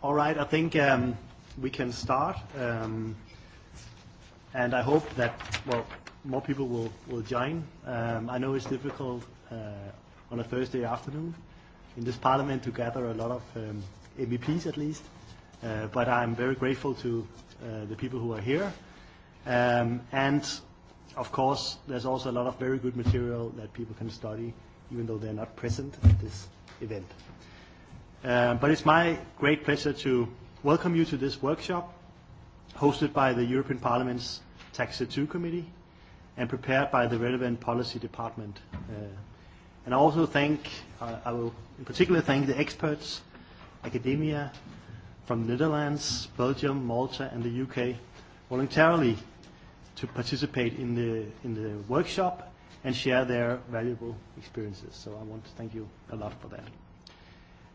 All right, I think um, we can start. Um, and I hope that, well, more people will, will join. Um, I know it's difficult on a Thursday afternoon in this parliament to gather a lot of MEPs at least, uh, but I'm very grateful to the people who are here. Um, and of course, there's also a lot of very good material that people can study, even though they're not present at this event. But it's my great pleasure to welcome you to this workshop hosted by the European Parliament's Taxa 2 Committee and prepared by the relevant policy department. And I also thank, I will in particular thank the experts, academia from the Netherlands, Belgium, Malta and the UK voluntarily to participate in the, in the workshop and share their valuable experiences. So I want to thank you a lot for that.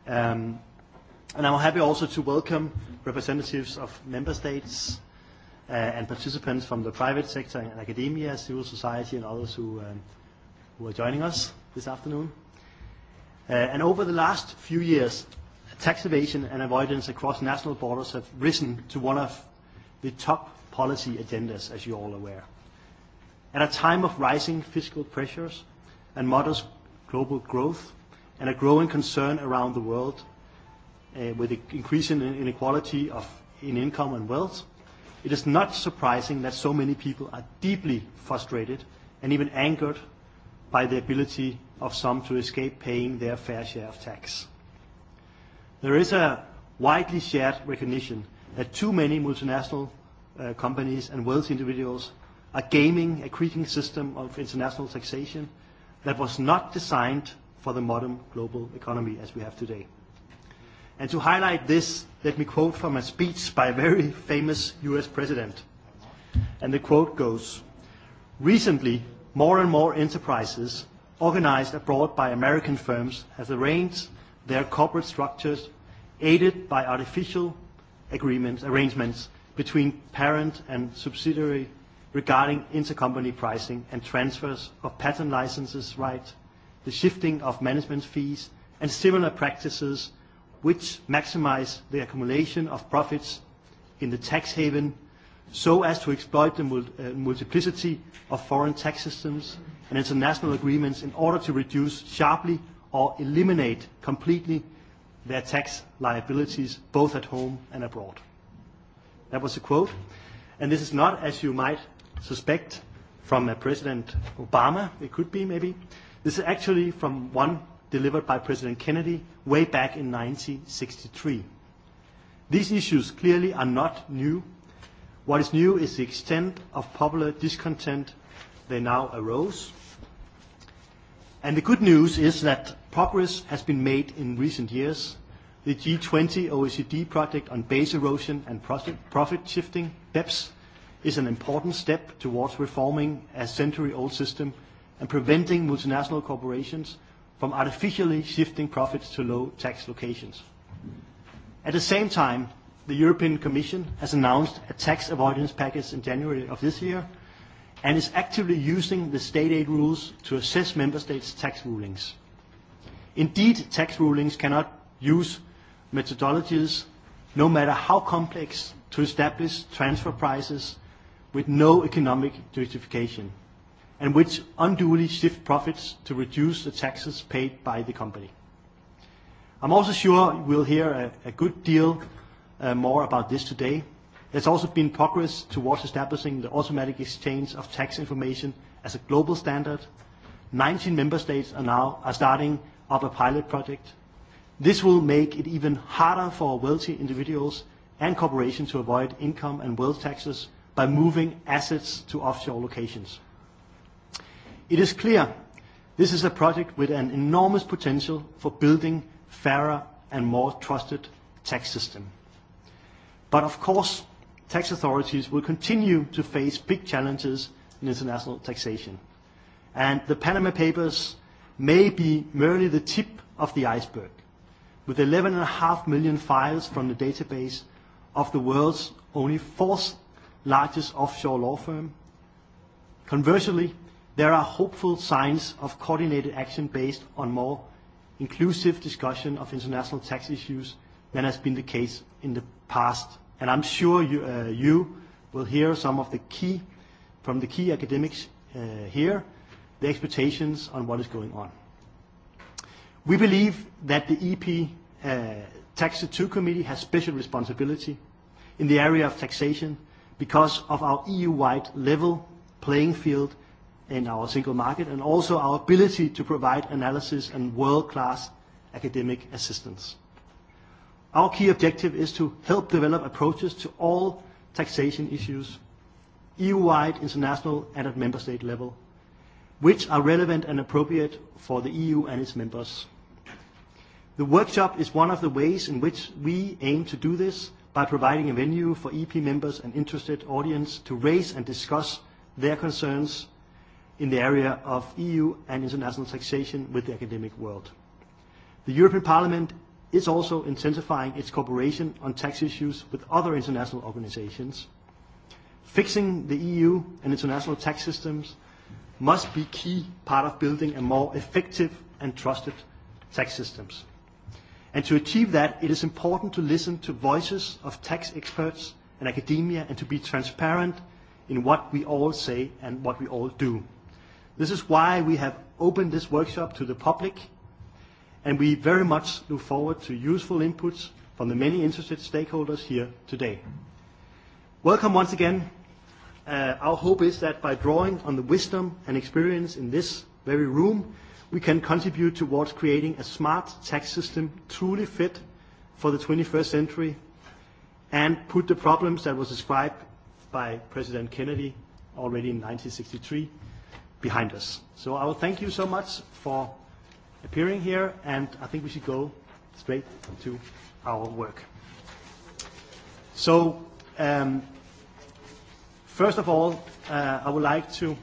And I'm happy also to welcome representatives of member states and participants from the private sector and academia, civil society, and others who are joining us this afternoon. And over the last few years, tax evasion and avoidance across national borders have risen to one of the top policy agendas, as you're all aware. At a time of rising fiscal pressures and modest global growth, and a growing concern around the world with the increasing inequality of in income and wealth, it is not surprising that so many people are deeply frustrated and even angered by the ability of some to escape paying their fair share of tax. There is a widely shared recognition that too many multinational companies and wealthy individuals are gaming a creaking system of international taxation that was not designed for the modern global economy as we have today. And to highlight this, let me quote from a speech by a very famous US president. And the quote goes, Recently, more and more enterprises organized abroad by American firms have arranged their corporate structures aided by artificial agreements, arrangements between parent and subsidiary regarding intercompany pricing and transfers of patent licenses rights the shifting of management fees and similar practices which maximize the accumulation of profits in the tax haven so as to exploit the multiplicity of foreign tax systems and international agreements in order to reduce sharply or eliminate completely their tax liabilities both at home and abroad. That was a quote. And this is not, as you might suspect, from President Obama. It could be, maybe. This is actually from one delivered by President Kennedy way back in 1963. These issues clearly are not new. What is new is the extent of popular discontent they now arose. And the good news is that progress has been made in recent years. The G20 OECD project on base erosion and profit shifting, BEPS, is an important step towards reforming a century-old system and preventing multinational corporations from artificially shifting profits to low-tax locations. At the same time, the European Commission has announced a tax avoidance package in January of this year and is actively using the state aid rules to assess member states' tax rulings. Indeed, tax rulings cannot use methodologies, no matter how complex, to establish transfer prices with no economic justification and which unduly shift profits to reduce the taxes paid by the company. I'm also sure we'll hear a good deal more about this today. There's also been progress towards establishing the automatic exchange of tax information as a global standard. 19 member states are now starting up a pilot project. This will make it even harder for wealthy individuals and corporations to avoid income and wealth taxes by moving assets to offshore locations. It is clear this is a project with an enormous potential for building fairer and more trusted tax system. But of course, tax authorities will continue to face big challenges in international taxation. And the Panama Papers may be merely the tip of the iceberg, with 11.5 million files from the database of the world's only fourth largest offshore law firm. Conversely, there are hopeful signs of coordinated action based on more inclusive discussion of international tax issues than has been the case in the past. And I'm sure you will hear some of the key from the key academics here, the expectations on what is going on. We believe that the EP Tax 2 Committee has special responsibility in the area of taxation because of our EU-wide level playing field in our single market and also our ability to provide analysis and world-class academic assistance. Our key objective is to help develop approaches to all taxation issues, EU-wide, international and at member state level, which are relevant and appropriate for the EU and its members. The workshop is one of the ways in which we aim to do this by providing a venue for EP members and interested audience to raise and discuss their concerns in the area of EU and international taxation with the academic world. The European Parliament is also intensifying its cooperation on tax issues with other international organizations. Fixing the EU and international tax systems must be key part of building a more effective and trusted tax systems. And to achieve that, it is important to listen to voices of tax experts and academia and to be transparent in what we all say and what we all do. This is why we have opened this workshop to the public, and we very much look forward to useful inputs from the many interested stakeholders here today. Welcome once again. Our hope is that by drawing on the wisdom and experience in this very room, we can contribute towards creating a smart tax system truly fit for the 21st century and put the problems that were described by President Kennedy already in 1963 behind us. So I will thank you so much for appearing here, and I think we should go straight to our work. So, first of all, I would like to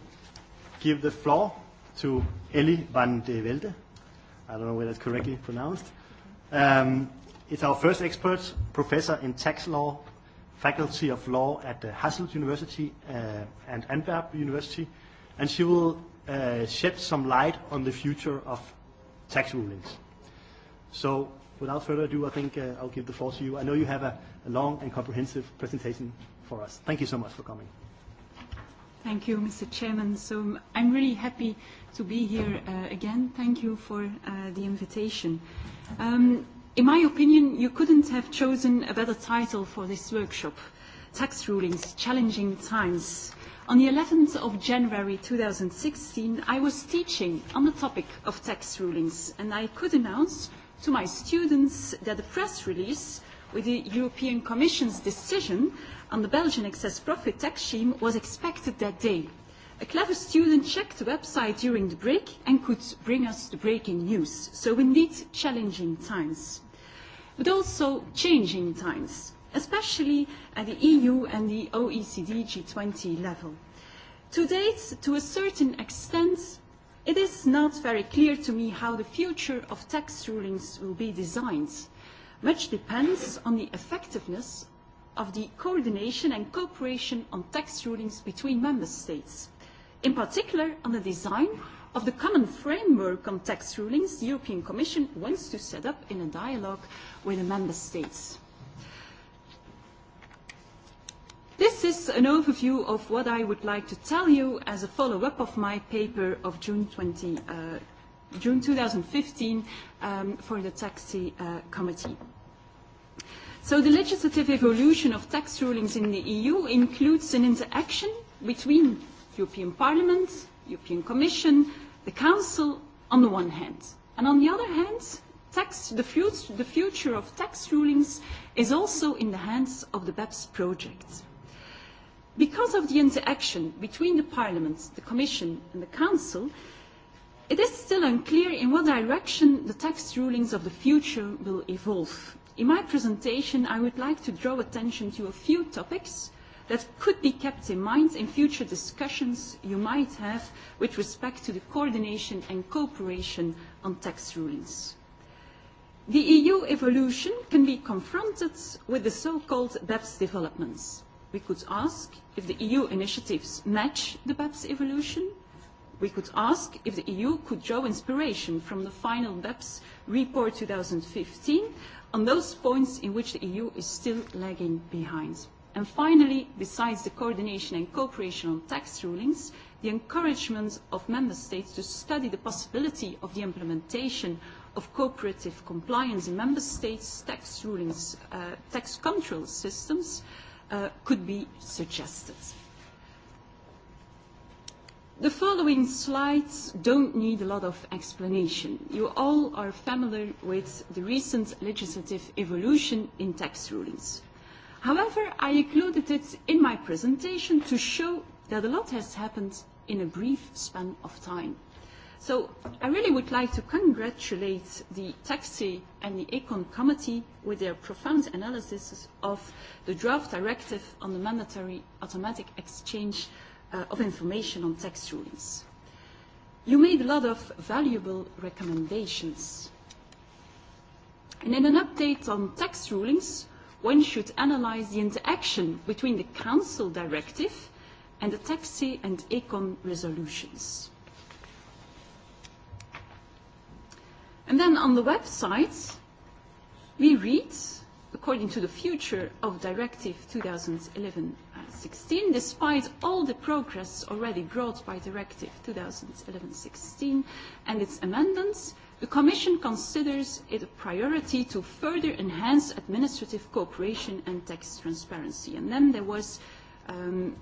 give the floor to Ellie van de Velde. I don't know whether that's correctly pronounced. Um, it's our first expert, professor in tax law, faculty of law at the Hasselt University and Antwerp University, and she will shed some light on the future of tax rulings. So without further ado, I think I'll give the floor to you. I know you have a long and comprehensive presentation for us. Thank you so much for coming. Thank you, Mr. Chairman. So I'm really happy to be here again. Thank you for the invitation. In my opinion, you couldn't have chosen a better title for this workshop, Tax Rulings, Challenging Times. On the 11th of January 2016, I was teaching on the topic of tax rulings, and I could announce to my students that a press release with the European Commission's decision on the Belgian excess profit tax scheme was expected that day. A clever student checked the website during the break and could bring us the breaking news. So we need challenging times. But also changing times especially at the EU and the OECD G20 level. To date, to a certain extent, it is not very clear to me how the future of tax rulings will be designed. Much depends on the effectiveness of the coordination and cooperation on tax rulings between member states, in particular on the design of the common framework on tax rulings the European Commission wants to set up in a dialogue with the member states. This is an overview of what I would like to tell you as a follow-up of my paper of June 20, June 2015 for the Taxi Committee. So the legislative evolution of tax rulings in the EU includes an interaction between European Parliament, European Commission, the Council on the one hand. And on the other hand, tax, the, future, the future of tax rulings is also in the hands of the BEPS project because of the interaction between the Parliament, the Commission and the Council, it is still unclear in what direction the tax rulings of the future will evolve. In my presentation, I would like to draw attention to a few topics that could be kept in mind in future discussions you might have with respect to the coordination and cooperation on tax rulings. The EU evolution can be confronted with the so-called BEPS developments. We could ask if the EU initiatives match the BEPS evolution. We could ask if the EU could draw inspiration from the final BEPS report 2015 on those points in which the EU is still lagging behind. And finally, besides the coordination and cooperation on tax rulings, the encouragement of Member States to study the possibility of the implementation of cooperative compliance in Member States' tax rulings, tax control systems, could be suggested. The following slides don't need a lot of explanation. You all are familiar with the recent legislative evolution in tax rulings. However, I included it in my presentation to show that a lot has happened in a brief span of time. So I really would like to congratulate the Taxi and the Econ Committee with their profound analysis of the draft directive on the mandatory automatic exchange of information on tax rulings. You made a lot of valuable recommendations. And in an update on tax rulings, one should analyze the interaction between the Council directive and the Taxi and Econ resolutions. And then on the website, we read, according to the future of Directive 2011-16, despite all the progress already brought by Directive 2011-16 and its amendments, the Commission considers it a priority to further enhance administrative cooperation and tax transparency. And then there was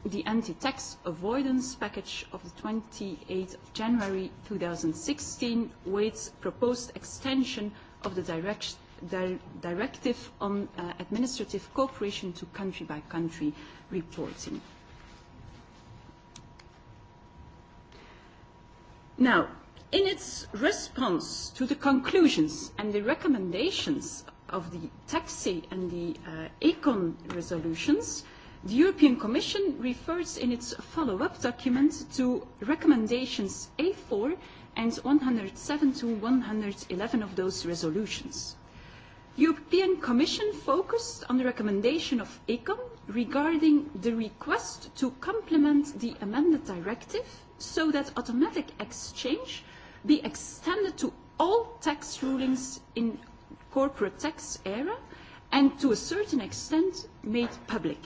the anti-tax avoidance package of the 28th of January 2016 with proposed extension of the directive on administrative cooperation to country-by-country reporting. Now, in its response to the conclusions and the recommendations of the Taxi and the Econ resolutions, The European Commission refers in its follow-up document to recommendations A4 and 107 to 111 of those resolutions. The European Commission focused on the recommendation of ECOM regarding the request to complement the amended directive so that automatic exchange be extended to all tax rulings in corporate tax era and to a certain extent made public.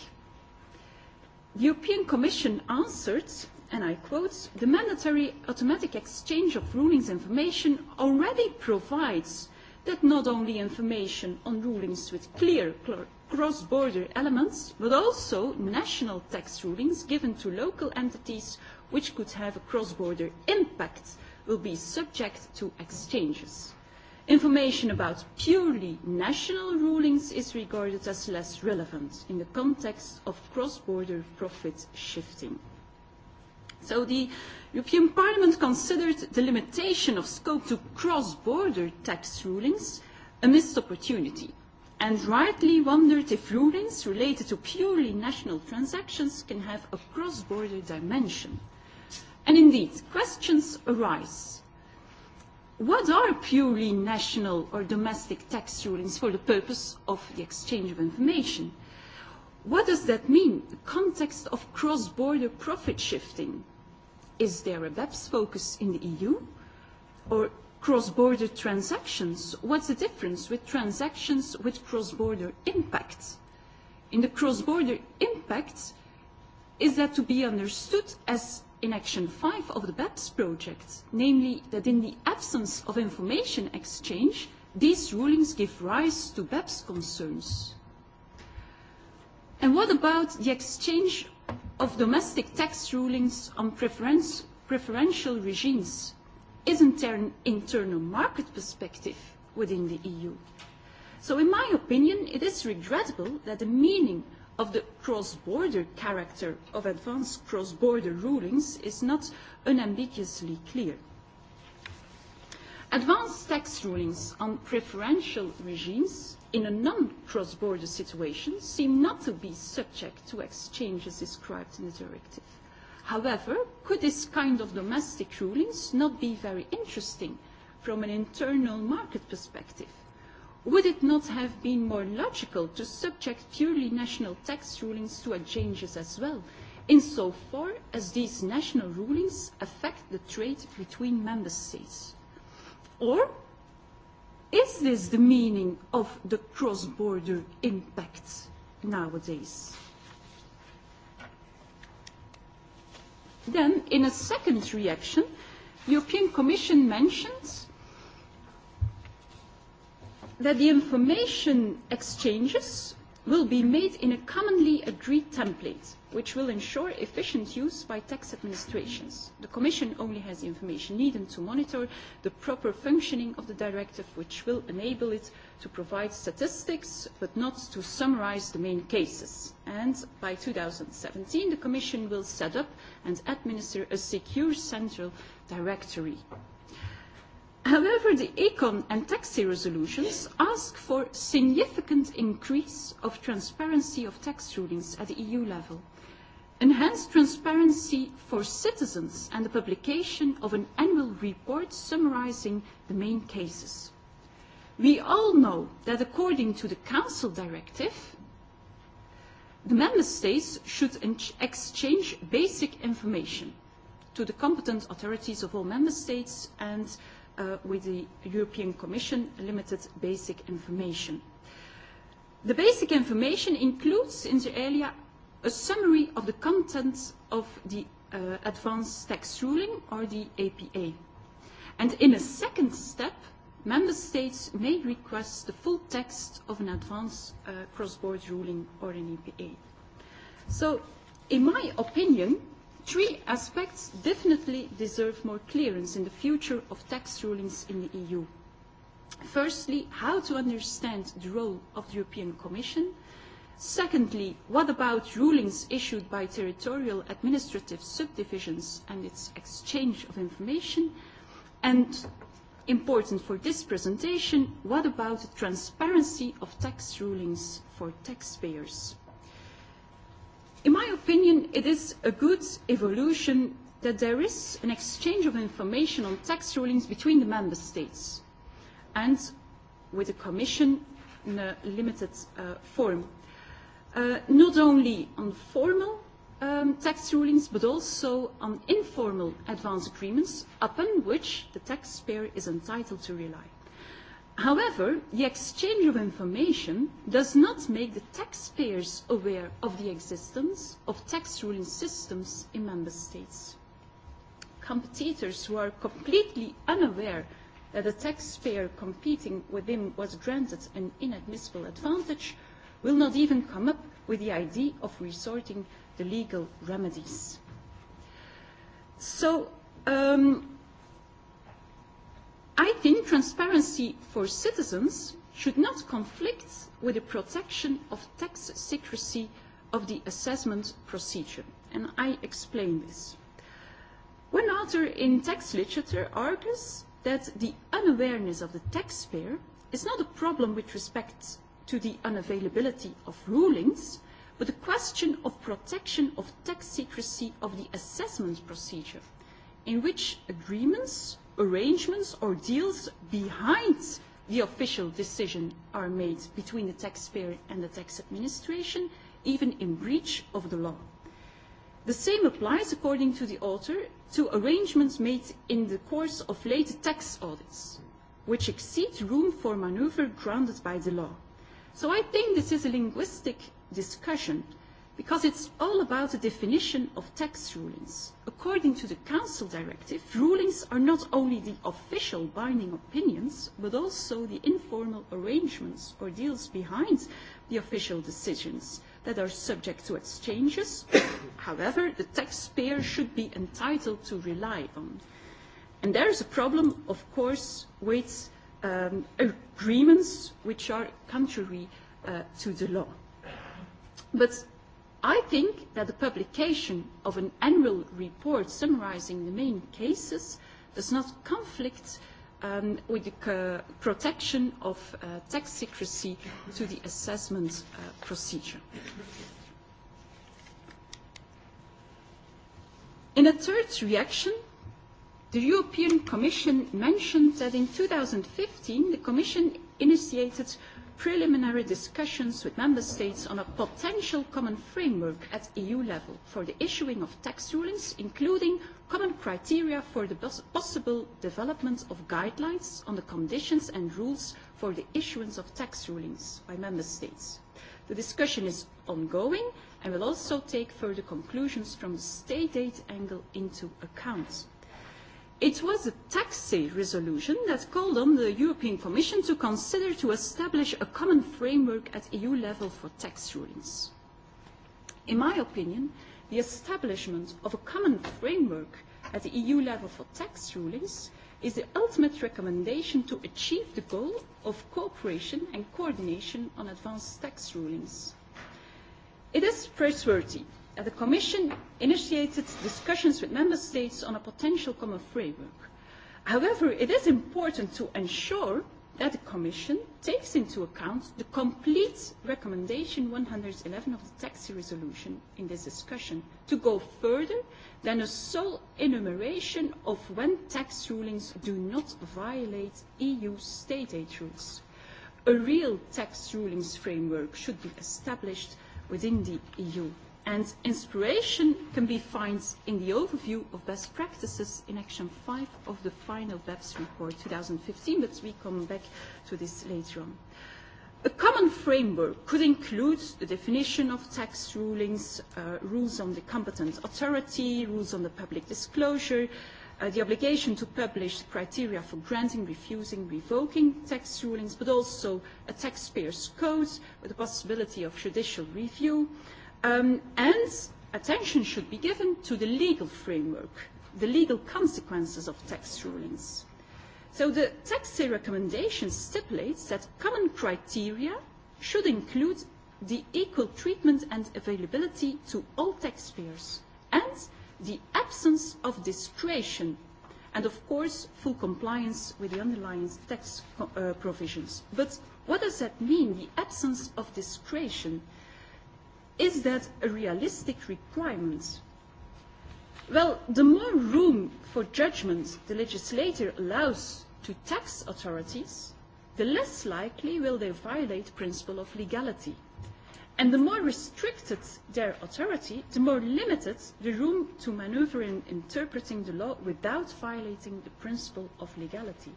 The European Commission answered, and I quote, the mandatory automatic exchange of rulings information already provides that not only information on rulings with clear cross-border elements, but also national tax rulings given to local entities which could have a cross-border impact will be subject to exchanges. Information about purely national rulings is regarded as less relevant in the context of cross-border profit shifting. So the European Parliament considered the limitation of scope to cross-border tax rulings a missed opportunity and rightly wondered if rulings related to purely national transactions can have a cross-border dimension. And indeed, questions arise What are purely national or domestic tax rulings for the purpose of the exchange of information? What does that mean? The context of cross-border profit shifting. Is there a BEPS focus in the EU? Or cross-border transactions? What's the difference with transactions with cross-border impact? In the cross-border impact, is that to be understood as in Action 5 of the BEPS project, namely that in the absence of information exchange, these rulings give rise to BEPS concerns. And what about the exchange of domestic tax rulings on preferential regimes? Isn't there an internal market perspective within the EU? So in my opinion, it is regrettable that the meaning of the cross-border character of advanced cross-border rulings is not unambiguously clear. Advanced tax rulings on preferential regimes in a non-cross-border situation seem not to be subject to exchanges described in the directive. However, could this kind of domestic rulings not be very interesting from an internal market perspective? Would it not have been more logical to subject purely national tax rulings to exchanges as well, insofar as these national rulings affect the trade between member states? Or is this the meaning of the cross-border impact nowadays? Then, in a second reaction, the European Commission mentions that the information exchanges will be made in a commonly agreed template, which will ensure efficient use by tax administrations. The Commission only has the information needed to monitor the proper functioning of the directive, which will enable it to provide statistics, but not to summarize the main cases. And by 2017, the Commission will set up and administer a secure central directory However, the ECON and TAXI resolutions ask for significant increase of transparency of tax rulings at the EU level, enhanced transparency for citizens and the publication of an annual report summarising the main cases. We all know that according to the Council directive, the Member States should exchange basic information to the competent authorities of all Member States and with the European Commission limited basic information. The basic information includes, in the area, a summary of the contents of the advanced tax ruling, or the APA. And in a second step, Member States may request the full text of an advanced cross-border ruling, or an EPA. So, in my opinion, Three aspects definitely deserve more clearance in the future of tax rulings in the EU. Firstly, how to understand the role of the European Commission. Secondly, what about rulings issued by territorial administrative subdivisions and its exchange of information? And important for this presentation, what about the transparency of tax rulings for taxpayers? In my opinion, it is a good evolution that there is an exchange of information on tax rulings between the member states and with the Commission in a limited form. Not only on formal tax rulings, but also on informal advance agreements upon which the taxpayer is entitled to rely. However, the exchange of information does not make the taxpayers aware of the existence of tax ruling systems in member states. Competitors who are completely unaware that a taxpayer competing with them was granted an inadmissible advantage will not even come up with the idea of resorting to legal remedies. So, um, I think transparency for citizens should not conflict with the protection of tax secrecy of the assessment procedure, and I explain this. One author in tax literature argues that the unawareness of the taxpayer is not a problem with respect to the unavailability of rulings, but a question of protection of tax secrecy of the assessment procedure, in which agreements arrangements or deals behind the official decision are made between the taxpayer and the tax administration, even in breach of the law. The same applies, according to the author, to arrangements made in the course of late tax audits, which exceed room for manoeuvre grounded by the law. So I think this is a linguistic discussion because it's all about the definition of tax rulings. According to the Council Directive, rulings are not only the official binding opinions, but also the informal arrangements or deals behind the official decisions that are subject to exchanges. However, the taxpayer should be entitled to rely on. And there is a problem, of course, with agreements which are contrary to the law. But I think that the publication of an annual report summarising the main cases does not conflict with the protection of tax secrecy to the assessment procedure. In a third reaction, the European Commission mentioned that in 2015 the Commission initiated preliminary discussions with member states on a potential common framework at EU level for the issuing of tax rulings, including common criteria for the possible development of guidelines on the conditions and rules for the issuance of tax rulings by member states. The discussion is ongoing and will also take further conclusions from the state aid angle into account. It was a taxi resolution that called on the European Commission to consider to establish a common framework at EU level for tax rulings. In my opinion, the establishment of a common framework at the EU level for tax rulings is the ultimate recommendation to achieve the goal of cooperation and coordination on advanced tax rulings. It is praiseworthy the Commission initiated discussions with Member States on a potential common framework. However, it is important to ensure that the Commission takes into account the complete recommendation 111 of the Taxi Resolution in this discussion to go further than a sole enumeration of when tax rulings do not violate EU state aid rules. A real tax rulings framework should be established within the EU and inspiration can be found in the overview of best practices in Action 5 of the final BEPS report 2015, but we come back to this later on. A common framework could include the definition of tax rulings, rules on the competent authority, rules on the public disclosure, the obligation to publish criteria for granting, refusing, revoking tax rulings, but also a taxpayer's code, with the possibility of judicial review, and attention should be given to the legal framework, the legal consequences of tax rulings. So the tax recommendation stipulates that common criteria should include the equal treatment and availability to all taxpayers and the absence of discretion and of course full compliance with the underlying tax provisions. But what does that mean, the absence of discretion? Is that a realistic requirement? Well, the more room for judgment the legislator allows to tax authorities, the less likely will they violate principle of legality and the more restricted their authority, the more limited the room to maneuver in interpreting the law without violating the principle of legality.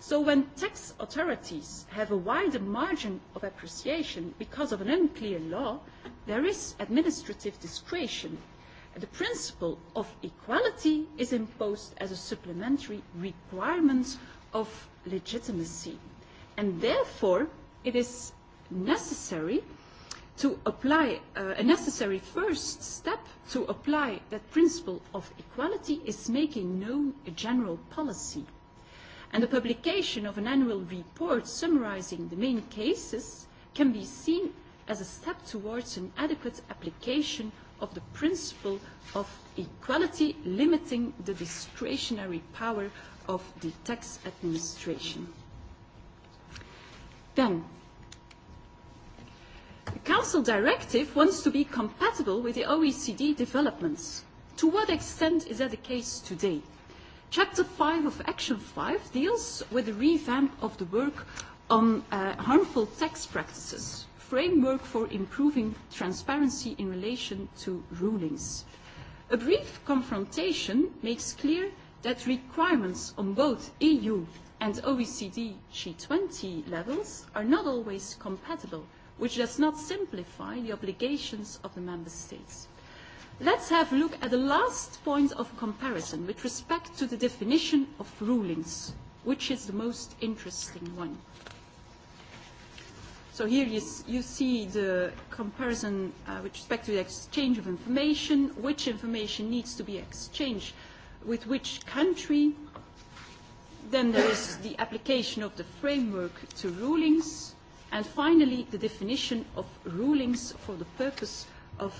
So when tax authorities have a wider margin of appreciation because of an unclear law, there is administrative discretion. The principle of equality is imposed as a supplementary requirement of legitimacy. And therefore, it is necessary to apply a necessary first step to apply that principle of equality is making known a general policy. And the publication of an annual report summarizing the main cases can be seen as a step towards an adequate application of the principle of equality, limiting the discretionary power of the tax administration. Then The Council directive wants to be compatible with the OECD developments. To what extent is that the case today? Chapter 5 of Action 5 deals with the revamp of the work on harmful tax practices, framework for improving transparency in relation to rulings. A brief confrontation makes clear that requirements on both EU and OECD G20 levels are not always compatible which does not simplify the obligations of the member states. Let's have a look at the last point of comparison with respect to the definition of rulings, which is the most interesting one. So here you see the comparison with respect to the exchange of information, which information needs to be exchanged with which country. Then there is the application of the framework to rulings And finally, the definition of rulings for the purpose of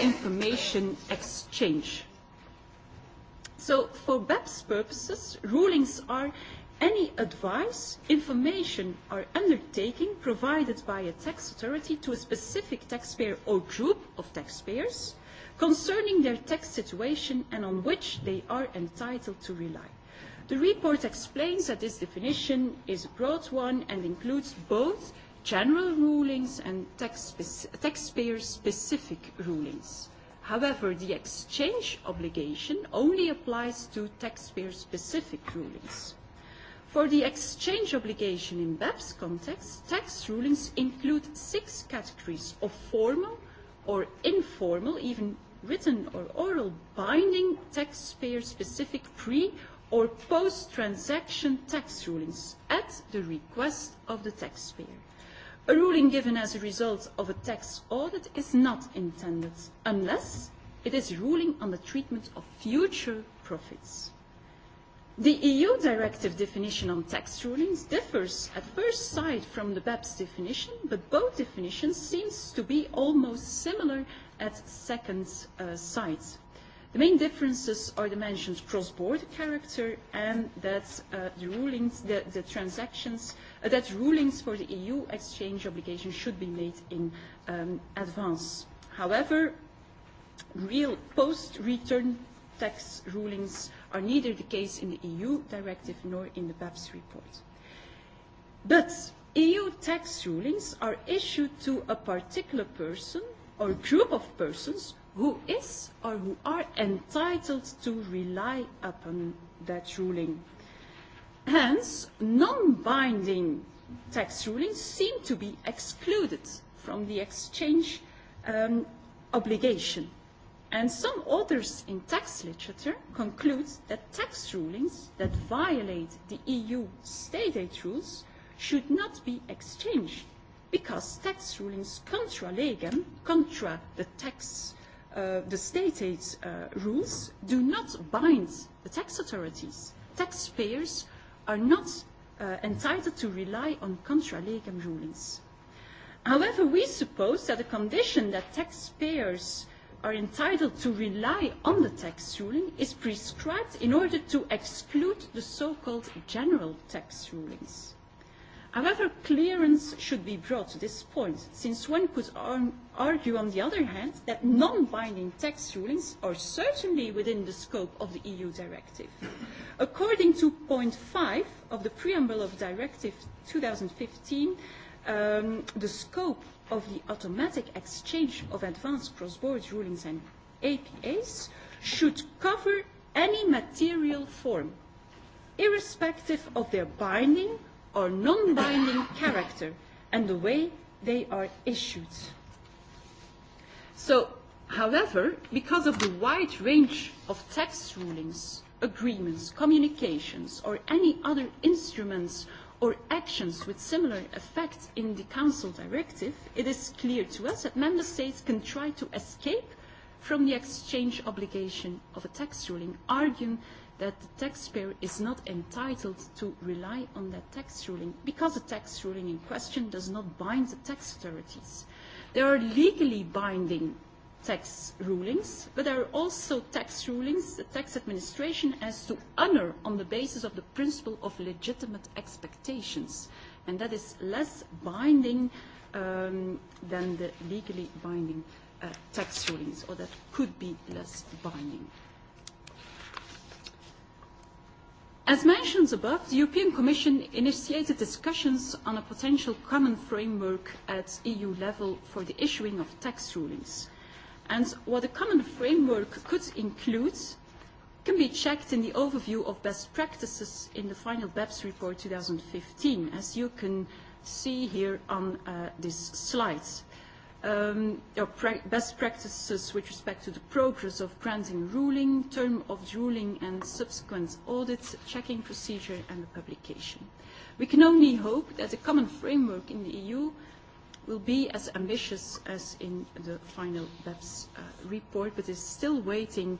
information exchange. So for BEPS purposes, rulings are any advice, information or undertaking provided by a tax authority to a specific taxpayer or group of taxpayers concerning their tax situation and on which they are entitled to rely. The report explains that this definition is a broad one and includes both general rulings and taxpayer-specific rulings. However, the exchange obligation only applies to taxpayer-specific rulings. For the exchange obligation in BEPS context, tax rulings include six categories of formal or informal, even written or oral, binding taxpayer-specific pre- or post-transaction tax rulings at the request of the taxpayer. A ruling given as a result of a tax audit is not intended unless it is ruling on the treatment of future profits. The EU directive definition on tax rulings differs at first sight from the BEPS definition, but both definitions seem to be almost similar at second sight. The main differences are the mentioned cross-border character and that the rulings, the transactions, that rulings for the EU exchange obligation should be made in advance. However, real post-return tax rulings are neither the case in the EU directive nor in the BEPS report. But EU tax rulings are issued to a particular person or group of persons who is or who are entitled to rely upon that ruling. Hence, non-binding tax rulings seem to be excluded from the exchange obligation. And some authors in tax literature conclude that tax rulings that violate the EU state aid rules should not be exchanged because tax rulings contra legem, contra the tax the state aid rules do not bind the tax authorities. Taxpayers are not entitled to rely on contra legem rulings. However, we suppose that the condition that taxpayers are entitled to rely on the tax ruling is prescribed in order to exclude the so-called general tax rulings. However, clearance should be brought to this point, since one could argue, on the other hand, that non-binding tax rulings are certainly within the scope of the EU directive. According to point 5 of the preamble of Directive 2015, the scope of the automatic exchange of advanced cross-border rulings and APAs should cover any material form, irrespective of their binding or non-binding character and the way they are issued. So, however, because of the wide range of tax rulings, agreements, communications, or any other instruments or actions with similar effect in the Council directive, it is clear to us that Member States can try to escape from the exchange obligation of a tax ruling, arguing that the taxpayer is not entitled to rely on that tax ruling because the tax ruling in question does not bind the tax authorities. There are legally binding tax rulings, but there are also tax rulings the tax administration has to honor on the basis of the principle of legitimate expectations, and that is less binding than the legally binding tax rulings, or that could be less binding. As mentioned above, the European Commission initiated discussions on a potential common framework at EU level for the issuing of tax rulings. And what a common framework could include can be checked in the overview of best practices in the final BEPS report 2015, as you can see here on this slide best practices with respect to the progress of granting ruling, term of ruling and subsequent audit checking procedure and the publication. We can only hope that the common framework in the EU will be as ambitious as in the final BEPS report, but is still waiting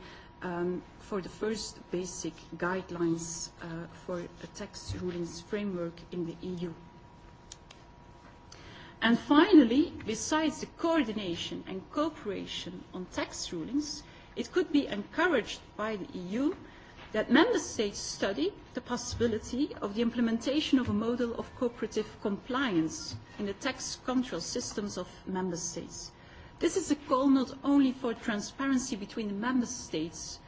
for the first basic guidelines for a tax rulings framework in the EU. And finally, besides the coordination and cooperation on tax rulings, it could be encouraged by the EU that member states study the possibility of the implementation of a model of cooperative compliance in the tax control systems of member states. This is a call not only for transparency between the member states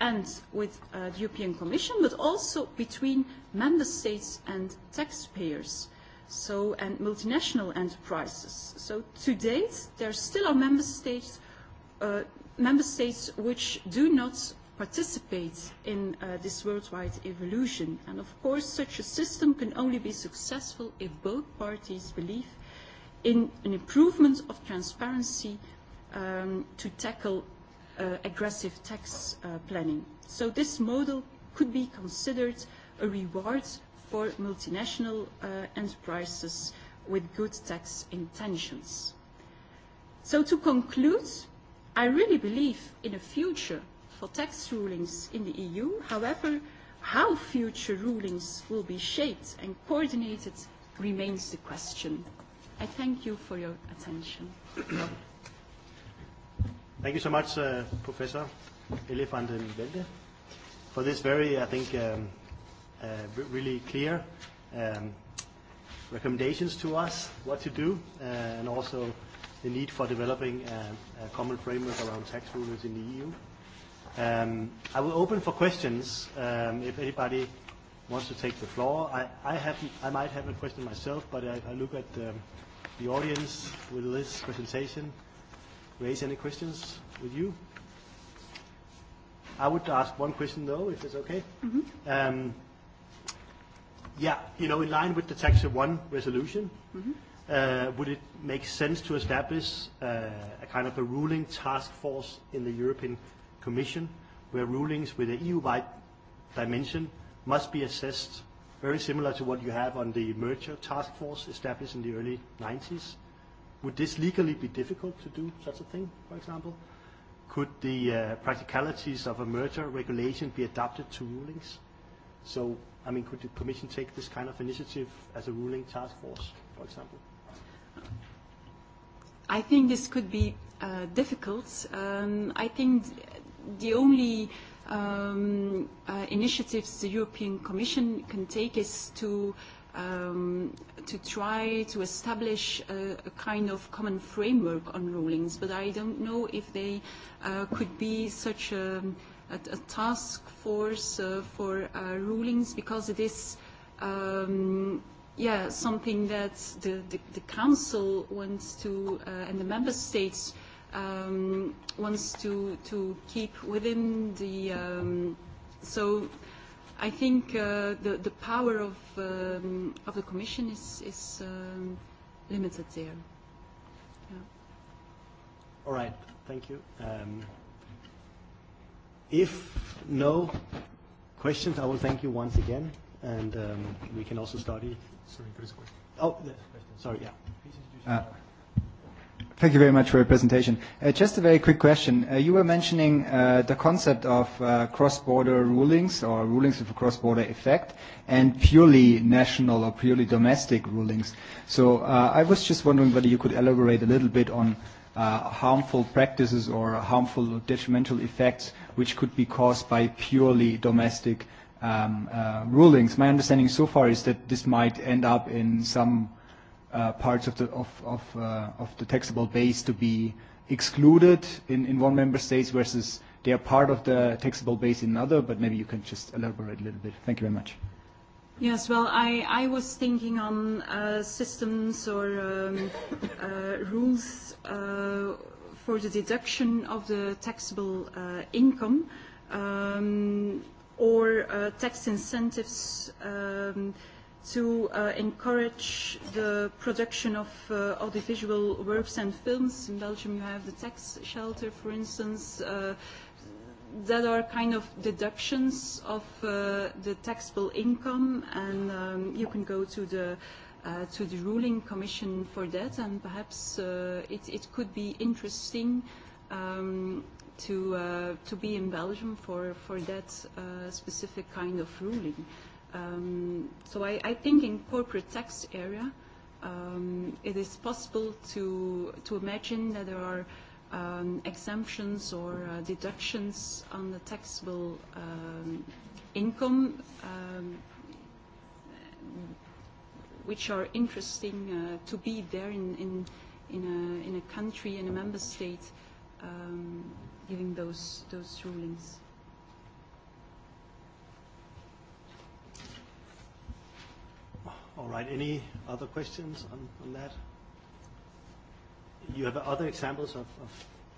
and with the European Commission, but also between member states and taxpayers so and multinational enterprises. So to date, there still are member states, member states which do not participate in this worldwide evolution. And of course, such a system can only be successful if both parties believe in an improvement of transparency to tackle aggressive tax planning. So this model could be considered a reward for multinational enterprises with good tax intentions. So to conclude, I really believe in a future for tax rulings in the EU. However, how future rulings will be shaped and coordinated remains the question. I thank you for your attention. Thank you so much, Professor Elefant for this very, I think, really clear recommendations to us what to do and also the need for developing a common framework around tax rulers in the EU. Um, I will open for questions um, if anybody wants to take the floor. I, I, have, I might have a question myself, but I, I look at the audience with this presentation. Raise any questions with you? I would ask one question, though, if it's okay. Um, Yeah, you know, in line with the Taxa 1 resolution, would it make sense to establish a kind of a ruling task force in the European Commission where rulings with an EU-wide dimension must be assessed very similar to what you have on the merger task force established in the early 90s? Would this legally be difficult to do such a thing, for example? Could the practicalities of a merger regulation be adapted to rulings? So I mean, could the Commission take this kind of initiative as a ruling task force, for example? I think this could be difficult. I think the only initiatives the European Commission can take is to to try to establish a kind of common framework on rulings, but I don't know if they could be such a a task force for rulings because it is yeah something that the the council wants to and the member states wants to to keep within the so I think the the power of of the commission is is limited there. All right, thank you. Um If no questions, I will thank you once again, and we can also start. Sorry, there question. Oh, sorry, yeah. Thank you very much for your presentation. Just a very quick question. You were mentioning the concept of cross-border rulings or rulings with a cross-border effect and purely national or purely domestic rulings. So I was just wondering whether you could elaborate a little bit on harmful practices or harmful detrimental effects which could be caused by purely domestic rulings. My understanding so far is that this might end up in some parts of the of the taxable base to be excluded in in one member state versus they are part of the taxable base in another, but maybe you can just elaborate a little bit. Thank you very much. Yes, well, I I was thinking on systems or rules for the deduction of the taxable income or tax incentives to encourage the production of audiovisual works and films. In Belgium you have the tax shelter, for instance. That are kind of deductions of the taxable income and you can go to the to the ruling commission for that, and perhaps it it could be interesting to to be in Belgium for for that specific kind of ruling. So I I think in corporate tax area, it is possible to to imagine that there are exemptions or deductions on the taxable income which are interesting to be there in in a country, in a member state, giving those those rulings. All right. Any other questions on that? You have other examples of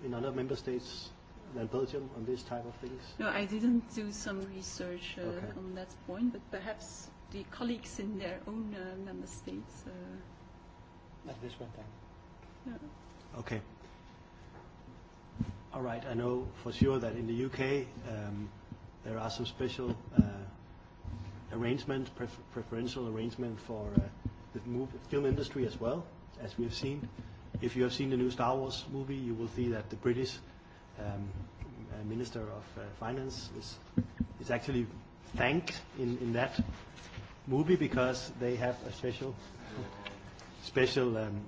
in other member states than Belgium on this type of things? No, I didn't do some research on that point, but perhaps the colleagues in their own member states. At this one time. Okay. All right. I know for sure that in the UK um, there are some special uh, arrangement, preferential arrangement for uh, the film industry as well, as we have seen. If you have seen the new Star Wars movie, you will see that the British um, Minister of Finance is, is actually thanked in, in that movie because they have a special special um,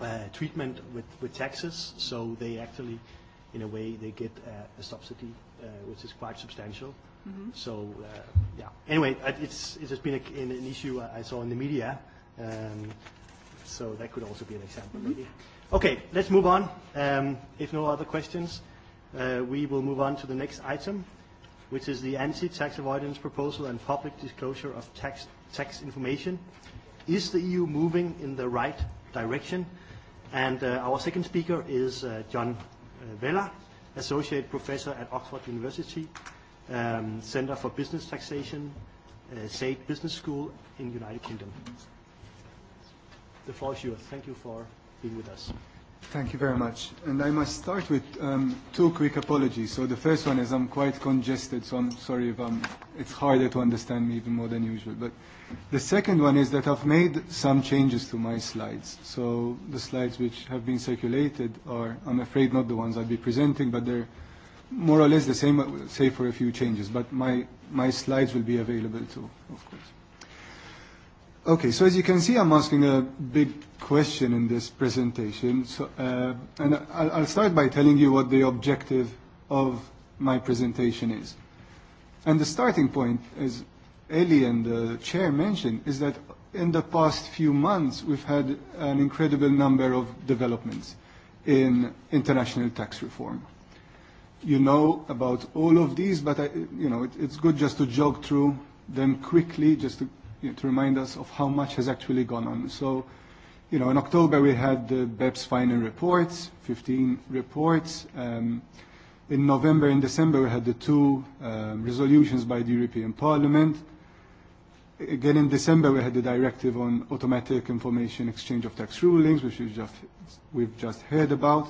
uh, treatment with, with taxes, so they actually, in a way, they get a, a subsidy, uh, which is quite substantial. So, uh, yeah. Anyway, it's, it has been a, an issue I saw in the media, um, so that could also be an example, maybe. Okay, let's move on. Um, if no other questions, uh, we will move on to the next item which is the anti-tax avoidance proposal and public disclosure of tax tax information. Is the EU moving in the right direction? And our second speaker is John Vella, Associate Professor at Oxford University, Center for Business Taxation, State Business School in United Kingdom. The floor is yours. Thank you for being with us. Thank you very much. And I must start with um, two quick apologies. So the first one is I'm quite congested, so I'm sorry if I'm, it's harder to understand me even more than usual. But the second one is that I've made some changes to my slides. So the slides which have been circulated are, I'm afraid, not the ones I'll be presenting, but they're more or less the same, save for a few changes. But my, my slides will be available too, of course. Okay, so as you can see, I'm asking a big question in this presentation. So, uh, and I'll, I'll start by telling you what the objective of my presentation is. And the starting point, as Eli and the chair mentioned, is that in the past few months, we've had an incredible number of developments in international tax reform. You know about all of these, but I, you know, it, it's good just to jog through them quickly, just to to remind us of how much has actually gone on. So, you know, in October we had the BEPS final reports, 15 reports. in November and December we had the two resolutions by the European Parliament. Again in December we had the directive on automatic information exchange of tax rulings, which we've just, we've just heard about.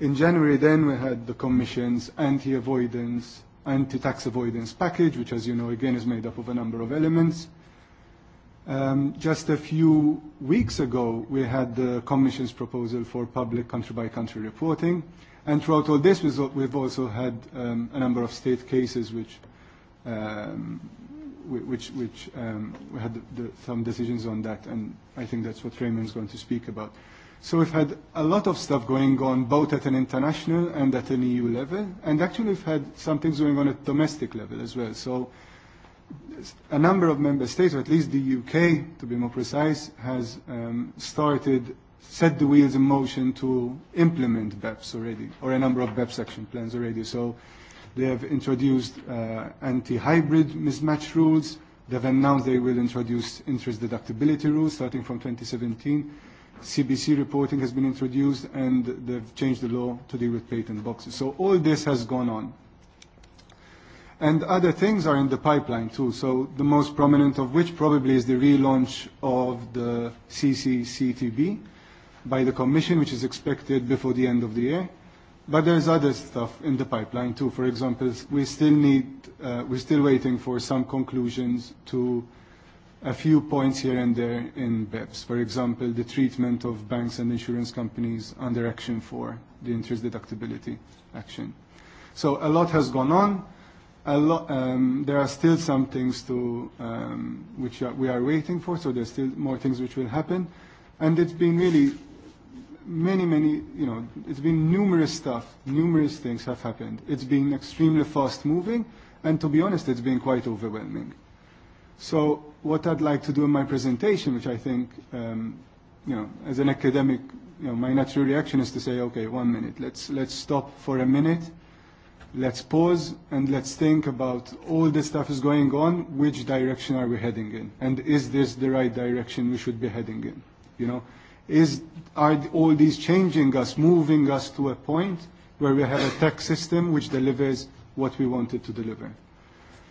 In January then we had the Commission's anti-avoidance, anti-tax avoidance package, which as you know again is made up of a number of elements. Just a few weeks ago, we had the Commission's proposal for public country-by-country reporting, and throughout all this, we've also had a number of state cases which which which we had some decisions on that, and I think that's what Raymond's going to speak about. So we've had a lot of stuff going on, both at an international and at an EU level, and actually we've had some things going on at domestic level as well. So a number of member states, or at least the UK, to be more precise, has started, set the wheels in motion to implement BEPS already, or a number of BEPS action plans already. So they have introduced anti-hybrid mismatch rules. They've announced they will introduce interest deductibility rules starting from 2017. CBC reporting has been introduced, and they've changed the law to deal with patent boxes. So all this has gone on. And other things are in the pipeline too, so the most prominent of which probably is the relaunch of the CCCTB by the Commission, which is expected before the end of the year. But there's other stuff in the pipeline too. For example, we still need, we're still waiting for some conclusions to a few points here and there in BEPS. For example, the treatment of banks and insurance companies under Action 4, the interest deductibility action. So a lot has gone on um, there are still some things to, um, which we are waiting for, so there's still more things which will happen. And it's been really many, many, you know, it's been numerous stuff, numerous things have happened. It's been extremely fast moving, and to be honest, it's been quite overwhelming. So what I'd like to do in my presentation, which I think, um, you know, as an academic, you know, my natural reaction is to say, okay, one minute, let's, let's stop for a minute let's pause and let's think about all this stuff is going on, which direction are we heading in? And is this the right direction we should be heading in? You know, is, are all these changing us, moving us to a point where we have a tech system which delivers what we wanted to deliver?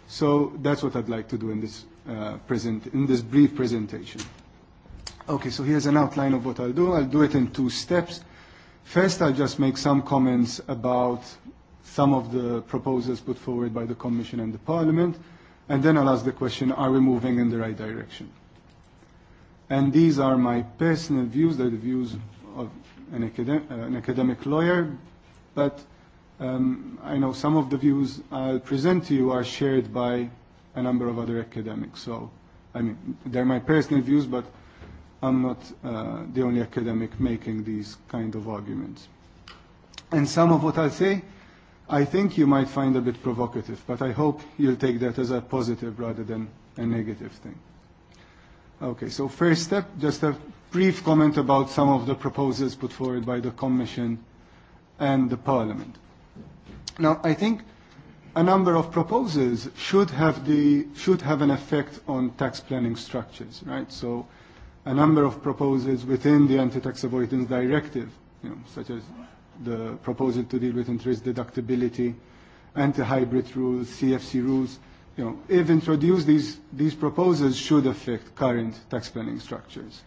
So that's what I'd like to do in this, uh, present, in this brief presentation. Okay, so here's an outline of what I'll do. I'll do it in two steps. First, I'll just make some comments about some of the proposals put forward by the Commission and the Parliament, and then I'll ask the question, are we moving in the right direction? And these are my personal views, they're the views of an academic lawyer, but I know some of the views I'll present to you are shared by a number of other academics. So, I mean, they're my personal views, but I'm not the only academic making these kind of arguments. And some of what I'll say I think you might find a bit provocative, but I hope you'll take that as a positive rather than a negative thing. Okay, so first step, just a brief comment about some of the proposals put forward by the Commission and the Parliament. Now, I think a number of proposals should have the should have an effect on tax planning structures, right? So, a number of proposals within the anti-tax avoidance directive, you know, such as the proposal to deal with interest deductibility, anti-hybrid rules, CFC rules, you know, if introduced, these, these proposals should affect current tax planning structures.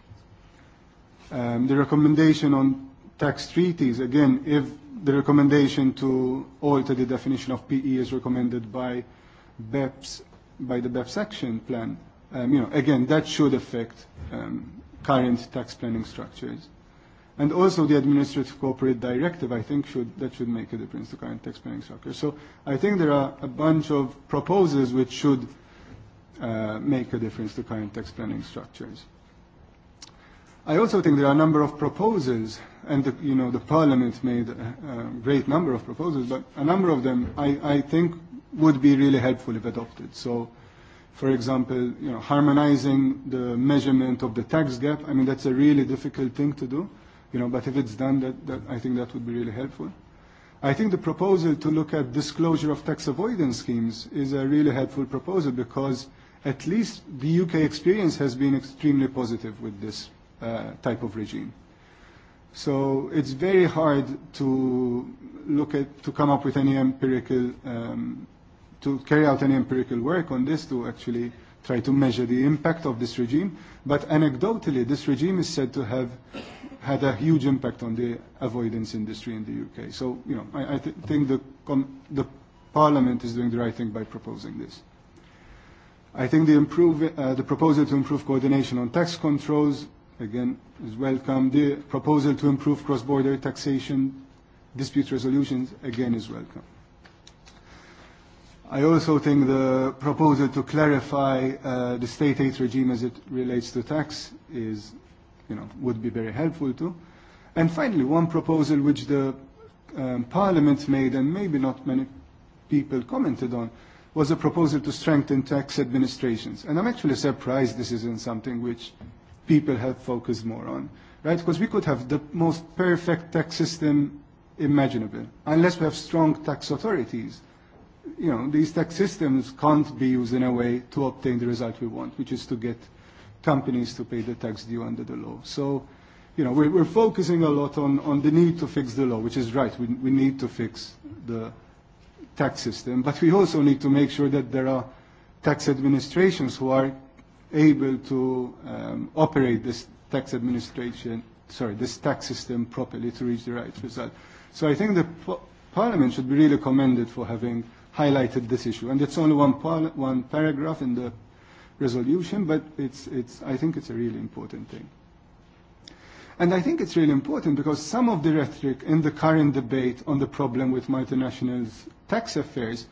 Um, the recommendation on tax treaties, again, if the recommendation to alter the definition of PE is recommended by BEPS, by the BEPS action plan, you know, again, that should affect um, current tax planning structures and also the administrative corporate directive, I think, should, that should make a difference to current tax planning structure. So I think there are a bunch of proposals which should make a difference to current tax planning structures. I also think there are a number of proposals, and the, you know the Parliament made a, great number of proposals, but a number of them I, I think would be really helpful if adopted. So, for example, you know harmonizing the measurement of the tax gap. I mean that's a really difficult thing to do you know, but if it's done, that, that, I think that would be really helpful. I think the proposal to look at disclosure of tax avoidance schemes is a really helpful proposal because at least the UK experience has been extremely positive with this uh, type of regime. So it's very hard to look at, to come up with any empirical, um, to carry out any empirical work on this to actually try to measure the impact of this regime. But anecdotally, this regime is said to have had a huge impact on the avoidance industry in the UK. So, you know, I, I think the, the Parliament is doing the right thing by proposing this. I think the, improve, the proposal to improve coordination on tax controls, again, is welcome. The proposal to improve cross-border taxation, dispute resolutions, again, is welcome. I also think the proposal to clarify the state aid regime as it relates to tax is you know, would be very helpful to. And finally, one proposal which the Parliament made and maybe not many people commented on was a proposal to strengthen tax administrations. And I'm actually surprised this isn't something which people have focused more on, right? Because we could have the most perfect tax system imaginable. Unless we have strong tax authorities, you know, these tax systems can't be used in a way to obtain the result we want, which is to get companies to pay the tax due under the law. So, you know, we're focusing a lot on on the need to fix the law, which is right. We we need to fix the tax system, but we also need to make sure that there are tax administrations who are able to operate this tax administration, sorry, this tax system properly to reach the right result. So I think the Parliament should be really commended for having highlighted this issue. And it's only one one paragraph in the resolution, but it's, it's, I think it's a really important thing. And I think it's really important because some of the rhetoric in the current debate on the problem with multinationals' tax affairs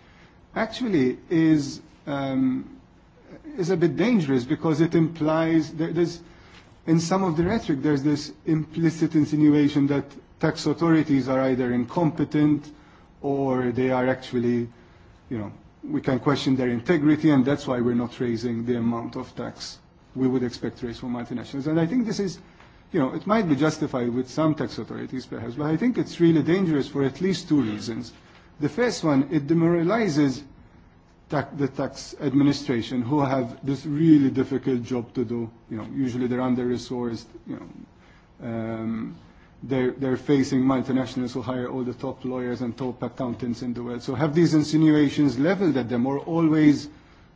actually is, um, is a bit dangerous because it implies there's, in some of the rhetoric, there's this implicit insinuation that tax authorities are either incompetent or they are actually, you know, we can question their integrity, and that's why we're not raising the amount of tax we would expect to raise from multinationals. And I think this is, you know, it might be justified with some tax authorities perhaps, but I think it's really dangerous for at least two reasons. The first one, it demoralizes the tax administration who have this really difficult job to do. You know, usually they're under-resourced, you know. Um, they're, they're facing multinationals who hire all the top lawyers and top accountants in the world. So have these insinuations leveled at them or always,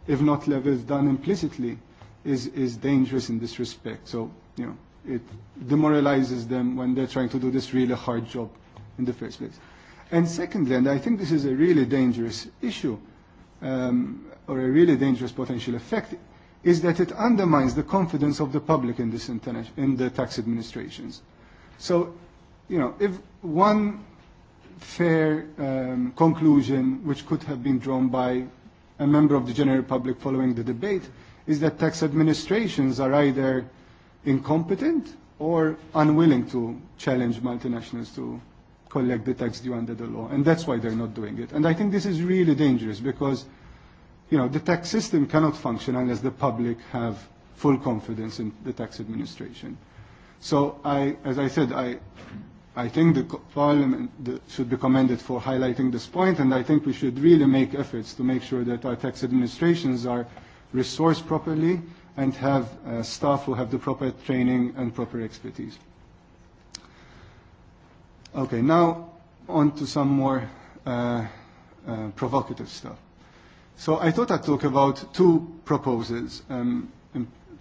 if not leveled, done implicitly is, is dangerous in this respect. So, you know, it demoralizes them when they're trying to do this really hard job in the first place. And secondly, and I think this is a really dangerous issue um, or a really dangerous potential effect, is that it undermines the confidence of the public in, this in the tax administrations So, you know, if one fair conclusion which could have been drawn by a member of the general public following the debate is that tax administrations are either incompetent or unwilling to challenge multinationals to collect the tax due under the law. And that's why they're not doing it. And I think this is really dangerous because, you know, the tax system cannot function unless the public have full confidence in the tax administration. So, I, as I said, I, I think the Parliament should be commended for highlighting this point, and I think we should really make efforts to make sure that our tax administrations are resourced properly and have staff who have the proper training and proper expertise. Okay, now on to some more provocative stuff. So I thought I'd talk about two proposals,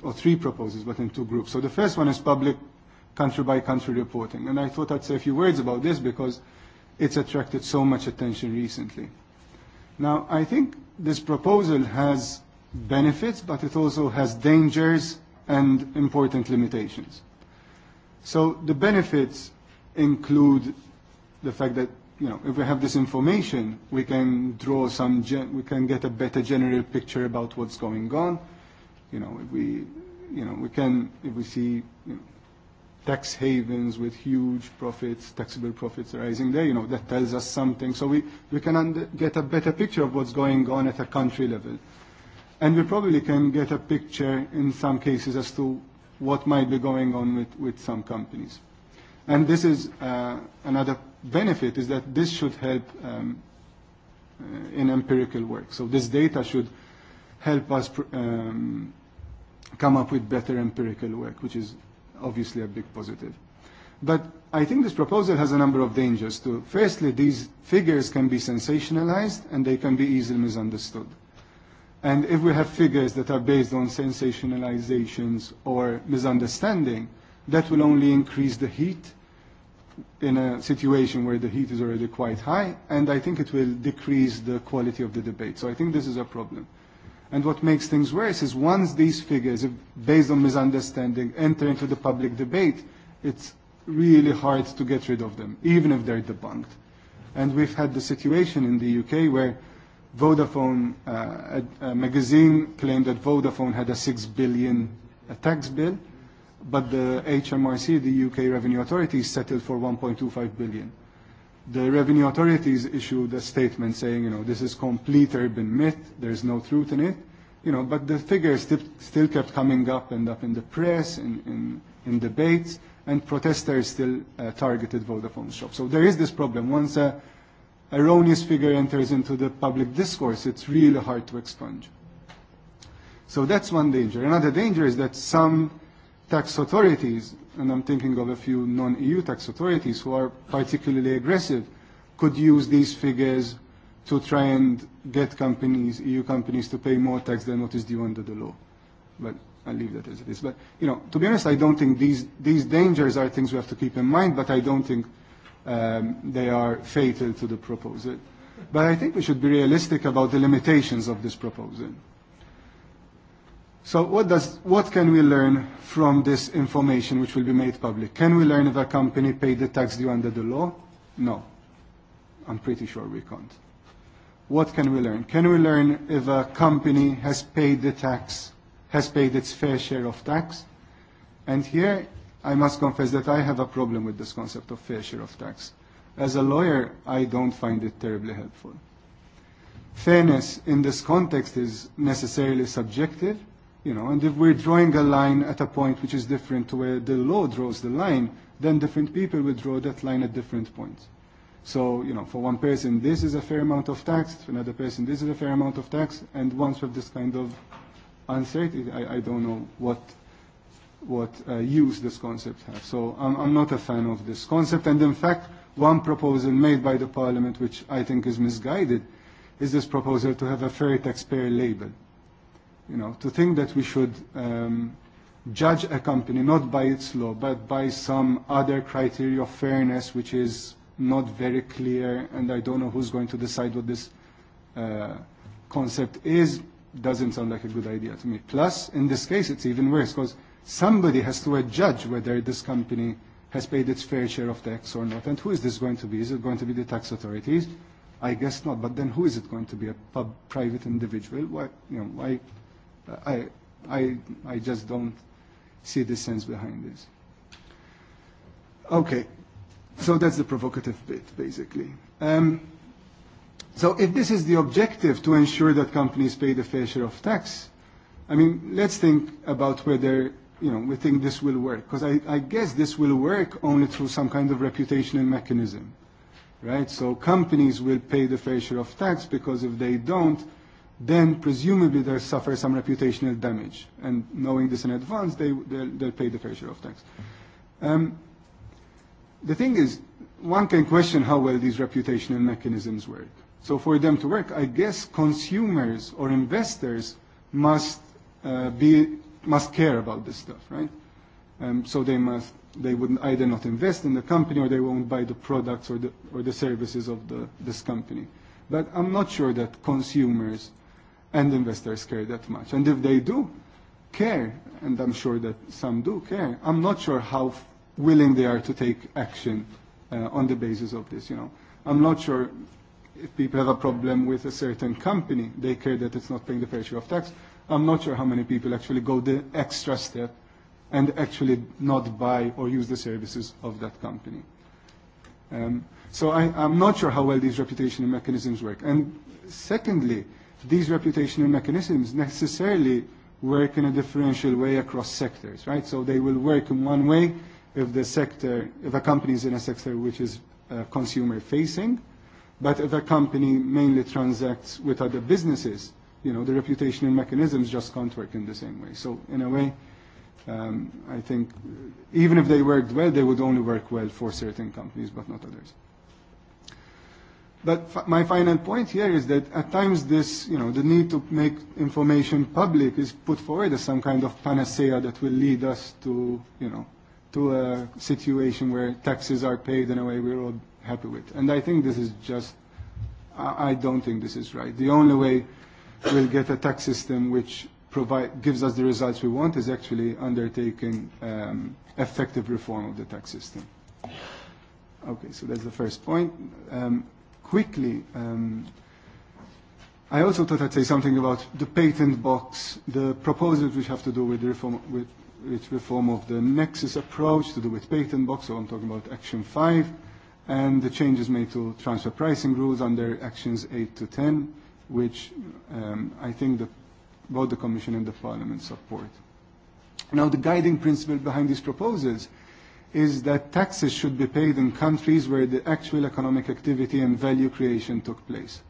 or three proposals, but in two groups. So the first one is public country-by-country reporting. And I thought I'd say a few words about this because it's attracted so much attention recently. Now, I think this proposal has benefits, but it also has dangers and important limitations. So the benefits include the fact that, you know, if we have this information, we can draw some, we can get a better general picture about what's going on. You know, if we, you know, we can, if we see, you know, tax havens with huge profits, taxable profits rising there, you know, that tells us something. So we, we can get a better picture of what's going on at a country level. And we probably can get a picture in some cases as to what might be going on with, with some companies. And this is uh, another benefit is that this should help um, in empirical work. So this data should help us um, come up with better empirical work, which is obviously a big positive. But I think this proposal has a number of dangers too. Firstly, these figures can be sensationalized and they can be easily misunderstood. And if we have figures that are based on sensationalizations or misunderstanding, that will only increase the heat in a situation where the heat is already quite high, and I think it will decrease the quality of the debate. So I think this is a problem. And what makes things worse is once these figures, based on misunderstanding, enter into the public debate, it's really hard to get rid of them, even if they're debunked. And we've had the situation in the UK where Vodafone, a magazine claimed that Vodafone had a six billion tax bill, but the HMRC, the UK Revenue Authority, settled for 1.25 billion. The revenue authorities issued a statement saying, you know, this is complete urban myth, there's no truth in it, you know, but the figures still kept coming up and up in the press, in in debates, and protesters still targeted Vodafone shop. So there is this problem. Once an erroneous figure enters into the public discourse, it's really hard to expunge. So that's one danger. Another danger is that some tax authorities and I'm thinking of a few non-EU tax authorities who are particularly aggressive, could use these figures to try and get companies, EU companies, to pay more tax than what is due under the law. But I'll leave that as it is. But, you know, to be honest, I don't think these, these dangers are things we have to keep in mind, but I don't think um, they are fatal to the proposal. But I think we should be realistic about the limitations of this proposal. So what does what can we learn from this information which will be made public? Can we learn if a company paid the tax due under the law? No. I'm pretty sure we can't. What can we learn? Can we learn if a company has paid the tax, has paid its fair share of tax? And here I must confess that I have a problem with this concept of fair share of tax. As a lawyer, I don't find it terribly helpful. Fairness in this context is necessarily subjective, You know, and if we're drawing a line at a point which is different to where the law draws the line, then different people will draw that line at different points. So, you know, for one person this is a fair amount of tax, for another person this is a fair amount of tax, and once with this kind of uncertainty, I, I don't know what what uh, use this concept has. So I'm, I'm not a fan of this concept, and in fact, one proposal made by the Parliament, which I think is misguided, is this proposal to have a fair taxpayer label you know, to think that we should um, judge a company not by its law, but by some other criteria of fairness, which is not very clear, and I don't know who's going to decide what this uh, concept is, doesn't sound like a good idea to me. Plus, in this case, it's even worse, because somebody has to judge whether this company has paid its fair share of tax or not. And who is this going to be? Is it going to be the tax authorities? I guess not. But then who is it going to be? A private individual? Why, you know, why I, I, I just don't see the sense behind this. Okay, so that's the provocative bit, basically. Um, so if this is the objective to ensure that companies pay the fair share of tax, I mean, let's think about whether you know, we think this will work, because I, I guess this will work only through some kind of reputational mechanism, right? So companies will pay the fair share of tax because if they don't, then presumably they suffer some reputational damage. And knowing this in advance, they, they'll, they'll pay the fair share of tax. Um, the thing is, one can question how well these reputational mechanisms work. So for them to work, I guess consumers or investors must uh, be must care about this stuff, right? Um, so they must they would either not invest in the company or they won't buy the products or the or the services of the this company. But I'm not sure that consumers and investors care that much. And if they do care, and I'm sure that some do care, I'm not sure how willing they are to take action on the basis of this. You know, I'm not sure if people have a problem with a certain company, they care that it's not paying the fair share of tax. I'm not sure how many people actually go the extra step and actually not buy or use the services of that company. Um, so I, I'm not sure how well these reputation mechanisms work. And secondly, these reputational mechanisms necessarily work in a differential way across sectors, right? So they will work in one way if the sector, if a company is in a sector which is consumer facing, but if a company mainly transacts with other businesses, you know, the reputational mechanisms just can't work in the same way. So in a way, um, I think even if they worked well, they would only work well for certain companies, but not others. But my final point here is that at times this, you know, the need to make information public is put forward as some kind of panacea that will lead us to, you know, to a situation where taxes are paid in a way we're all happy with. And I think this is just, I don't think this is right. The only way we'll get a tax system which provide, gives us the results we want is actually undertaking um, effective reform of the tax system. Okay, so that's the first point. Um, quickly. I also thought I'd say something about the patent box, the proposals which have to do with reform with with reform of the nexus approach to do with patent box, so I'm talking about Action 5, and the changes made to transfer pricing rules under Actions 8 to 10, which I think the both the Commission and the Parliament support. Now, the guiding principle behind these proposals is that taxes should be paid in countries where the actual economic activity and value creation took place.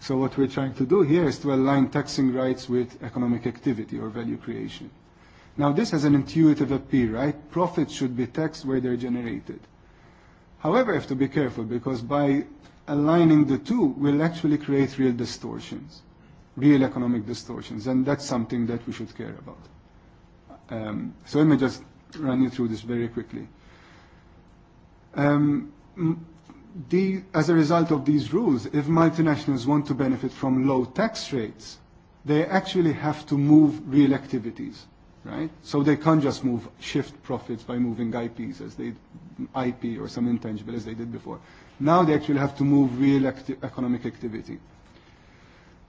So what we're trying to do here is to align taxing rights with economic activity or value creation. Now this has an intuitive appeal, right? Profits should be taxed where they're generated. However, I have to be careful because by aligning the two, we'll actually create real distortions, real economic distortions, and that's something that we should care about. Um, so let me just run you through this very quickly. As a result of these rules, if multinationals want to benefit from low tax rates, they actually have to move real activities, right? So they can't just move shift profits by moving IPs as they IP or some intangible as they did before. Now they actually have to move real economic activity.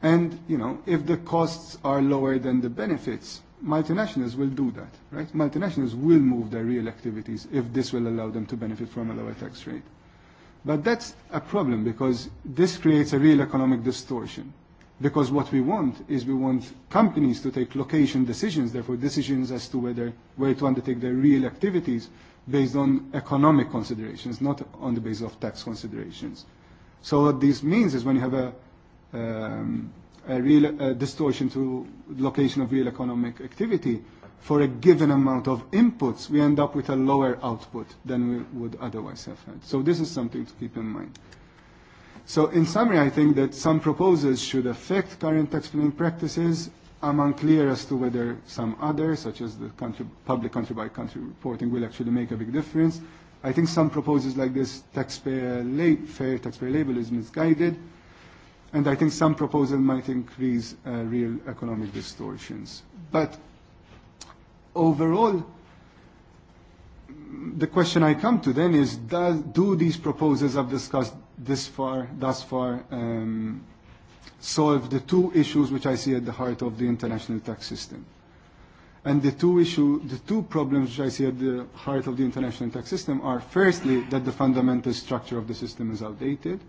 And, you know, if the costs are lower than the benefits, multinationals will do that, right? Multinationals will move their real activities if this will allow them to benefit from a lower tax rate. But that's a problem because this creates a real economic distortion. Because what we want is we want companies to take location decisions, therefore decisions as to whether where to undertake their real activities based on economic considerations, not on the basis of tax considerations. So what this means is when you have a a real distortion to location of real economic activity, for a given amount of inputs, we end up with a lower output than we would otherwise have had. So this is something to keep in mind. So in summary, I think that some proposals should affect current tax planning practices. I'm unclear as to whether some others, such as the country, public country-by-country reporting, will actually make a big difference. I think some proposals like this taxpayer fair taxpayer label, is misguided. And I think some proposals might increase real economic distortions. But overall, the question I come to then is, do these proposals I've discussed this far, thus far, solve the two issues which I see at the heart of the international tax system? And the two issue, the two problems which I see at the heart of the international tax system are, firstly, that the fundamental structure of the system is outdated,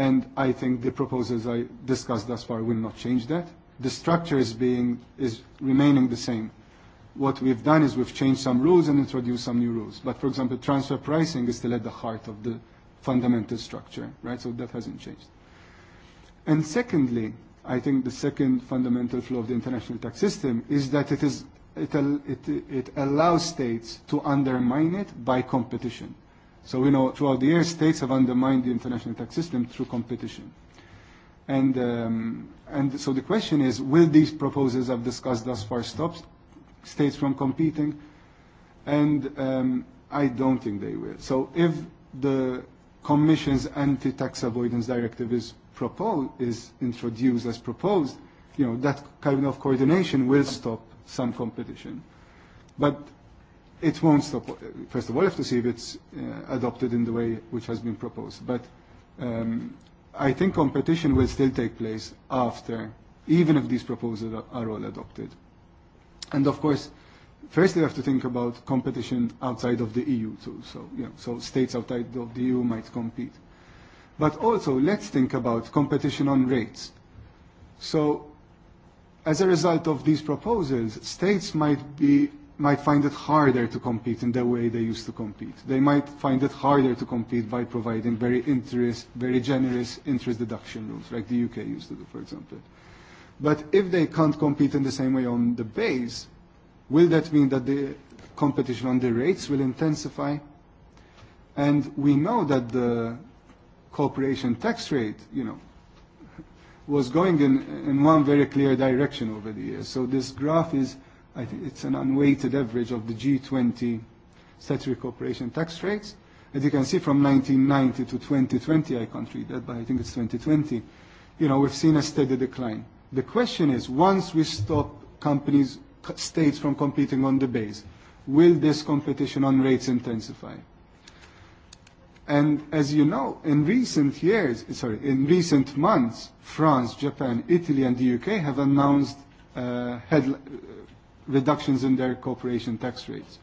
and I think the proposals I discussed thus far will not change that. The structure is being is remaining the same. What we've done is we've changed some rules and introduced some new rules. But for example, transfer pricing is still at the heart of the fundamental structure, right? So that hasn't changed. And secondly, I think the second fundamental flaw of the international tax system is that it is it it allows states to undermine it by competition. So we know throughout the years states have undermined the international tax system through competition. And and so the question is will these proposals I've discussed thus far stop states from competing? And I don't think they will. So if the Commission's anti tax avoidance directive is proposed is introduced as proposed, you know, that kind of coordination will stop some competition. But it won't stop. First of all, we have to see if it's adopted in the way which has been proposed. But I think competition will still take place after, even if these proposals are all adopted. And of course, first we have to think about competition outside of the EU too. So, you know, so states outside of the EU might compete. But also, let's think about competition on rates. So, as a result of these proposals, states might be might find it harder to compete in the way they used to compete. They might find it harder to compete by providing very interest, very generous interest deduction rules, like the UK used to do, for example. But if they can't compete in the same way on the base, will that mean that the competition on the rates will intensify? And we know that the corporation tax rate, you know, was going in, in one very clear direction over the years. So this graph is it's an unweighted average of the G20 statutory corporation tax rates. As you can see, from 1990 to 2020, I can't read that, but I think it's 2020, you know, we've seen a steady decline. The question is, once we stop companies, states from competing on the base, will this competition on rates intensify? And as you know, in recent years, sorry, in recent months, France, Japan, Italy, and the UK have announced reductions in their corporation tax rates.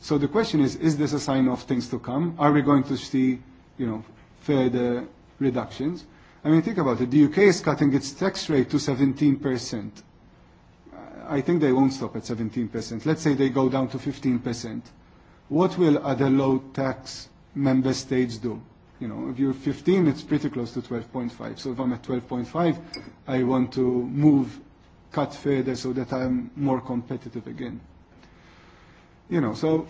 So the question is, is this a sign of things to come? Are we going to see, you know, further reductions? I mean, think about it. The UK is cutting its tax rate to 17%. I think they won't stop at 17%. Let's say they go down to 15%. What will other low-tax member states do? You know, if you're 15, it's pretty close to 12.5. So if I'm at 12.5, I want to move cut further so that I'm more competitive again. You know, so,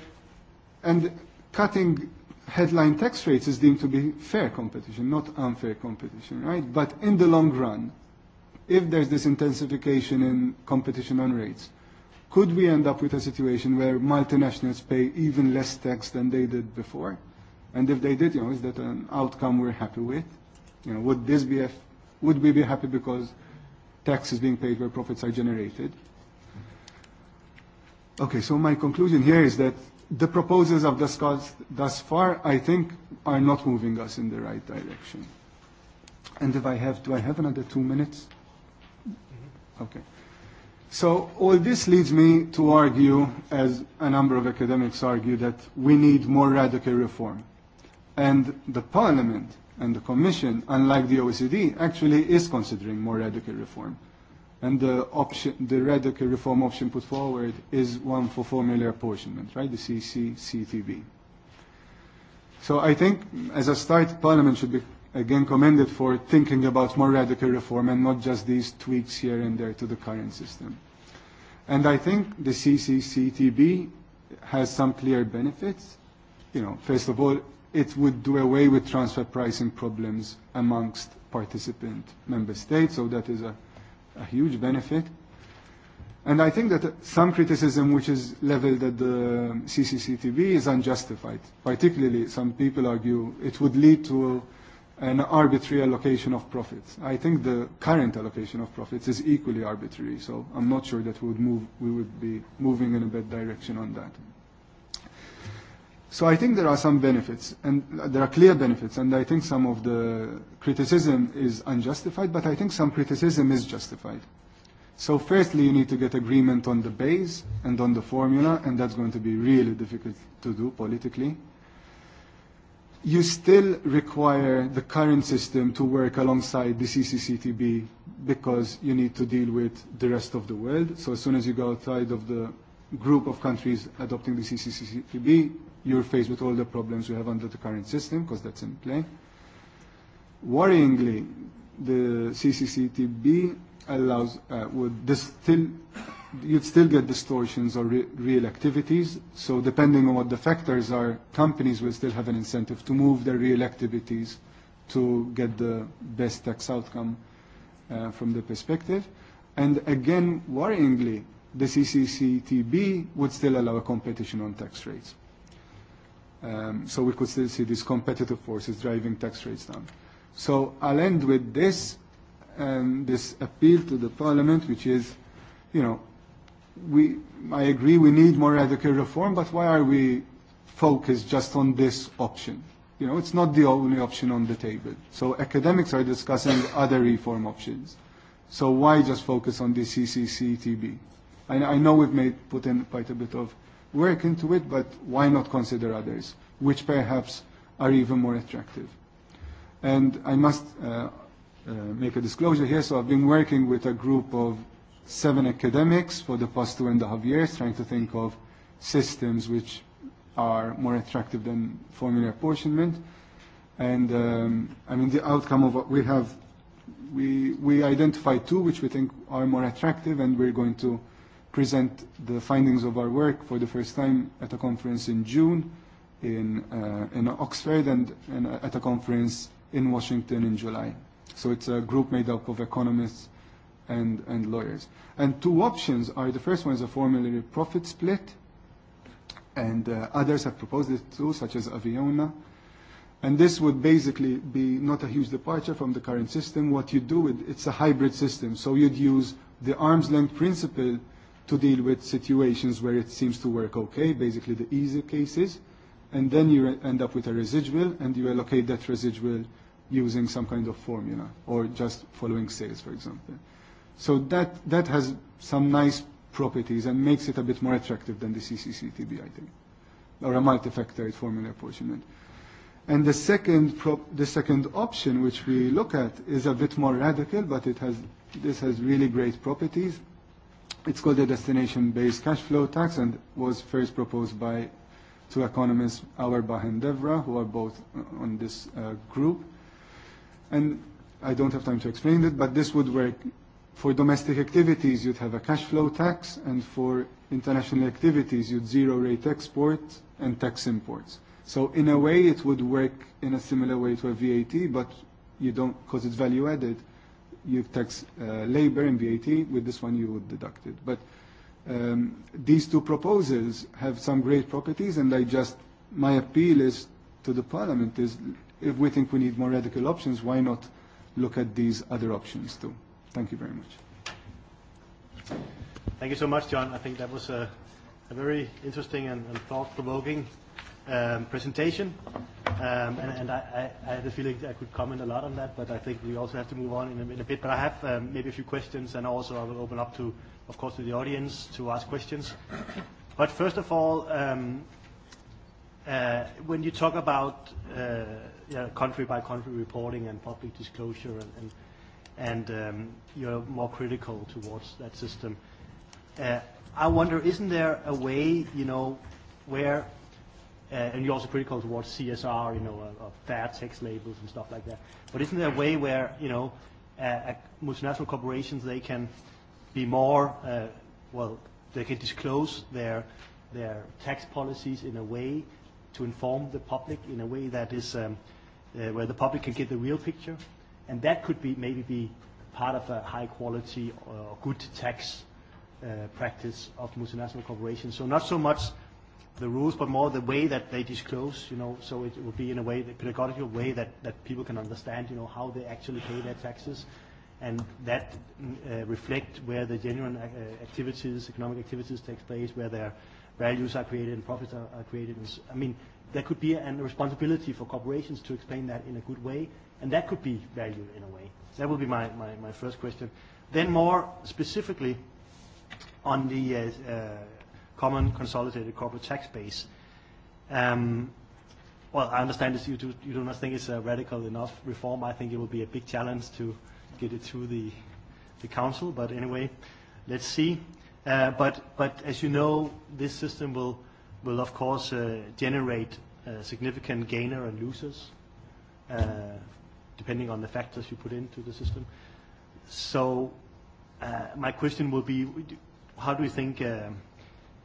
and cutting headline tax rates is deemed to be fair competition, not unfair competition, right? But in the long run, if there's this intensification in competition on rates, could we end up with a situation where multinationals pay even less tax than they did before? And if they did, you know, is that an outcome we're happy with? You know, would this be a, would we be happy because taxes being paid where profits are generated. Okay, so my conclusion here is that the proposals of discussed thus far, I think, are not moving us in the right direction. And if I have, do I have another two minutes? Okay. So all this leads me to argue, as a number of academics argue, that we need more radical reform. And the Parliament and the Commission, unlike the OECD, actually is considering more radical reform. And the option, the radical reform option put forward is one for formula apportionment, right? The CCCTB. So I think, as a start, Parliament should be again commended for thinking about more radical reform and not just these tweaks here and there to the current system. And I think the CCCTB has some clear benefits. You know, first of all, it would do away with transfer pricing problems amongst participant member states, so that is a huge benefit. And I think that some criticism which is leveled at the CCCTB is unjustified. Particularly, some people argue it would lead to an arbitrary allocation of profits. I think the current allocation of profits is equally arbitrary, so I'm not sure that we would move we would be moving in a bad direction on that. So I think there are some benefits, and there are clear benefits, and I think some of the criticism is unjustified, but I think some criticism is justified. So firstly, you need to get agreement on the base and on the formula, and that's going to be really difficult to do politically. You still require the current system to work alongside the CCCTB because you need to deal with the rest of the world. So as soon as you go outside of the group of countries adopting the CCCTB, you're faced with all the problems you have under the current system, because that's in play. Worryingly, the CCCTB allows, would still, you'd still get distortions or real activities. So depending on what the factors are, companies will still have an incentive to move their real activities to get the best tax outcome from the perspective. And again, worryingly, the CCCTB would still allow a competition on tax rates. So we could still see these competitive forces driving tax rates down. So I'll end with this, this appeal to the Parliament, which is, you know, we, I agree we need more radical reform, but why are we focused just on this option? You know, it's not the only option on the table. So academics are discussing other reform options. So why just focus on the CCCTB? I know we've made, put in quite a bit of work into it, but why not consider others, which perhaps are even more attractive. And I must make a disclosure here, so I've been working with a group of seven academics for the past two and a half years, trying to think of systems which are more attractive than formula apportionment. And I mean, the outcome of what we have, we we identify two which we think are more attractive, and we're going to present the findings of our work for the first time at a conference in June in in Oxford and at a conference in Washington in July. So it's a group made up of economists and and lawyers. And two options are the first one is a formally profit split and others have proposed it too, such as Aviona. And this would basically be not a huge departure from the current system. What you do, with it's a hybrid system. So you'd use the arm's length principle to deal with situations where it seems to work okay, basically the easy cases, and then you end up with a residual, and you allocate that residual using some kind of formula, or just following sales, for example. So that, that has some nice properties and makes it a bit more attractive than the CCCTB, I think, or a multifactorial formula apportionment. And the second, the second option which we look at is a bit more radical, but it has, this has really great properties It's called a destination-based cash flow tax and was first proposed by two economists, Auerbach and Devra, who are both on this group. And I don't have time to explain it, but this would work for domestic activities, you'd have a cash flow tax, and for international activities, you'd zero rate exports and tax imports. So in a way, it would work in a similar way to a VAT, but you don't, because it's value added, you tax labor and VAT. With this one, you would deduct it. But these two proposals have some great properties, and I just my appeal is to the Parliament is if we think we need more radical options, why not look at these other options too? Thank you very much. Thank you so much, John. I think that was a very interesting and thought-provoking presentation. Um, and I, had the feeling that I could comment a lot on that, but I think we also have to move on in a, bit. But I have maybe a few questions, and also I will open up to, of course, to the audience to ask questions. But first of all, when you talk about country by country reporting and public disclosure, and and, you're more critical towards that system, I wonder, isn't there a way, you know, where and you're also critical towards CSR, you know, of fair tax labels and stuff like that. But isn't there a way where, you know, multinational corporations, they can be more, well, they can disclose their their tax policies in a way to inform the public in a way that is where the public can get the real picture, and that could be maybe be part of a high quality or good tax practice of multinational corporations. So not so much the rules, but more the way that they disclose, you know, so it would be in a way, the pedagogical way that, that people can understand, you know, how they actually pay their taxes and that reflect where the genuine activities, economic activities take place, where their values are created and profits are, created. I mean, there could be a responsibility for corporations to explain that in a good way, and that could be value in a way. That would be my, my, my first question. Then more specifically on the common consolidated corporate tax base. Well, I understand you you do not think it's a radical enough reform. I think it will be a big challenge to get it through the the council. But anyway, let's see. But but as you know, this system will will of course generate significant gainer and losers, depending on the factors you put into the system. So my question will be, how do you think?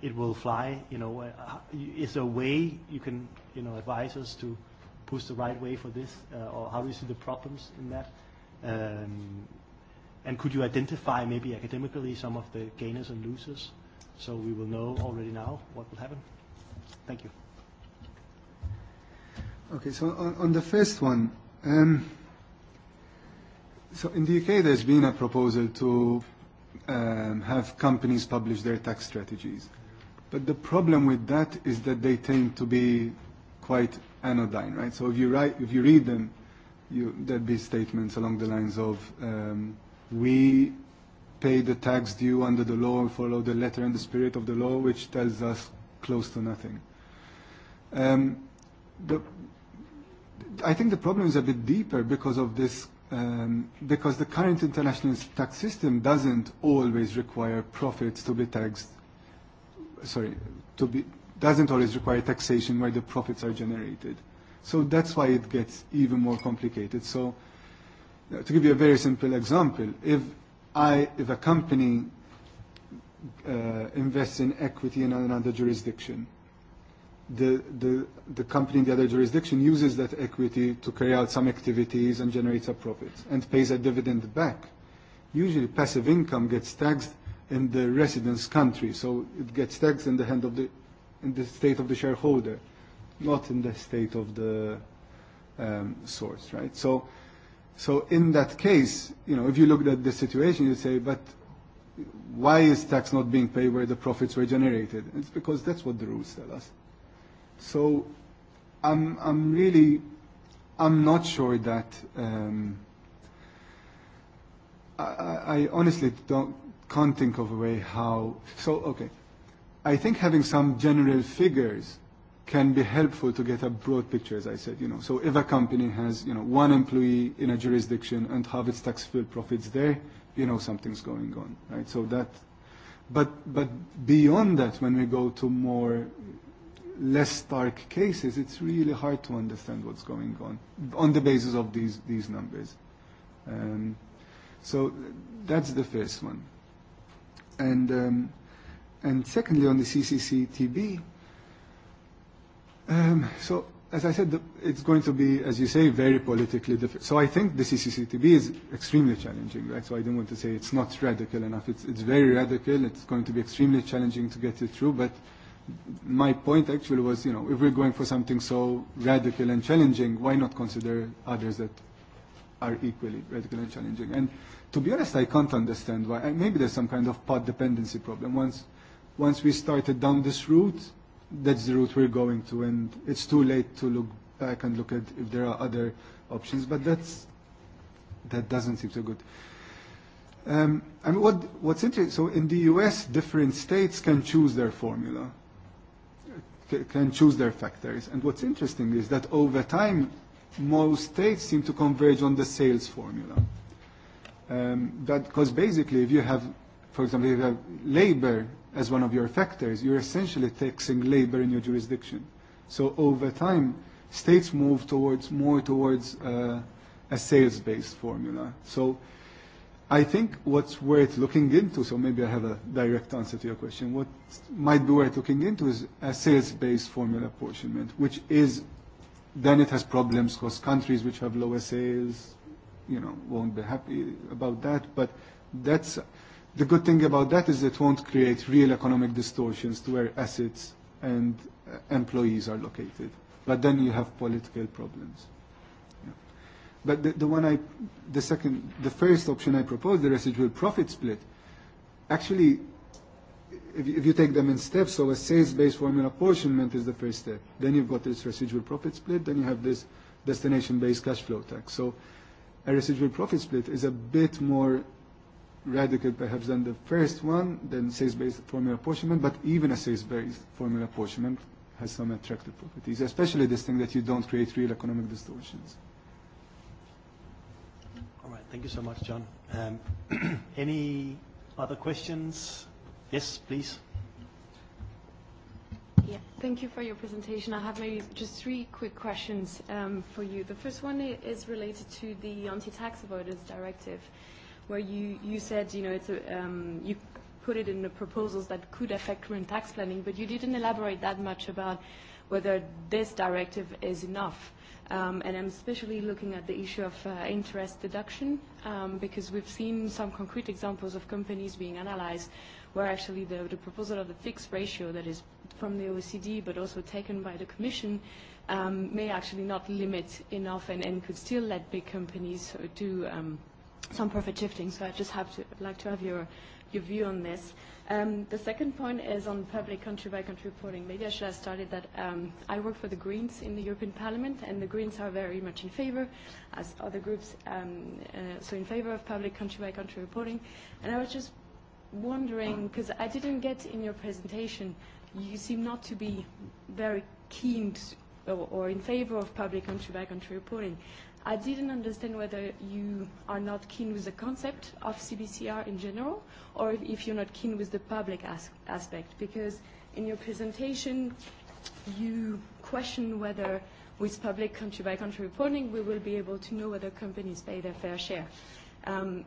it will fly. You know, is there a way you can, you know, advise us to push the right way for this, or how do you see the problems in that? And could you identify maybe academically some of the gainers and losers, so we will know already now what will happen? Thank you. Okay, so on the first one, so in the UK there's been a proposal to have companies publish their tax strategies. But the problem with that is that they tend to be quite anodyne, right? So if you write, if you read them, you, there'd be statements along the lines of, um, we pay the tax due under the law and follow the letter and the spirit of the law, which tells us close to nothing. Um, the, I think the problem is a bit deeper because of this, um, because the current international tax system doesn't always require profits to be taxed sorry, to be, doesn't always require taxation where the profits are generated. So that's why it gets even more complicated. So to give you a very simple example, if I, if a company invests in equity in another jurisdiction, the, the, the company in the other jurisdiction uses that equity to carry out some activities and generates a profit and pays a dividend back. Usually passive income gets taxed in the residence country, so it gets taxed in the hand of the in the state of the shareholder, not in the state of the um, source, right? So, so in that case, you know, if you look at the situation, you say, but why is tax not being paid where the profits were generated? It's because that's what the rules tell us. So, I'm I'm really I'm not sure that. Um, I, I honestly don't can't think of a way how. So, okay. I think having some general figures can be helpful to get a broad picture, as I said. You know, so if a company has, you know, one employee in a jurisdiction and have its tax taxable profits there, you know something's going on, right? So that, but but beyond that, when we go to more less stark cases, it's really hard to understand what's going on on the basis of these these numbers. Um, so that's the first one. And and secondly, on the CCCTB, so as I said, it's going to be, as you say, very politically difficult. So I think the CCCTB is extremely challenging, right? So I don't want to say it's not radical enough. It's it's very radical. It's going to be extremely challenging to get it through. But my point actually was, you know, if we're going for something so radical and challenging, why not consider others that are equally radical and challenging? And to be honest, I can't understand why. Maybe there's some kind of pot dependency problem. Once, once we started down this route, that's the route we're going to, and it's too late to look back and look at if there are other options. But that's that doesn't seem so good. Um, I what what's interesting? So in the U.S., different states can choose their formula, can choose their factors, and what's interesting is that over time, most states seem to converge on the sales formula that because basically if you have, for example, if you have labor as one of your factors, you're essentially taxing labor in your jurisdiction. So over time, states move towards more towards a sales-based formula. So I think what's worth looking into, so maybe I have a direct answer to your question, what might be worth looking into is a sales-based formula apportionment, which is, then it has problems because countries which have lower sales you know, won't be happy about that. But that's the good thing about that is it won't create real economic distortions to where assets and employees are located. But then you have political problems. But the, the one I, the second, the first option I propose, the residual profit split, actually, if, if you take them in steps, so a sales-based formula apportionment is the first step. Then you've got this residual profit split. Then you have this destination-based cash flow tax. So a residual profit split is a bit more radical perhaps than the first one, than sales-based formula apportionment, but even a sales-based formula apportionment has some attractive properties, especially this thing that you don't create real economic distortions. All right, thank you so much, John. Um, any other questions? Yes, please. Yeah, thank you for your presentation. I have maybe just three quick questions for you. The first one is related to the anti-tax avoidance directive, where you, you said, you know, it's a, you put it in the proposals that could affect current tax planning, but you didn't elaborate that much about whether this directive is enough. and I'm especially looking at the issue of interest deduction, because we've seen some concrete examples of companies being analyzed where actually the, proposal of the fixed ratio that is from the OECD but also taken by the Commission may actually not limit enough and, could still let big companies do some profit shifting. So I just have like to have your your view on this. the second point is on public country-by-country reporting. Maybe I should have started that I work for the Greens in the European Parliament, and the Greens are very much in favour, as other groups, so in favour of public country-by-country reporting. And I was just wondering, because I didn't get in your presentation, you seem not to be very keen or in favor of public country-by-country reporting. I didn't understand whether you are not keen with the concept of CBCR in general, or if you're not keen with the public aspect, because in your presentation you question whether with public country-by-country reporting we will be able to know whether companies pay their fair share.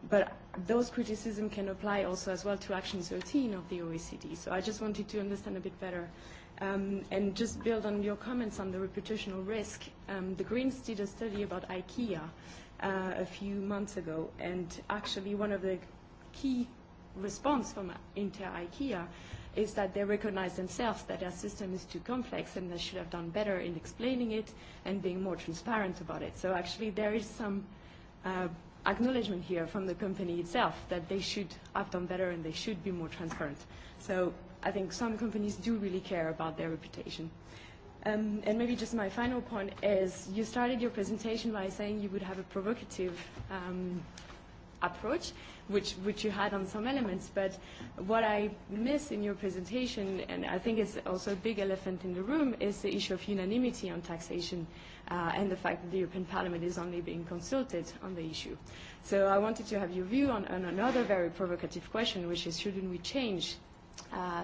But those criticisms can apply also as well to Action 13 of the OECD. So I just wanted to understand a bit better. And just build on your comments on the reputational risk. The Greens did a study about IKEA a few months ago, and actually one of the key response from Inter IKEA is that they recognize themselves that their system is too complex and they should have done better in explaining it and being more transparent about it. So actually there is some acknowledgement here from the company itself that they should have done better and they should be more transparent. So I think some companies do really care about their reputation. Um, and maybe just my final point is you started your presentation by saying you would have a provocative um, approach, which, which you had on some elements. But what I miss in your presentation, and I think it's also a big elephant in the room, is the issue of unanimity on taxation and the fact that the European Parliament is only being consulted on the issue. So I wanted to have your view on another very provocative question, which is shouldn't we change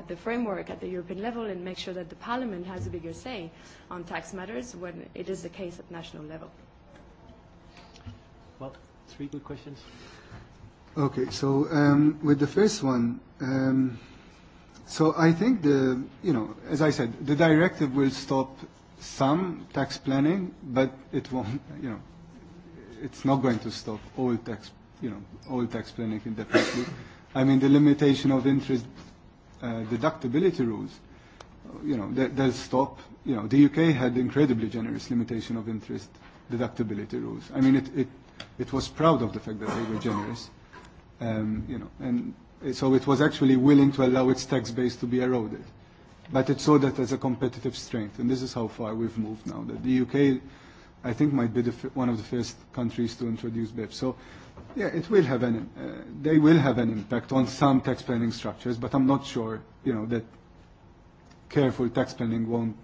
the framework at the European level and make sure that the Parliament has a bigger say on tax matters when it is the case at national level? Well, three good questions. Okay, so um, with the first one, um, so I think the, you know, as I said, the directive will stop some tax planning, but it won't, you know, it's not going to stop all tax, you know, all tax planning indefinitely. I mean, the limitation of interest deductibility rules, you know, does stop. You know, the UK had incredibly generous limitation of interest deductibility rules. I mean, it it it was proud of the fact that they were generous, um, you know, and so it was actually willing to allow its tax base to be eroded. But it saw that as a competitive strength, and this is how far we've moved now. That the UK, I think, might be one of the first countries to introduce BEPS. So, yeah, it will have an, they will have an impact on some tax planning structures, but I'm not sure, you know, that careful tax planning won't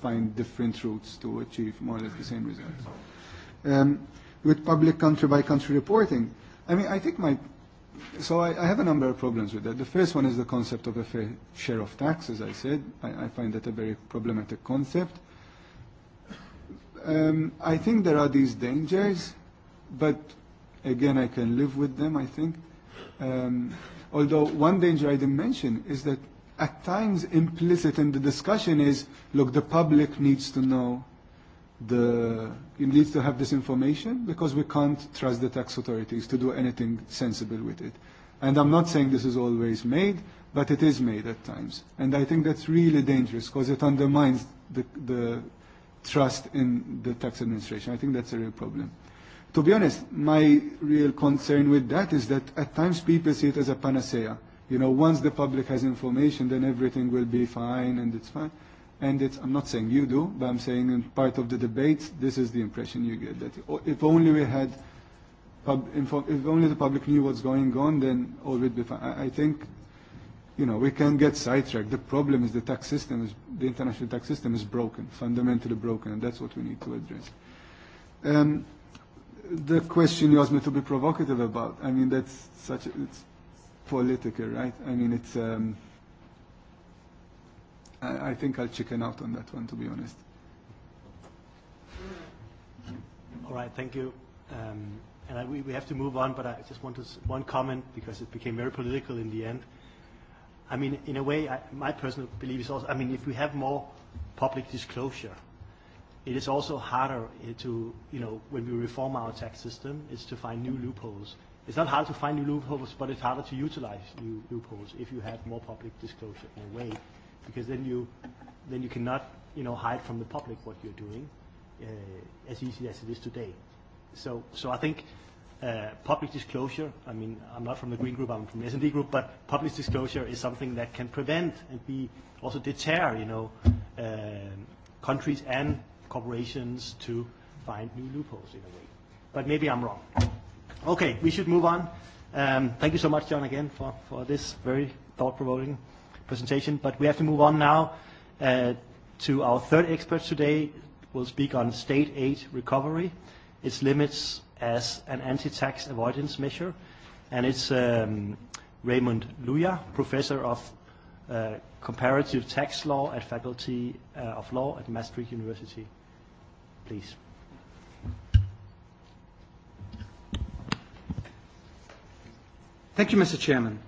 find different routes to achieve more or less the same results. With public country-by-country reporting, I mean, I think my So I have a number of problems with that. The first one is the concept of a fair share of tax, as I said. I find that a very problematic concept. I think there are these dangers, but again, I can live with them, I think. Although one danger I didn't mention is that at times implicit in the discussion is, look, the public needs to know the needs need to have this information because we can't trust the tax authorities to do anything sensible with it. And I'm not saying this is always made, but it is made at times. And I think that's really dangerous because it undermines the, the trust in the tax administration. I think that's a real problem. To be honest, my real concern with that is that at times people see it as a panacea. You know, once the public has information, then everything will be fine and it's fine and it's I'm not saying you do, but I'm saying in part of the debate, this is the impression you get that if only we had, if only the public knew what's going on, then all would be fine. I think, you know, we can get sidetracked. The problem is the tax system is the international tax system is broken, fundamentally broken, and that's what we need to address. Um, the question you asked me to be provocative about, I mean, that's such, it's political, right? I mean, it's. Um, I think I'll chicken out on that one, to be honest. All right, thank you. Um, and I, we, we have to move on, but I just want to one comment because it became very political in the end. I mean, in a way, my personal belief is also, I mean, if we have more public disclosure, it is also harder to, you know, when we reform our tax system, is to find new loopholes. It's not hard to find new loopholes, but it's harder to utilize new loopholes if you have more public disclosure in a way because then you then you cannot you know hide from the public what you're doing as easy as it is today. So so I think public disclosure. I mean I'm not from the Green Group, I'm from the S&D Group, but public disclosure is something that can prevent and be also deter you know countries and corporations to find new loopholes in a way. But maybe I'm wrong. Okay, we should move on. Um, thank you so much, John, again for, for this very thought-provoking presentation, but we have to move on now to our third expert today. will speak on state aid recovery, its limits as an anti-tax avoidance measure, and it's Raymond Luya, professor of comparative tax law at Faculty of Law at Maastricht University. Please. Thank you, Mr. Chairman.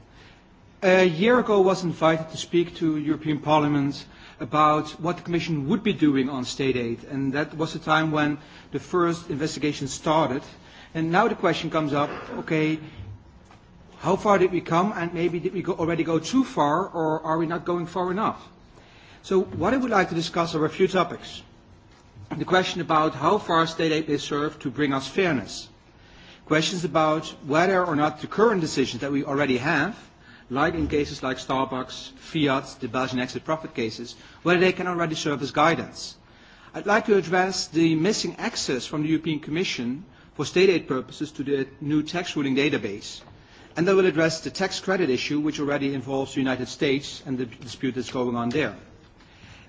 A year ago, I was invited to speak to European Parliament about what the Commission would be doing on state aid, and that was the time when the first investigation started. And now the question comes up, okay, how far did we come, and maybe did we go already go too far, or are we not going far enough? So what I would like to discuss are a few topics. The question about how far state aid may serve to bring us fairness. Questions about whether or not the current decisions that we already have like in cases like Starbucks, Fiat, the Belgian exit profit cases, where they can already serve as guidance. I'd like to address the missing access from the European Commission for state aid purposes to the new tax ruling database. And I will address the tax credit issue, which already involves the United States and the dispute that's going on there.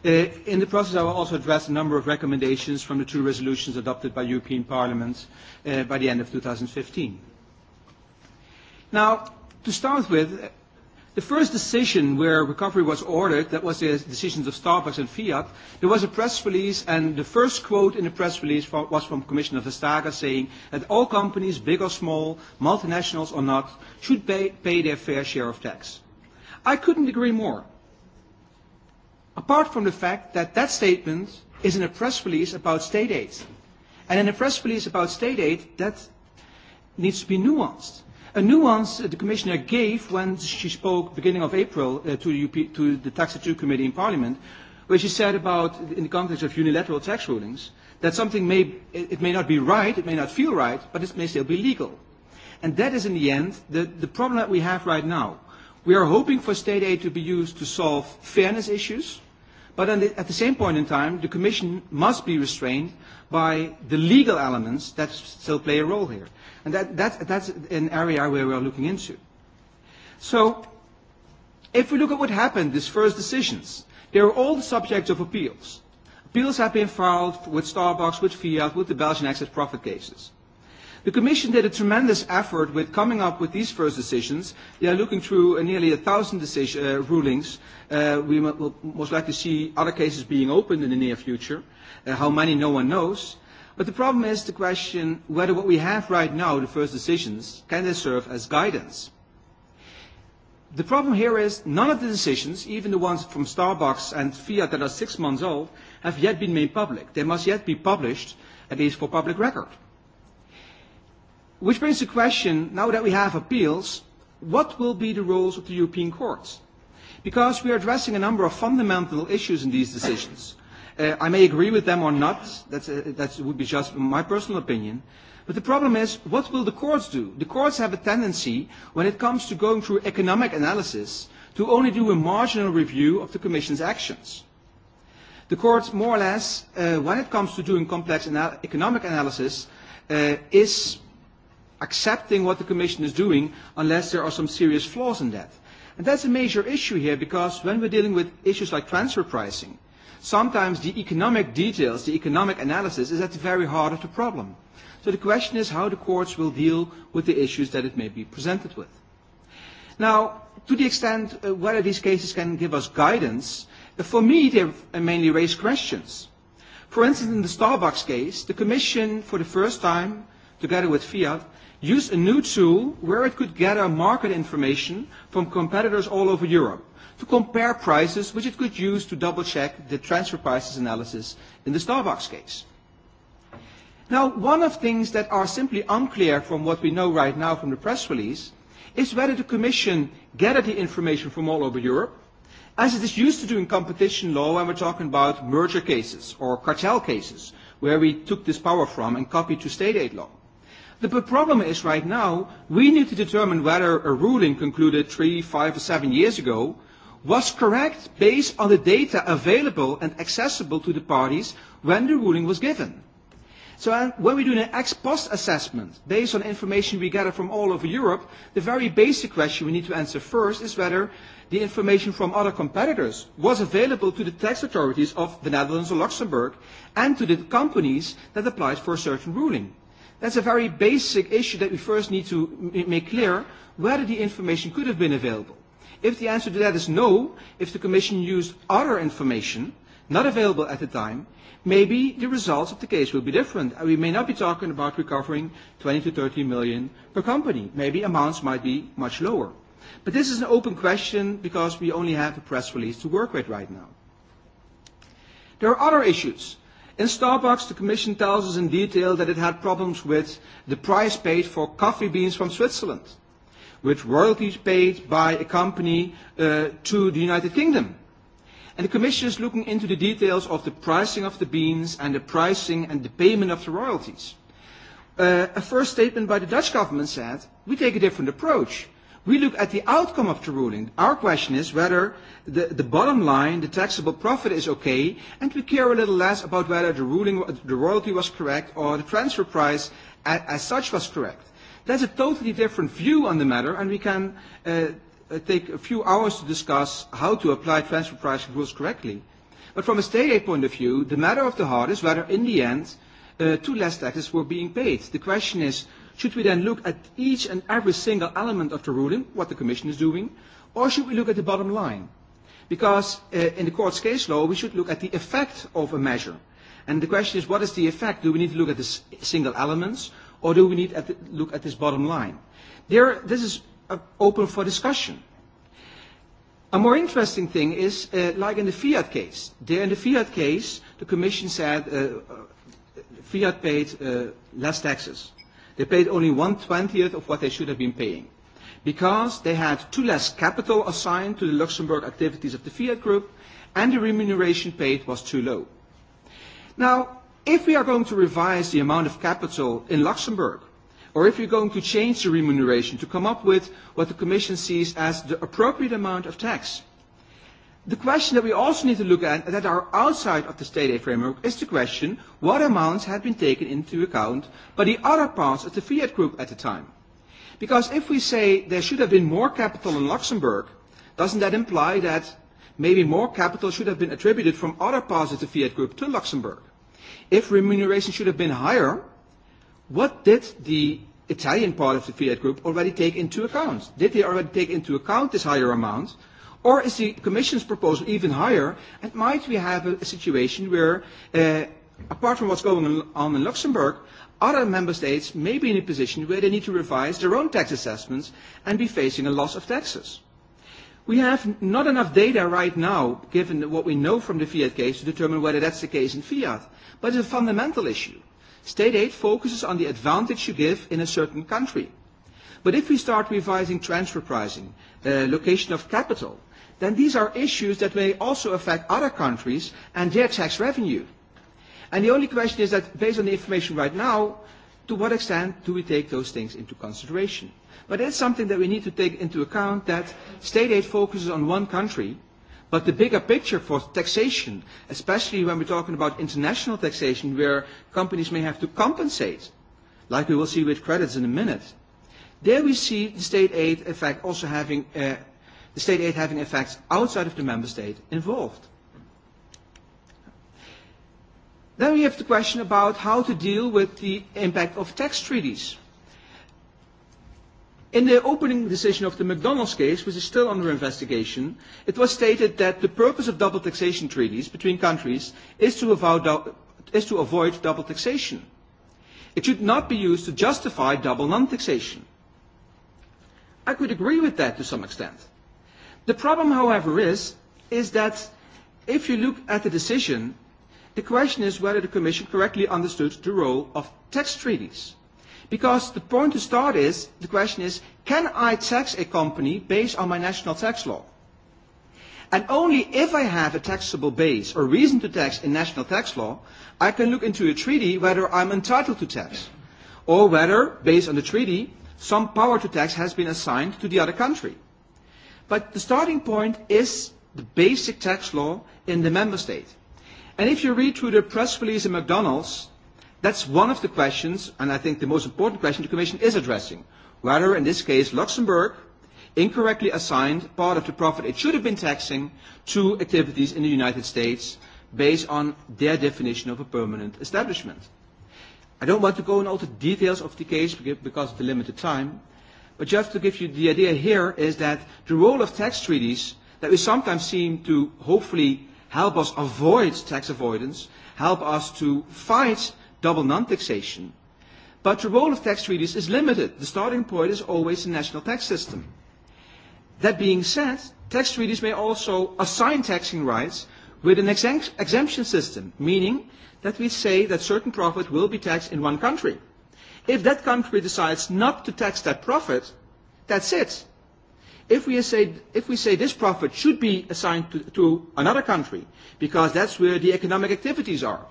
In the process, I will also address a number of recommendations from the two resolutions adopted by European Parliament by the end of 2015. Now, to start with, The first decision where recovery was ordered, that was the decisions of Starbucks and Fiat, there was a press release and the first quote in the press release was from Commissioner Vestager saying that all companies, big or small, multinationals or not, should pay their fair share of tax. I couldn't agree more. Apart from the fact that that statement is in a press release about state aid. And in a press release about state aid, that needs to be nuanced a nuance the Commissioner gave when she spoke beginning of April to the Tax two Committee in Parliament, where she said about, in the context of unilateral tax rulings, that something may, it may not be right, it may not feel right, but it may still be legal. And that is, in the end, the, the problem that we have right now. We are hoping for state aid to be used to solve fairness issues, But at the same point in time, the Commission must be restrained by the legal elements that still play a role here. And that that's an area where we are looking into. So if we look at what happened, these first decisions, they were all the subjects of appeals. Appeals have been filed with Starbucks, with Fiat, with the Belgian access profit cases. The Commission did a tremendous effort with coming up with these first decisions. They are looking through nearly a thousand rulings. We will most likely see other cases being opened in the near future. How many, no one knows. But the problem is the question whether what we have right now, the first decisions, can they serve as guidance? The problem here is none of the decisions, even the ones from Starbucks and Fiat that are six months old, have yet been made public. They must yet be published, at least for public record. Which brings the question, now that we have appeals, what will be the roles of the European courts? Because we are addressing a number of fundamental issues in these decisions. I may agree with them or not, that would be just my personal opinion. But the problem is, what will the courts do? The courts have a tendency, when it comes to going through economic analysis, to only do a marginal review of the Commission's actions. The courts, more or less, when it comes to doing complex economic analysis, is accepting what the Commission is doing unless there are some serious flaws in that. And that's a major issue here because when we're dealing with issues like transfer pricing, sometimes the economic details, the economic analysis is at the very heart of the problem. So the question is how the courts will deal with the issues that it may be presented with. Now, to the extent whether these cases can give us guidance, for me they mainly raise questions. For instance, in the Starbucks case, the Commission, for the first time, together with Fiat, use a new tool where it could gather market information from competitors all over Europe to compare prices, which it could use to double-check the transfer prices analysis in the Starbucks case. Now, one of the things that are simply unclear from what we know right now from the press release is whether the Commission gathered the information from all over Europe, as it is used to do in competition law when we're talking about merger cases or cartel cases, where we took this power from and copied to state aid law. The problem is right now, we need to determine whether a ruling concluded three, five, or seven years ago was correct based on the data available and accessible to the parties when the ruling was given. So when we do an ex post assessment based on information we gather from all over Europe, the very basic question we need to answer first is whether the information from other competitors was available to the tax authorities of the Netherlands or Luxembourg and to the companies that applied for a certain ruling. That's a very basic issue that we first need to make clear whether the information could have been available. If the answer to that is no, if the Commission used other information not available at the time, maybe the results of the case will be different. We may not be talking about recovering 20 to 30 million per company. Maybe amounts might be much lower. But this is an open question because we only have a press release to work with right now. There are other issues. In Starbucks, the Commission tells us in detail that it had problems with the price paid for coffee beans from Switzerland, with royalties paid by a company to the United Kingdom. And the Commission is looking into the details of the pricing of the beans and the pricing and the payment of the royalties. A first statement by the Dutch government said, we take a different approach. We look at the outcome of the ruling. Our question is whether the bottom line, the taxable profit, is okay, and we care a little less about whether the ruling, the royalty was correct or the transfer price as such was correct. That's a totally different view on the matter, and we can take a few hours to discuss how to apply transfer price rules correctly. But from a state aid point of view, the matter of the heart is whether in the end two less taxes were being paid. The question is Should we then look at each and every single element of the ruling, what the Commission is doing, or should we look at the bottom line? Because in the court's case law, we should look at the effect of a measure. And the question is, what is the effect? Do we need to look at the single elements, or do we need to look at this bottom line? There, this is open for discussion. A more interesting thing is, like in the Fiat case. There, in the Fiat case, the Commission said Fiat paid less taxes. They paid only one-twentieth of what they should have been paying because they had too less capital assigned to the Luxembourg activities of the Fiat Group and the remuneration paid was too low. Now, if we are going to revise the amount of capital in Luxembourg, or if are going to change the remuneration to come up with what the Commission sees as the appropriate amount of tax, The question that we also need to look at that are outside of the state aid framework is the question what amounts had been taken into account by the other parts of the Fiat group at the time. Because if we say there should have been more capital in Luxembourg, doesn't that imply that maybe more capital should have been attributed from other parts of the Fiat group to Luxembourg? If remuneration should have been higher, what did the Italian part of the Fiat group already take into account? Did they already take into account this higher amount? Or is the Commission's proposal even higher? And might we have a situation where, apart from what's going on in Luxembourg, other member states may be in a position where they need to revise their own tax assessments and be facing a loss of taxes? We have not enough data right now, given what we know from the Fiat case, to determine whether that's the case in Fiat. But it's a fundamental issue. State aid focuses on the advantage you give in a certain country. But if we start revising transfer pricing, location of capital, then these are issues that may also affect other countries and their tax revenue. And the only question is that, based on the information right now, to what extent do we take those things into consideration? But that's something that we need to take into account that state aid focuses on one country, but the bigger picture for taxation, especially when we're talking about international taxation, where companies may have to compensate, like we will see with credits in a minute, there we see the state aid effect also having the state aid having effects outside of the member state involved. Then we have the question about how to deal with the impact of tax treaties. In the opening decision of the McDonald's case, which is still under investigation, it was stated that the purpose of double taxation treaties between countries is to avoid double taxation. It should not be used to justify double non-taxation. I could agree with that to some extent. The problem, however, is, that if you look at the decision, the question is whether the Commission correctly understood the role of tax treaties. Because the point to start is, the question is, can I tax a company based on my national tax law? And only if I have a taxable base or reason to tax in national tax law, I can look into a treaty whether I'm entitled to tax, or whether, based on the treaty, some power to tax has been assigned to the other country. But the starting point is the basic tax law in the member state. And if you read through the press release in McDonald's, that's one of the questions, and I think the most important question the Commission is addressing, whether in this case Luxembourg incorrectly assigned part of the profit it should have been taxing to activities in the United States based on their definition of a permanent establishment. I don't want to go into all the details of the case because of the limited time, But just to give you the idea here is that the role of tax treaties that we sometimes seem to hopefully help us avoid tax avoidance, help us to fight double non-taxation. But the role of tax treaties is limited. The starting point is always the national tax system. That being said, tax treaties may also assign taxing rights with an exemption system, meaning that we say that certain profit will be taxed in one country. If that country decides not to tax that profit, that's it. If we say if we say this profit should be assigned to another country, because that's where the economic activities are,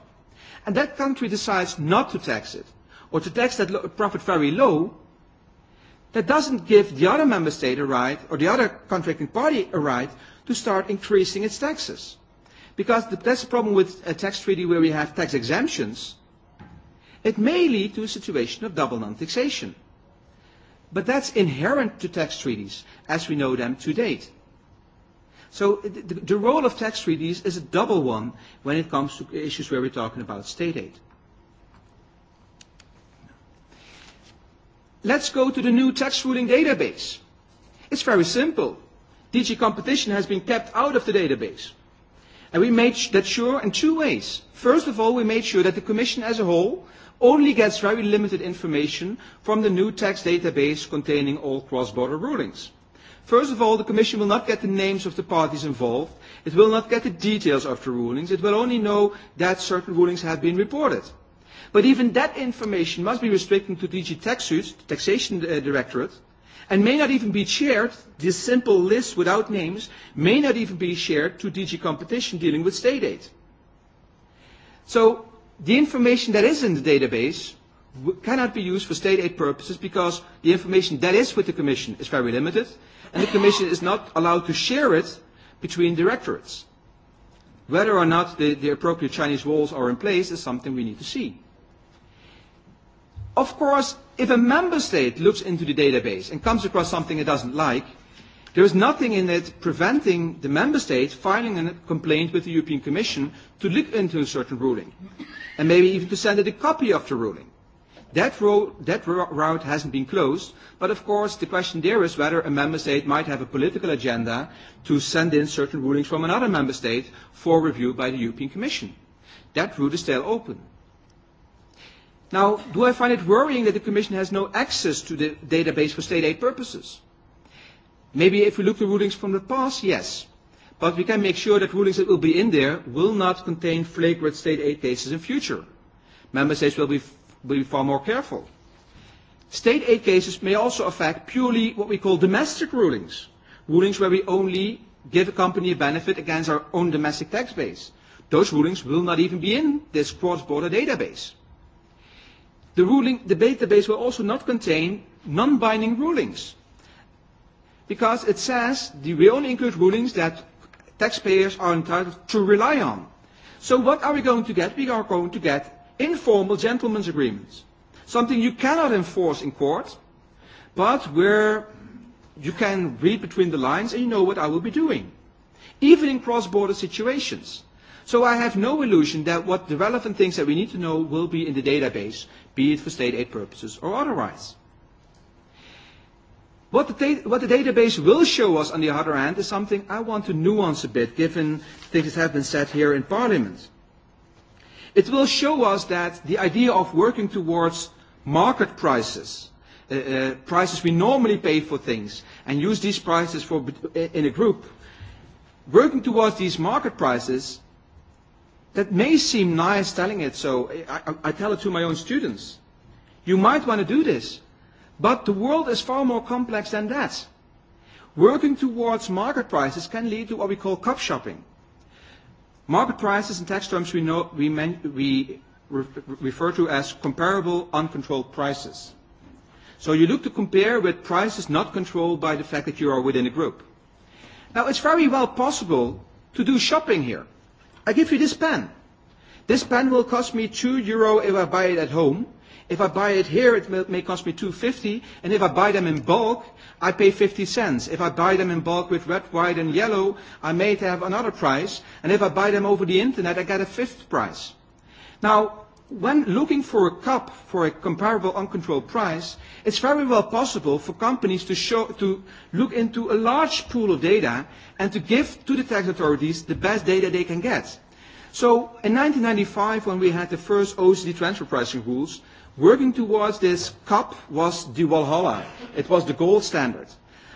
and that country decides not to tax it, or to tax that profit very low, that doesn't give the other member state a right, or the other contracting party a right, to start increasing its taxes. Because that's the problem with a tax treaty where we have tax exemptions, it may lead to a situation of double non-taxation. But that's inherent to tax treaties as we know them to date. So the role of tax treaties is a double one when it comes to issues where we're talking about state aid. Let's go to the new tax ruling database. It's very simple. DG competition has been kept out of the database. And we made that sure in two ways. First of all, we made sure that the Commission as a whole only gets very limited information from the new tax database containing all cross-border rulings. First of all, the Commission will not get the names of the parties involved. It will not get the details of the rulings. It will only know that certain rulings have been reported. But even that information must be restricted to DG suits, the Taxation Directorate, and may not even be shared, this simple list without names, may not even be shared to DG Competition dealing with state aid. So The information that is in the database cannot be used for state aid purposes because the information that is with the Commission is very limited and the Commission is not allowed to share it between directorates. Whether or not the appropriate Chinese walls are in place is something we need to see. Of course, if a member state looks into the database and comes across something it doesn't like, There is nothing in it preventing the Member State filing a complaint with the European Commission to look into a certain ruling, and maybe even to send it a copy of the ruling. That route hasn't been closed, but of course the question there is whether a Member State might have a political agenda to send in certain rulings from another Member State for review by the European Commission. That route is still open. Now, do I find it worrying that the Commission has no access to the database for state aid purposes? Maybe if we look to rulings from the past, yes. But we can make sure that rulings that will be in there will not contain flagrant state aid cases in future. Member states will be, will be far more careful. State aid cases may also affect purely what we call domestic rulings, rulings where we only give a company a benefit against our own domestic tax base. Those rulings will not even be in this cross-border database. The ruling, the database will also not contain non-binding rulings because it says the we only include rulings that taxpayers are entitled to rely on. So what are we going to get? We are going to get informal gentlemen's agreements, something you cannot enforce in court, but where you can read between the lines and you know what I will be doing, even in cross-border situations. So I have no illusion that what the relevant things that we need to know will be in the database, be it for state aid purposes or otherwise. What the, what the database will show us, on the other hand, is something I want to nuance a bit, given things that have been said here in Parliament. It will show us that the idea of working towards market prices, prices we normally pay for things, and use these prices for, in a group, working towards these market prices, that may seem nice telling it so. I, I tell it to my own students. You might want to do this But the world is far more complex than that. Working towards market prices can lead to what we call cup shopping. Market prices in tax terms we know we we refer to as comparable uncontrolled prices. So you look to compare with prices not controlled by the fact that you are within a group. Now it's very well possible to do shopping here. I give you this pen. This pen will cost me 2 euro if I buy it at home If I buy it here, it may cost me 2.50, and if I buy them in bulk, I pay 50 cents. If I buy them in bulk with red, white, and yellow, I may have another price, and if I buy them over the internet, I get a fifth price. Now, when looking for a cup for a comparable uncontrolled price, it's very well possible for companies to show to look into a large pool of data and to give to the tax authorities the best data they can get. So in 1995, when we had the first OECD transfer pricing rules, Working towards this, COP was the Walhalla. It was the gold standard.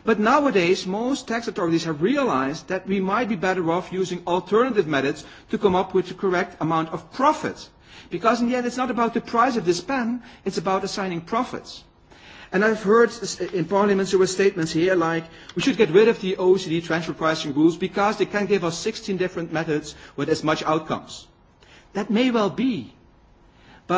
But nowadays, most tax authorities have realized that we might be better off using alternative methods to come up with the correct amount of profit. Because in the end, it's not about the price of this pen, it's about assigning profits. And I've heard in Parliament there were statements here like, we should get rid of the OECD transfer pricing rules because they can give us 16 different methods with as much outcomes. That may well be,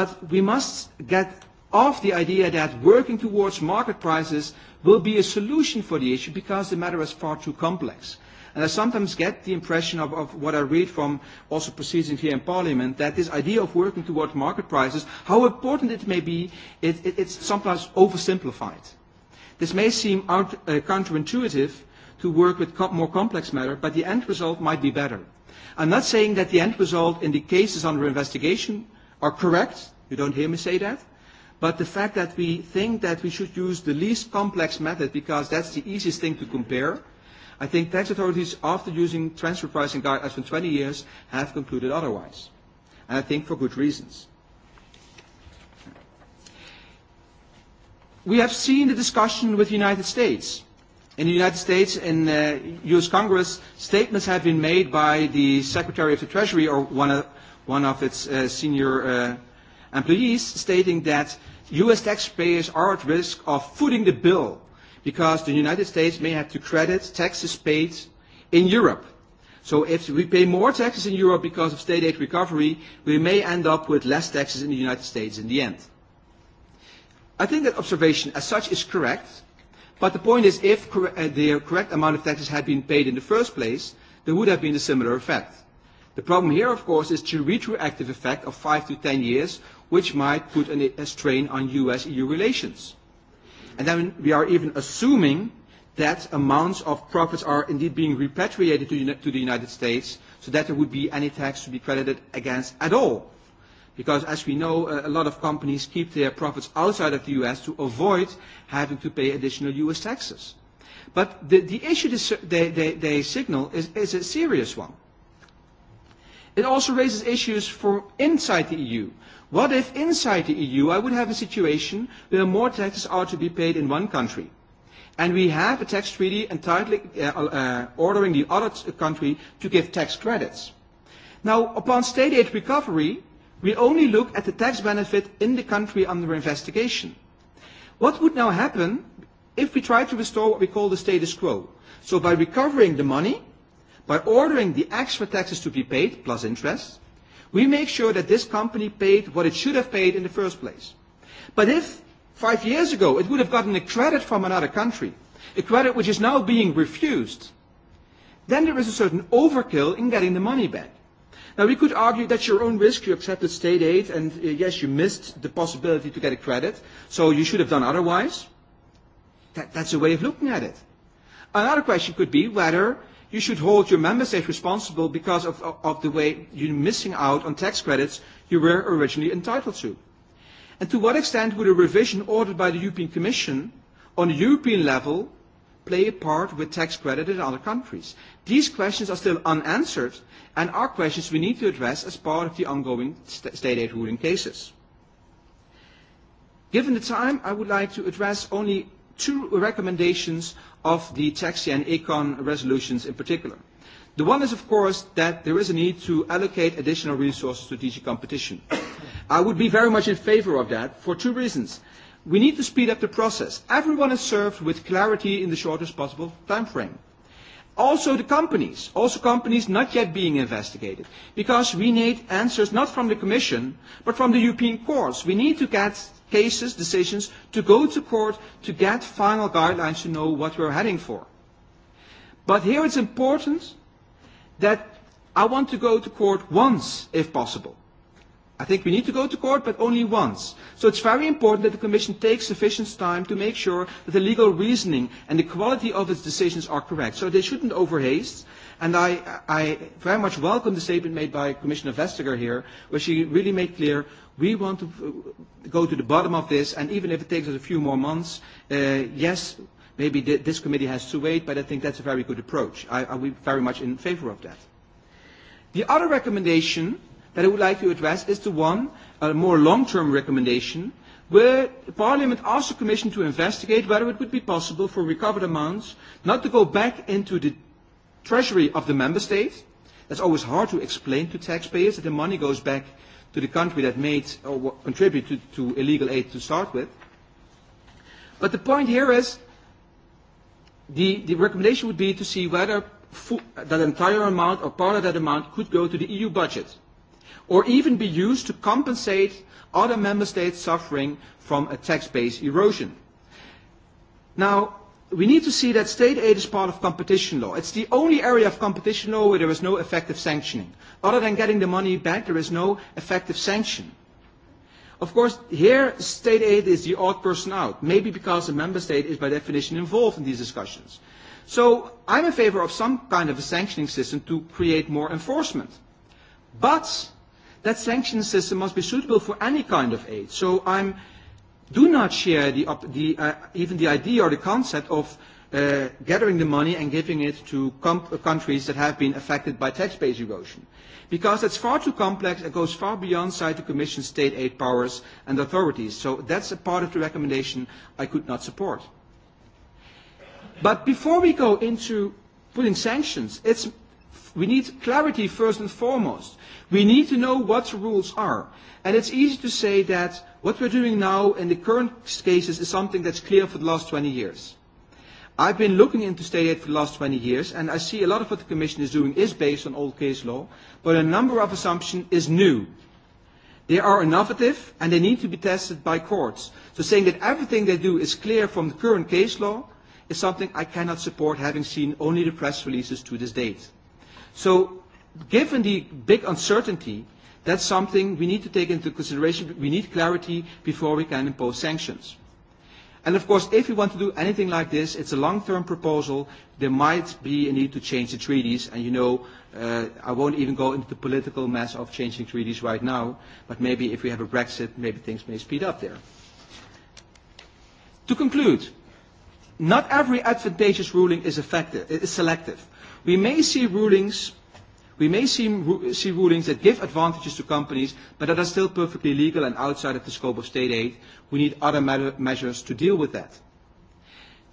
But we must get off the idea that working towards market prices will be a solution for the issue because the matter is far too complex. And I sometimes get the impression of what I read from also proceedings here in Parliament that this idea of working towards market prices, how important it may be, it's sometimes oversimplified. This may seem counterintuitive to work with more complex matter, but the end result might be better. I'm not saying that the end result in the cases under investigation are correct. You don't hear me say that. But the fact that we think that we should use the least complex method because that's the easiest thing to compare, I think tax authorities, after using transfer pricing guidelines for 20 years, have concluded otherwise. And I think for good reasons. We have seen the discussion with the United States. In the United States, in U.S. Congress, statements have been made by the Secretary of the Treasury or one one of its senior employees, stating that U.S. taxpayers are at risk of footing the bill because the United States may have to credit taxes paid in Europe. So if we pay more taxes in Europe because of state aid recovery, we may end up with less taxes in the United States in the end. I think that observation as such is correct, but the point is if the correct amount of taxes had been paid in the first place, there would have been a similar effect. The problem here, of course, is the retroactive effect of five to ten years, which might put a strain on U.S.-EU relations. And then we are even assuming that amounts of profits are indeed being repatriated to the United States, so that there would be any tax to be credited against at all. Because, as we know, a lot of companies keep their profits outside of the U.S. to avoid having to pay additional U.S. taxes. But the issue they signal is a serious one. It also raises issues for inside the EU. What if inside the EU I would have a situation where more taxes are to be paid in one country? And we have a tax treaty entirely ordering the other country to give tax credits. Now, upon state aid recovery, we only look at the tax benefit in the country under investigation. What would now happen if we try to restore what we call the status quo? So by recovering the money, By ordering the extra taxes to be paid, plus interest, we make sure that this company paid what it should have paid in the first place. But if five years ago it would have gotten a credit from another country, a credit which is now being refused, then there is a certain overkill in getting the money back. Now, we could argue that's your own risk. You accepted state aid, and yes, you missed the possibility to get a credit, so you should have done otherwise. That's a way of looking at it. Another question could be whether you should hold your member states responsible because of, the way you're missing out on tax credits you were originally entitled to. And to what extent would a revision ordered by the European Commission on a European level play a part with tax credit in other countries? These questions are still unanswered and are questions we need to address as part of the ongoing state aid ruling cases. Given the time, I would like to address only two recommendations of the TAXI and ECON resolutions in particular. The one is, of course, that there is a need to allocate additional resources to DG competition. I would be very much in favor of that for two reasons. We need to speed up the process. Everyone is served with clarity in the shortest possible time frame. Also the companies, also companies not yet being investigated, because we need answers not from the Commission, but from the European courts. We need to get cases, decisions, to go to court to get final guidelines to know what we're heading for. But here it's important that I want to go to court once, if possible. I think we need to go to court, but only once. So it's very important that the Commission takes sufficient time to make sure that the legal reasoning and the quality of its decisions are correct. So they shouldn't overhaste. And I, I very much welcome the statement made by Commissioner Vestager here, where she really made clear we want to go to the bottom of this, and even if it takes us a few more months, yes, maybe this committee has to wait, but I think that's a very good approach. I, I very much in favor of that. The other recommendation that I would like to address is the one, a more long-term recommendation, where Parliament asked the Commission to investigate whether it would be possible for recovered amounts not to go back into the treasury of the member state. That's always hard to explain to taxpayers that the money goes back to the country that made or contributed to illegal aid to start with. But the point here is the, the recommendation would be to see whether that entire amount or part of that amount could go to the EU budget or even be used to compensate other member states suffering from a tax base erosion. Now, we need to see that state aid is part of competition law. It's the only area of competition law where there is no effective sanctioning. Other than getting the money back, there is no effective sanction. Of course, here state aid is the odd person out, maybe because a member state is by definition involved in these discussions. So I'm in favor of some kind of a sanctioning system to create more enforcement. But that sanction system must be suitable for any kind of aid. So I'm do not share the the even the idea or the concept of gathering the money and giving it to countries that have been affected by tax base erosion. Because it's far too complex, it goes far beyond the Commission's state aid powers and authorities. So that's a part of the recommendation I could not support. But before we go into putting sanctions, it's We need clarity first and foremost. We need to know what the rules are. And it's easy to say that what we're doing now in the current cases is something that's clear for the last 20 years. I've been looking into state aid for the last 20 years, and I see a lot of what the Commission is doing is based on old case law, but a number of assumptions is new. They are innovative, and they need to be tested by courts. So saying that everything they do is clear from the current case law is something I cannot support, having seen only the press releases to this date. So given the big uncertainty, that's something we need to take into consideration. We need clarity before we can impose sanctions. And of course, if we want to do anything like this, it's a long-term proposal. There might be a need to change the treaties. And you know, I won't even go into the political mess of changing treaties right now. But maybe if we have a Brexit, maybe things may speed up there. To conclude, not every advantageous ruling is effective, is selective. We may see rulings we may see rulings that give advantages to companies, but that are still perfectly legal and outside of the scope of state aid. We need other measures to deal with that.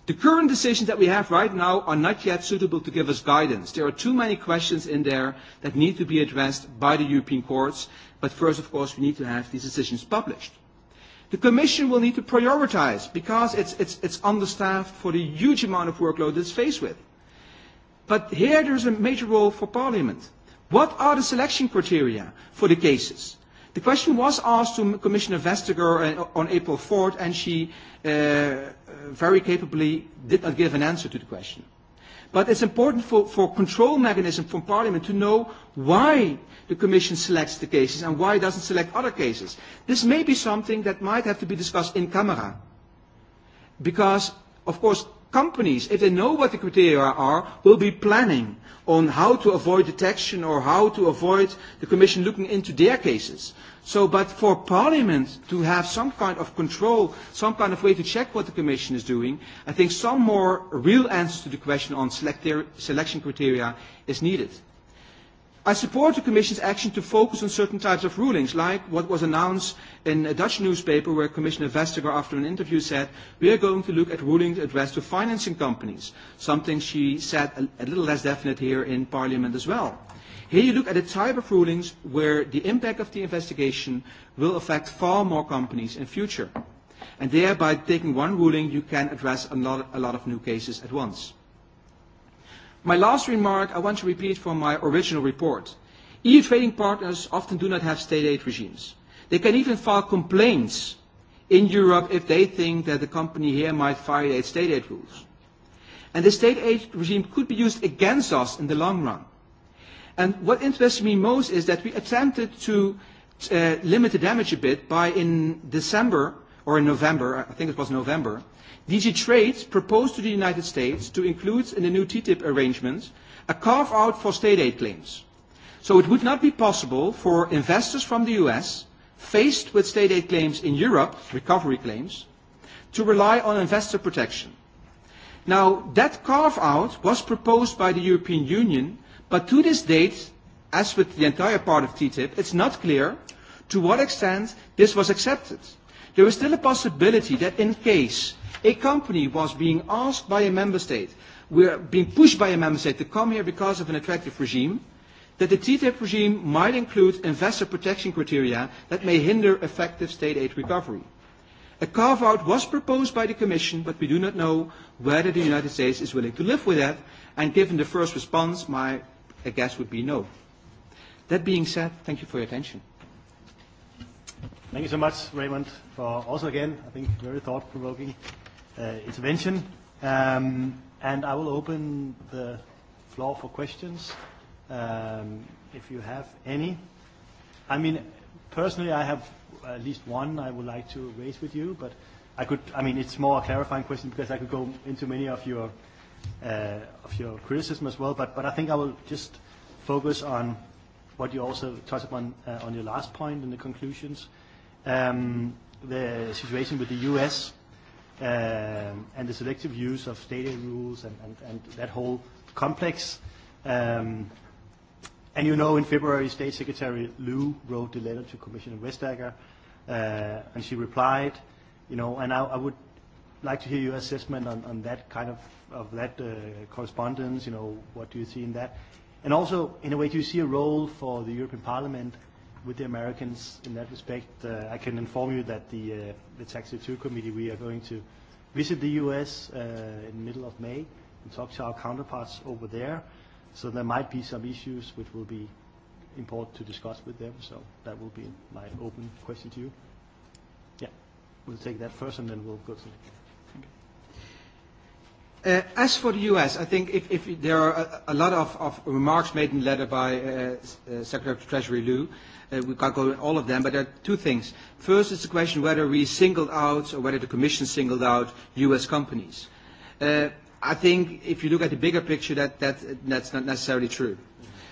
The current decisions that we have right now are not yet suitable to give us guidance. There are too many questions in there that need to be addressed by the European courts, but first, of course, we need to have these decisions published. The Commission will need to prioritize because it's understaffed for the huge amount of workload it's faced with. But here there is a major role for Parliament. What are the selection criteria for the cases? The question was asked to Commissioner Vestager on April 4th, and she very capably did not give an answer to the question. But it's important for, for control mechanism from Parliament to know why the Commission selects the cases and why it doesn't select other cases. This may be something that might have to be discussed in camera. Because, of course, companies, if they know what the criteria are, will be planning on how to avoid detection or how to avoid the Commission looking into their cases. So, but for Parliament to have some kind of control, some kind of way to check what the Commission is doing, I think some more real answer to the question on selection criteria is needed. I support the Commission's action to focus on certain types of rulings, like what was announced in a Dutch newspaper where Commissioner Vestager, after an interview, said, we are going to look at rulings addressed to financing companies, something she said a little less definite here in Parliament as well. Here you look at the type of rulings where the impact of the investigation will affect far more companies in future. And there, by taking one ruling, you can address a lot of new cases at once. My last remark I want to repeat from my original report. EU trading partners often do not have state aid regimes. They can even file complaints in Europe if they think that the company here might violate state aid rules. And the state aid regime could be used against us in the long run. And what interests me most is that we attempted to limit the damage a bit by in December or in November, I think it was November, DG Trade proposed to the United States to include in the new TTIP arrangement a carve-out for state aid claims. So it would not be possible for investors from the US faced with state aid claims in Europe, recovery claims, to rely on investor protection. Now, that carve-out was proposed by the European Union, but to this date, as with the entire part of TTIP, it's not clear to what extent this was accepted. There is still a possibility that in case A company was being asked by a member state, were being pushed by a member state to come here because of an attractive regime, that the TTIP regime might include investor protection criteria that may hinder effective state aid recovery. A carve-out was proposed by the Commission, but we do not know whether the United States is willing to live with that, and given the first response, my guess would be no. That being said, thank you for your attention. Thank you so much, Raymond, for also again, I think, very thought-provoking intervention. And I will open the floor for questions, if you have any. I mean, personally, I have at least one I would like to raise with you, but I could, I mean, it's more a clarifying question because I could go into many of your of your criticism as well, but but I think I will just focus on what you also touched upon on your last point in the conclusions, the situation with the U.S and the selective use of data rules and that whole complex. And you know in February State Secretary Liu wrote the letter to Commissioner Vestager and she replied, you know, and I would like to hear your assessment on on that kind of of that correspondence, you know, what do you see in that? And also, in a way, do you see a role for the European Parliament with the Americans in that respect. I can inform you that the the Taxi 2 Committee, we are going to visit the U.S. in the middle of May and talk to our counterparts over there. So there might be some issues which will be important to discuss with them. So that will be my open question to you. Yeah, we'll take that first and then we'll go to the As for the U.S., I think if there are a lot of remarks made in the letter by Secretary of Treasury Liu. We can't go all of them, but there are two things. First, it's the question whether we singled out or whether the Commission singled out U.S. companies. I think if you look at the bigger picture, that that's not necessarily true.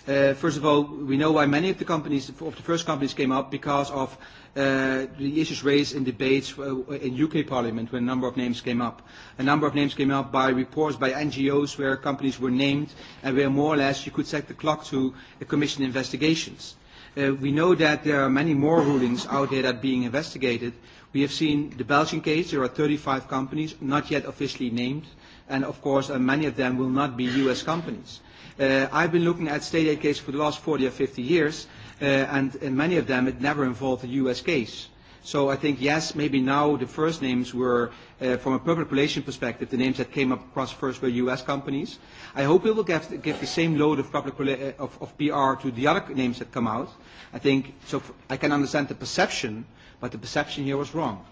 First of all, we know why many of the companies, of the first companies came up because of the issues raised in debates in UK Parliament when a number of names came up. A number of names came up by reports by NGOs where companies were named and where more or less you could set the clock to commission investigations. We know that there are many more rulings out there that are being investigated. We have seen the Belgian case. There are 35 companies not yet officially named. And, of course, many of them will not be U.S. companies. I've been looking at state aid cases for the last 40 or 50 years, and in many of them it never involved a U.S. case. So I think, yes, maybe now the first names were, from a public relations perspective, the names that came up across first were U.S. companies. I hope we will give the same load of public of PR to the other names that come out. I think, so I can understand the perception, but the perception here was wrong.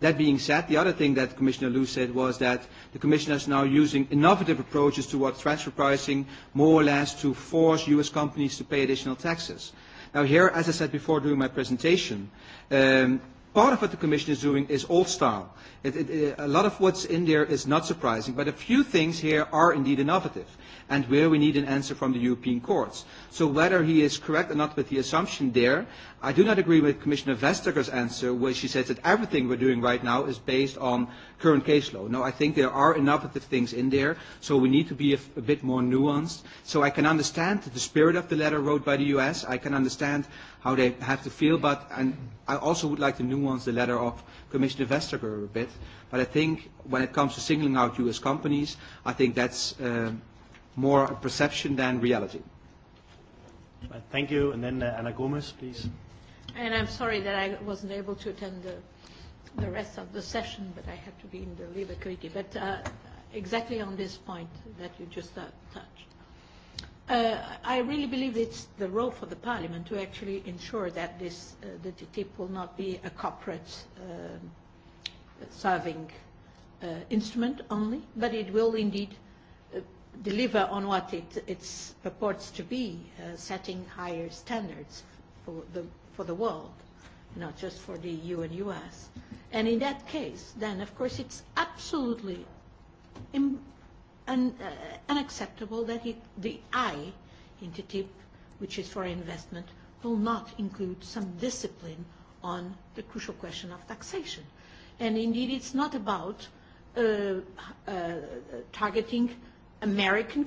That being said, the other thing that Commissioner Liu said was that the Commission is now using innovative approaches towards transfer pricing, more or less to force U.S. companies to pay additional taxes. Now here, as I said before during my presentation, part of what the Commission is doing is old style. A lot of what's in there is not surprising, but a few things here are indeed innovative and where we need an answer from the European courts. So whether he is correct or not with the assumption there, I do not agree with Commissioner Vestager's answer where she says that everything we're doing right now is based on current case law. No, I think there are innovative things in there, so we need to be a bit more nuanced. So I can understand the spirit of the letter wrote by the US. I can understand how they have to feel, but I also would like to nuance the letter of Commissioner Vestager a bit. But I think when it comes to singling out US companies, I think that's more a perception than reality. Thank you. And then Anna Gomez, please. And I'm sorry that I wasn't able to attend the the rest of the session, but I have to be in the Labour Committee. But uh, exactly on this point that you just uh, touched. Uh, I really believe it's the role for the Parliament to actually ensure that this, uh, the TTIP will not be a corporate serving uh, instrument only, but it will indeed deliver on what it, it's purports to be, setting higher standards for the, for the world, not just for the EU and US. And in that case, then, of course, it's absolutely unacceptable that the I in TTIP, which is for investment, will not include some discipline on the crucial question of taxation. And indeed, it's not about targeting American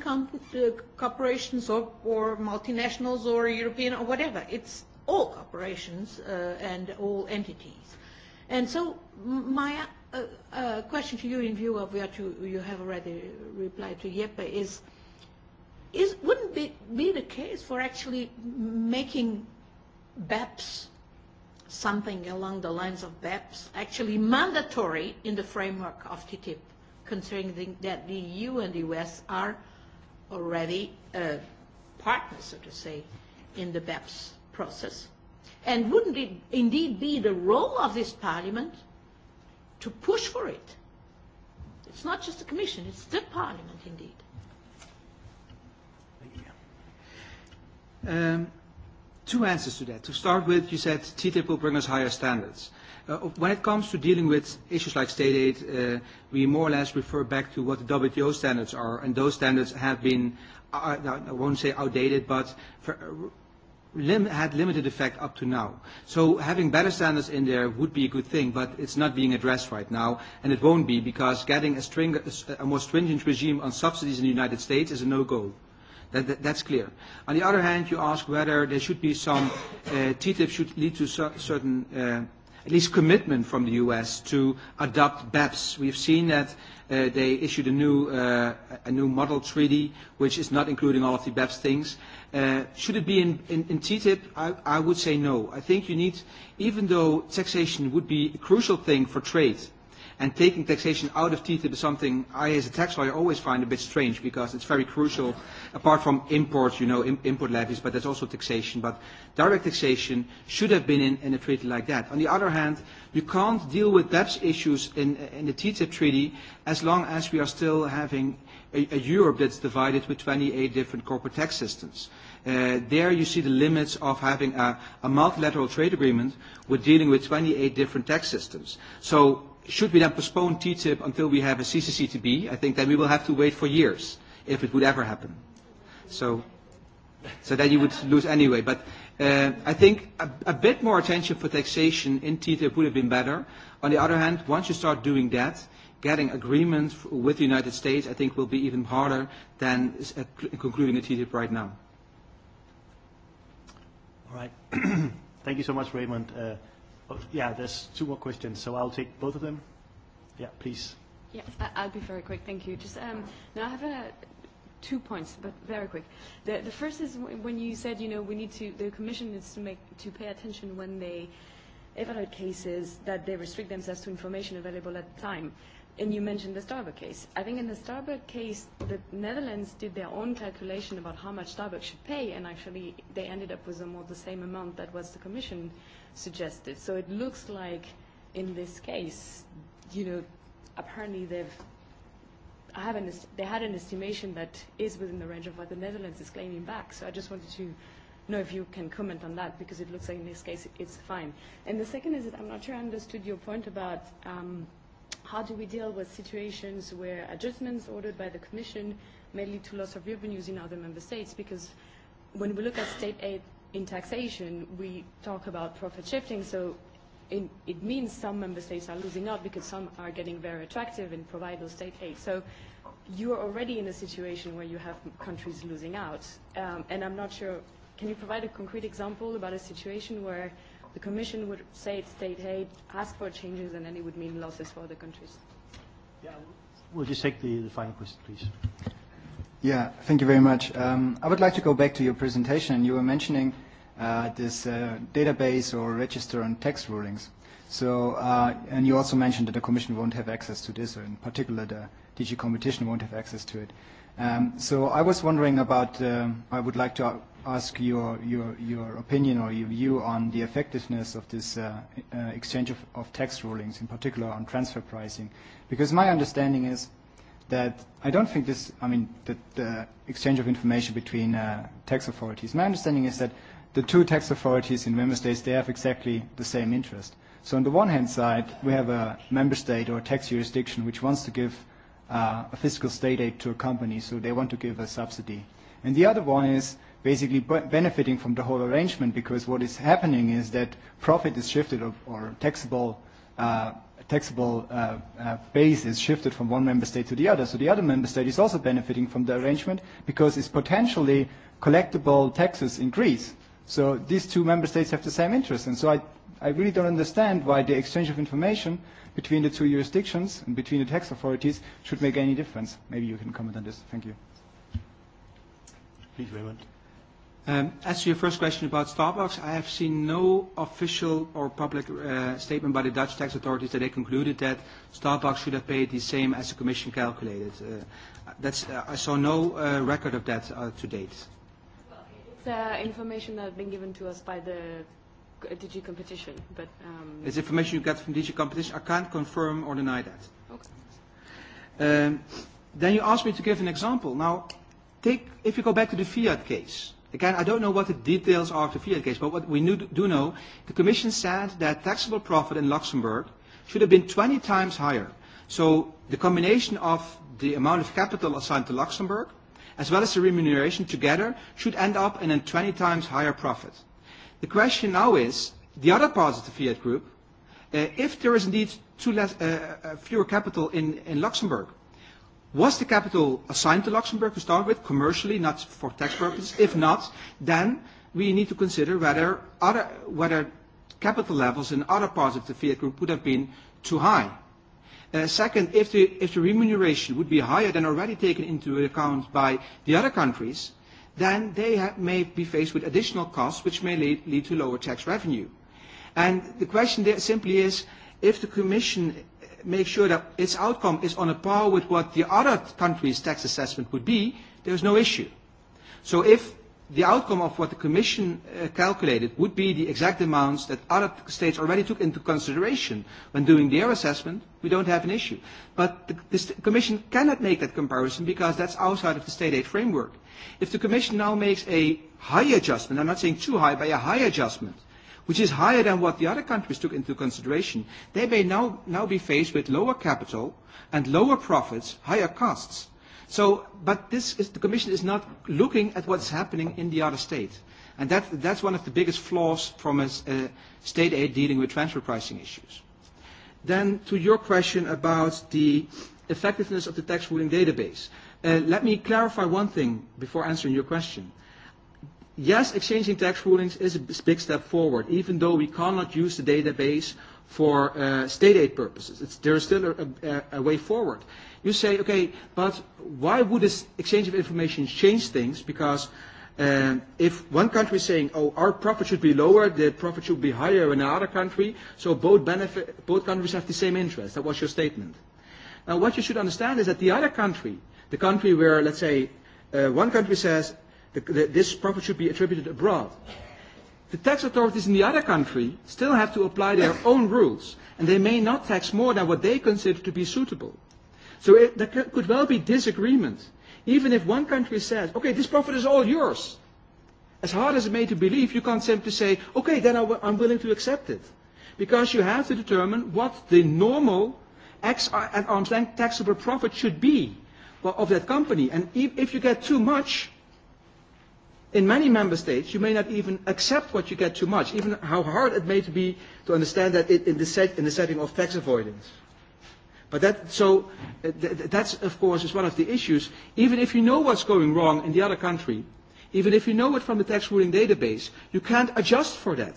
corporations or multinationals or European or whatever. It's all corporations and all entities. And so my question to you in view of what you have already replied to Jeppe is is wouldn't it be the case for actually making BEPS something along the lines of BEPS actually mandatory in the framework of TTIP? considering that the EU and the US are already partners, so to say, in the BEPS process. And wouldn't it indeed be the role of this Parliament to push for it? It's not just the Commission, it's the Parliament indeed. Two answers to that. To start with, you said TTIP will bring us higher standards. When it comes to dealing with issues like state aid, we more or less refer back to what the WTO standards are, and those standards have been, I won't say outdated, but had limited effect up to now. So having better standards in there would be a good thing, but it's not being addressed right now, and it won't be because getting a more stringent regime on subsidies in the United States is a no-go. That's clear. On the other hand, you ask whether there should be some TTIP should lead to certain at least commitment from the US to adopt BEPS. We've seen that they issued a new a new model treaty which is not including all of the BEPS things. Should it be in in TTIP? I would say no. I think you need, even though taxation would be a crucial thing for trade And taking taxation out of TTIP is something I, as a tax lawyer, always find a bit strange because it's very crucial, apart from imports, you know, import levies, but that's also taxation. But direct taxation should have been in, in a treaty like that. On the other hand, you can't deal with BEPS issues in, in the TTIP treaty as long as we are still having a, a Europe that's divided with 28 different corporate tax systems. There you see the limits of having a multilateral trade agreement with dealing with 28 different tax systems. So should we then postpone TTIP until we have a CCCTB, I think then we will have to wait for years if it would ever happen. So, so then you would lose anyway. But I think a bit more attention for taxation in TTIP would have been better. On the other hand, once you start doing that, getting agreement with the United States, I think, will be even harder than concluding the TTIP right now. All right. Thank you so much, Raymond. Yeah, there's two more questions, so I'll take both of them. Yeah, please. Yeah, I'll be very quick. Thank you. Just um, now I have a two points, but very quick. The, the first is when you said, you know, we need to, the Commission needs to make, to pay attention when they evaluate cases that they restrict themselves to information available at the time. And you mentioned the Starbucks case. I think in the Starbucks case, the Netherlands did their own calculation about how much Starbucks should pay, and actually they ended up with almost the same amount that was the Commission suggested. So it looks like in this case, you know, apparently they've they had an estimation that is within the range of what the Netherlands is claiming back. So I just wanted to know if you can comment on that because it looks like in this case it's fine. And the second is that I'm not sure I understood your point about. How do we deal with situations where adjustments ordered by the Commission may lead to loss of revenues in other member states? Because when we look at state aid in taxation, we talk about profit shifting, so it means some member states are losing out because some are getting very attractive and provide those state aid. So you are already in a situation where you have countries losing out. And I'm not sure, can you provide a concrete example about a situation where the Commission would say it's state aid, ask for changes, and then it would mean losses for the countries. Yeah, we'll just take the, final question, please. Yeah, thank you very much. Um, I would like to go back to your presentation. You were mentioning uh, this database or register on tax rulings. So, uh, and you also mentioned that the Commission won't have access to this, or in particular the DG Competition won't have access to it. Um, so I was wondering about, I would like to ask your opinion or your view on the effectiveness of this exchange of tax rulings, in particular on transfer pricing, because my understanding is that I don't think this, I mean, the exchange of information between tax authorities. My understanding is that the two tax authorities in member states, they have exactly the same interest. So on the one hand side, we have a member state or tax jurisdiction which wants to give a fiscal state aid to a company, so they want to give a subsidy. And the other one is basically benefiting from the whole arrangement because what is happening is that profit is shifted or taxable taxable base is shifted from one member state to the other. So the other member state is also benefiting from the arrangement because its potentially collectible taxes increase. So these two member states have the same interest. And so I, I really don't understand why the exchange of information between the two jurisdictions and between the tax authorities should make any difference. Maybe you can comment on this. Thank you. Please, Raymond. As to your first question about Starbucks, I have seen no official or public statement by the Dutch tax authorities that they concluded that Starbucks should have paid the same as the Commission calculated. I saw no record of that to date. It's information that has been given to us by the DG Competition. but It's information you got from DG Competition. I can't confirm or deny that. Then you asked me to give an example. Now, if you go back to the Fiat case Again, I don't know what the details are of the Fiat case, but what we do know, the Commission said that taxable profit in Luxembourg should have been 20 times higher. So the combination of the amount of capital assigned to Luxembourg, as well as the remuneration together, should end up in a 20 times higher profit. The question now is, the other parts of the Fiat group, if there is indeed fewer capital in Luxembourg, Was the capital assigned to Luxembourg to start with, commercially, not for tax purposes? If not, then we need to consider whether other whether capital levels in other parts of the Fiat Group would have been too high. Second, if the if the remuneration would be higher than already taken into account by the other countries, then they may be faced with additional costs which may lead to lower tax revenue. And the question there simply is if the Commission make sure that its outcome is on a par with what the other country's tax assessment would be, there is no issue. So if the outcome of what the Commission calculated would be the exact amounts that other states already took into consideration when doing their assessment, we don't have an issue. But the Commission cannot make that comparison because that's outside of the state aid framework. If the Commission now makes a high adjustment, I'm not saying too high, but a high adjustment, which is higher than what the other countries took into consideration, they may now now be faced with lower capital and lower profits, higher costs. So, but this is, the Commission is not looking at what's happening in the other state. And that, that's one of the biggest flaws from a, state aid dealing with transfer pricing issues. Then to your question about the effectiveness of the tax ruling database. let me clarify one thing before answering your question. Yes, exchanging tax rulings is a big step forward, even though we cannot use the database for state aid purposes. It's, there is still a, way forward. You say, okay, but why would this exchange of information change things? Because if one country is saying, oh, our profit should be lower, the profit should be higher in another country, so both, benefit, both countries have the same interest. That was your statement. Now, what you should understand is that the other country, the country where, let's say, one country says, This profit should be attributed abroad. The tax authorities in the other country still have to apply their own rules, and they may not tax more than what they consider to be suitable. So there could well be disagreement. Even if one country says, okay, this profit is all yours, as hard as it may to believe, you can't simply say, okay, then I'm willing to accept it. Because you have to determine what the normal at arm's length taxable profit should be of that company. And if you get too much, In many member states, you may not even accept what you get too much, even how hard it may be to understand that in the setting of tax avoidance. But that, so, that's, of course, is one of the issues. Even if you know what's going wrong in the other country, even if you know it from the tax ruling database, you can't adjust for that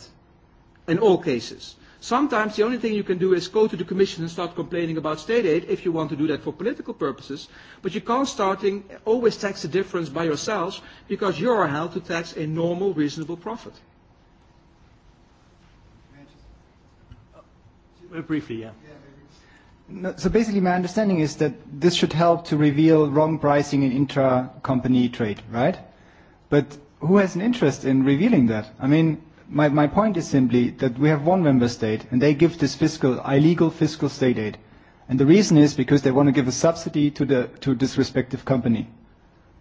in all cases. Sometimes the only thing you can do is go to the Commission and start complaining about state aid if you want to do that for political purposes, but you can't start always tax the difference by yourselves because you are held to tax a normal, reasonable profit. Briefly, yeah. So basically my understanding is that this should help to reveal wrong pricing in intra-company trade, right? But who has an interest in revealing that? I mean My point is simply that we have one member state and they give this fiscal, illegal fiscal state aid. And the reason is because they want to give a subsidy to the to this respective company.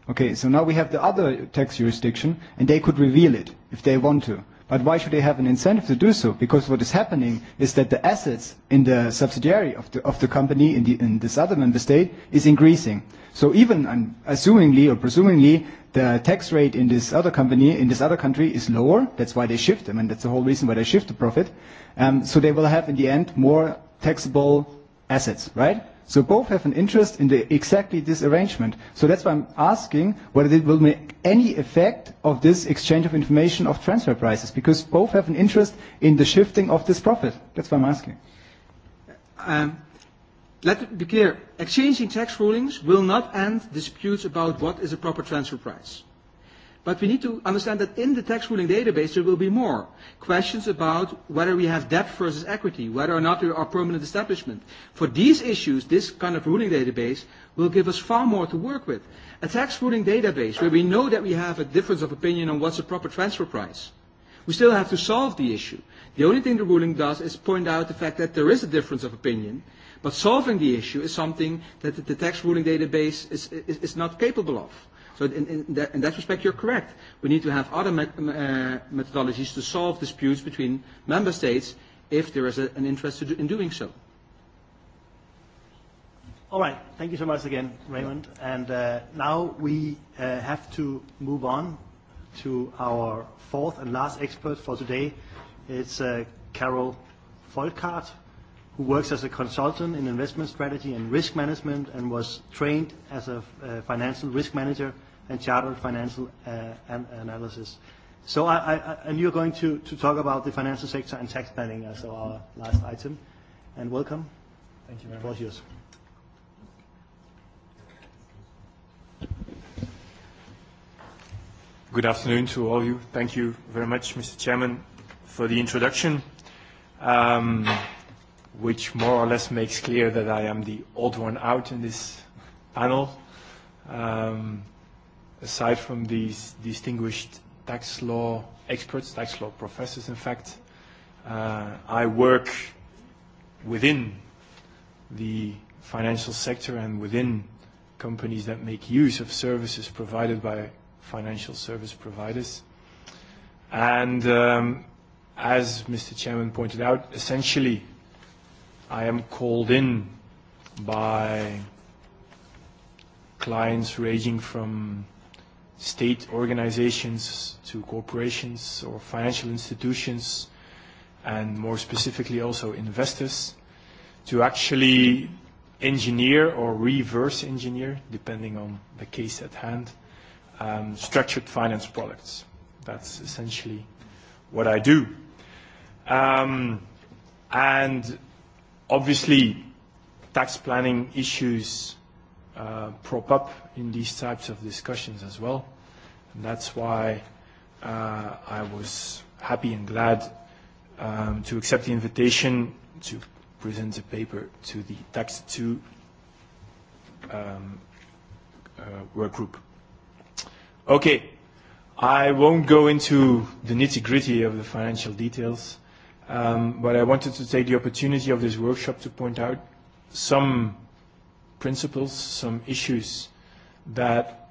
Okay, so now we have the other tax jurisdiction and they could reveal it if they want to. But why should they have an incentive to do so? Because what is happening is that the assets in the subsidiary of the, of the company in, the, in this other member state is increasing. So even assumingly or presumingly the tax rate in this other company, in this other country is lower. That's why they shift them and that's the whole reason why they shift the profit. Um, so they will have in the end more taxable assets, right? So both have an interest in the, exactly this arrangement. So that's why I'm asking whether it will make any effect of this exchange of information of transfer prices, because both have an interest in the shifting of this profit. That's why I'm asking. Um, let it be clear. Exchanging tax rulings will not end disputes about what is a proper transfer price. But we need to understand that in the tax ruling database there will be more questions about whether we have debt versus equity, whether or not there are permanent establishment. For these issues, this kind of ruling database will give us far more to work with. A tax ruling database where we know that we have a difference of opinion on what's a proper transfer price. We still have to solve the issue. The only thing the ruling does is point out the fact that there is a difference of opinion, but solving the issue is something that the tax ruling database is not capable of. So in that respect, you're correct. We need to have other methodologies to solve disputes between member states if there is an interest in doing so. All right. Thank you so much again, Raymond. And now we have to move on to our fourth and last expert for today. It's Carol Volkart, who works as a consultant in investment strategy and risk management and was trained as a financial risk manager and chartered financial analysis. So I, I, and you're going to, talk about the financial sector and tax planning as our last item. And welcome. Thank you very much. Yours. Good afternoon to all of you. Thank you very much, Mr. Chairman, for the introduction, which more or less makes clear that I am the old one out in this panel. Um, aside from these distinguished tax law experts, tax law professors, in fact, I work within the financial sector and within companies that make use of services provided by financial service providers. And as Mr. Chairman pointed out, essentially I am called in by clients ranging from state organizations to corporations or financial institutions and more specifically also investors to actually engineer or reverse engineer, depending on the case at hand, structured finance products. That's essentially what I do. And obviously, tax planning issues prop up in these types of discussions as well. And that's why I was happy and glad to accept the invitation to present the paper to the Tax 2 work group. Okay, I won't go into the nitty-gritty of the financial details, but I wanted to take the opportunity of this workshop to point out some principles, some issues that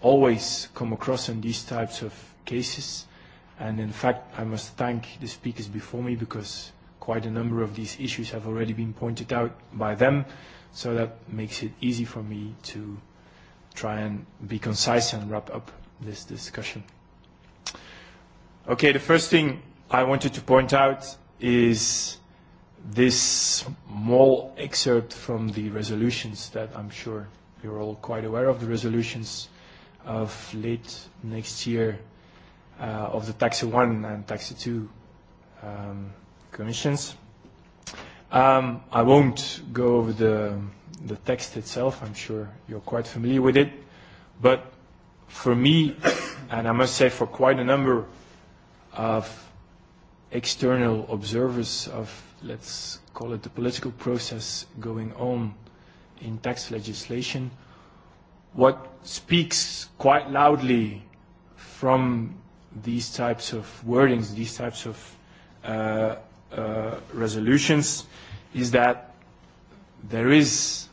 always come across in these types of cases. And in fact, I must thank the speakers before me because quite a number of these issues have already been pointed out by them. So that makes it easy for me to try and be concise and wrap up this discussion. Okay, the first thing I wanted to point out is this small excerpt from the resolutions that I'm sure You're all quite aware of the resolutions of late next year of the Taxi 1 and Taxi 2 commissions. I won't go over the the text itself. I'm sure you're quite familiar with it. But for me, and I must say for quite a number of external observers of, let's call it the political process going on in tax legislation, what speaks quite loudly from these types of wordings, these types of resolutions, is that there is,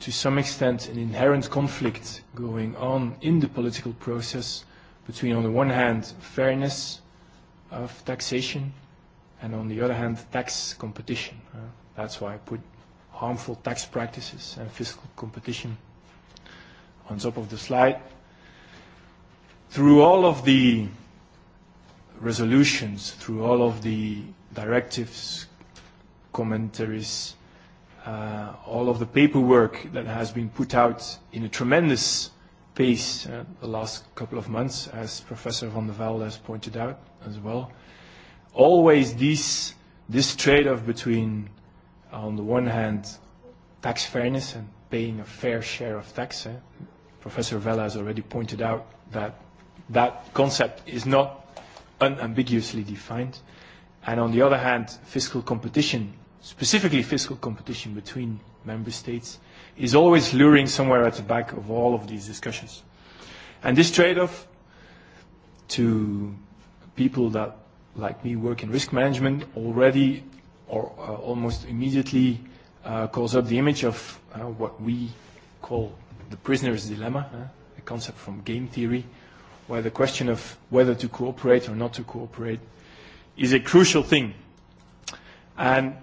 to some extent, an inherent conflict going on in the political process between, on the one hand, fairness of taxation, and on the other hand, tax competition. That's why I put harmful tax practices and fiscal competition. On top of the slide, through all of the resolutions, through all of the directives, commentaries, all of the paperwork that has been put out in a tremendous pace the last couple of months, as Professor van der Velde has pointed out as well, always this trade-off between on the one hand, tax fairness and paying a fair share of tax. Professor Vella has already pointed out that that concept is not unambiguously defined. And on the other hand, fiscal competition, specifically fiscal competition between member states, is always luring somewhere at the back of all of these discussions. And this trade-off to people that, like me, work in risk management already or almost immediately calls up the image of what we call the prisoner's dilemma, a concept from game theory, where the question of whether to cooperate or not to cooperate is a crucial thing. And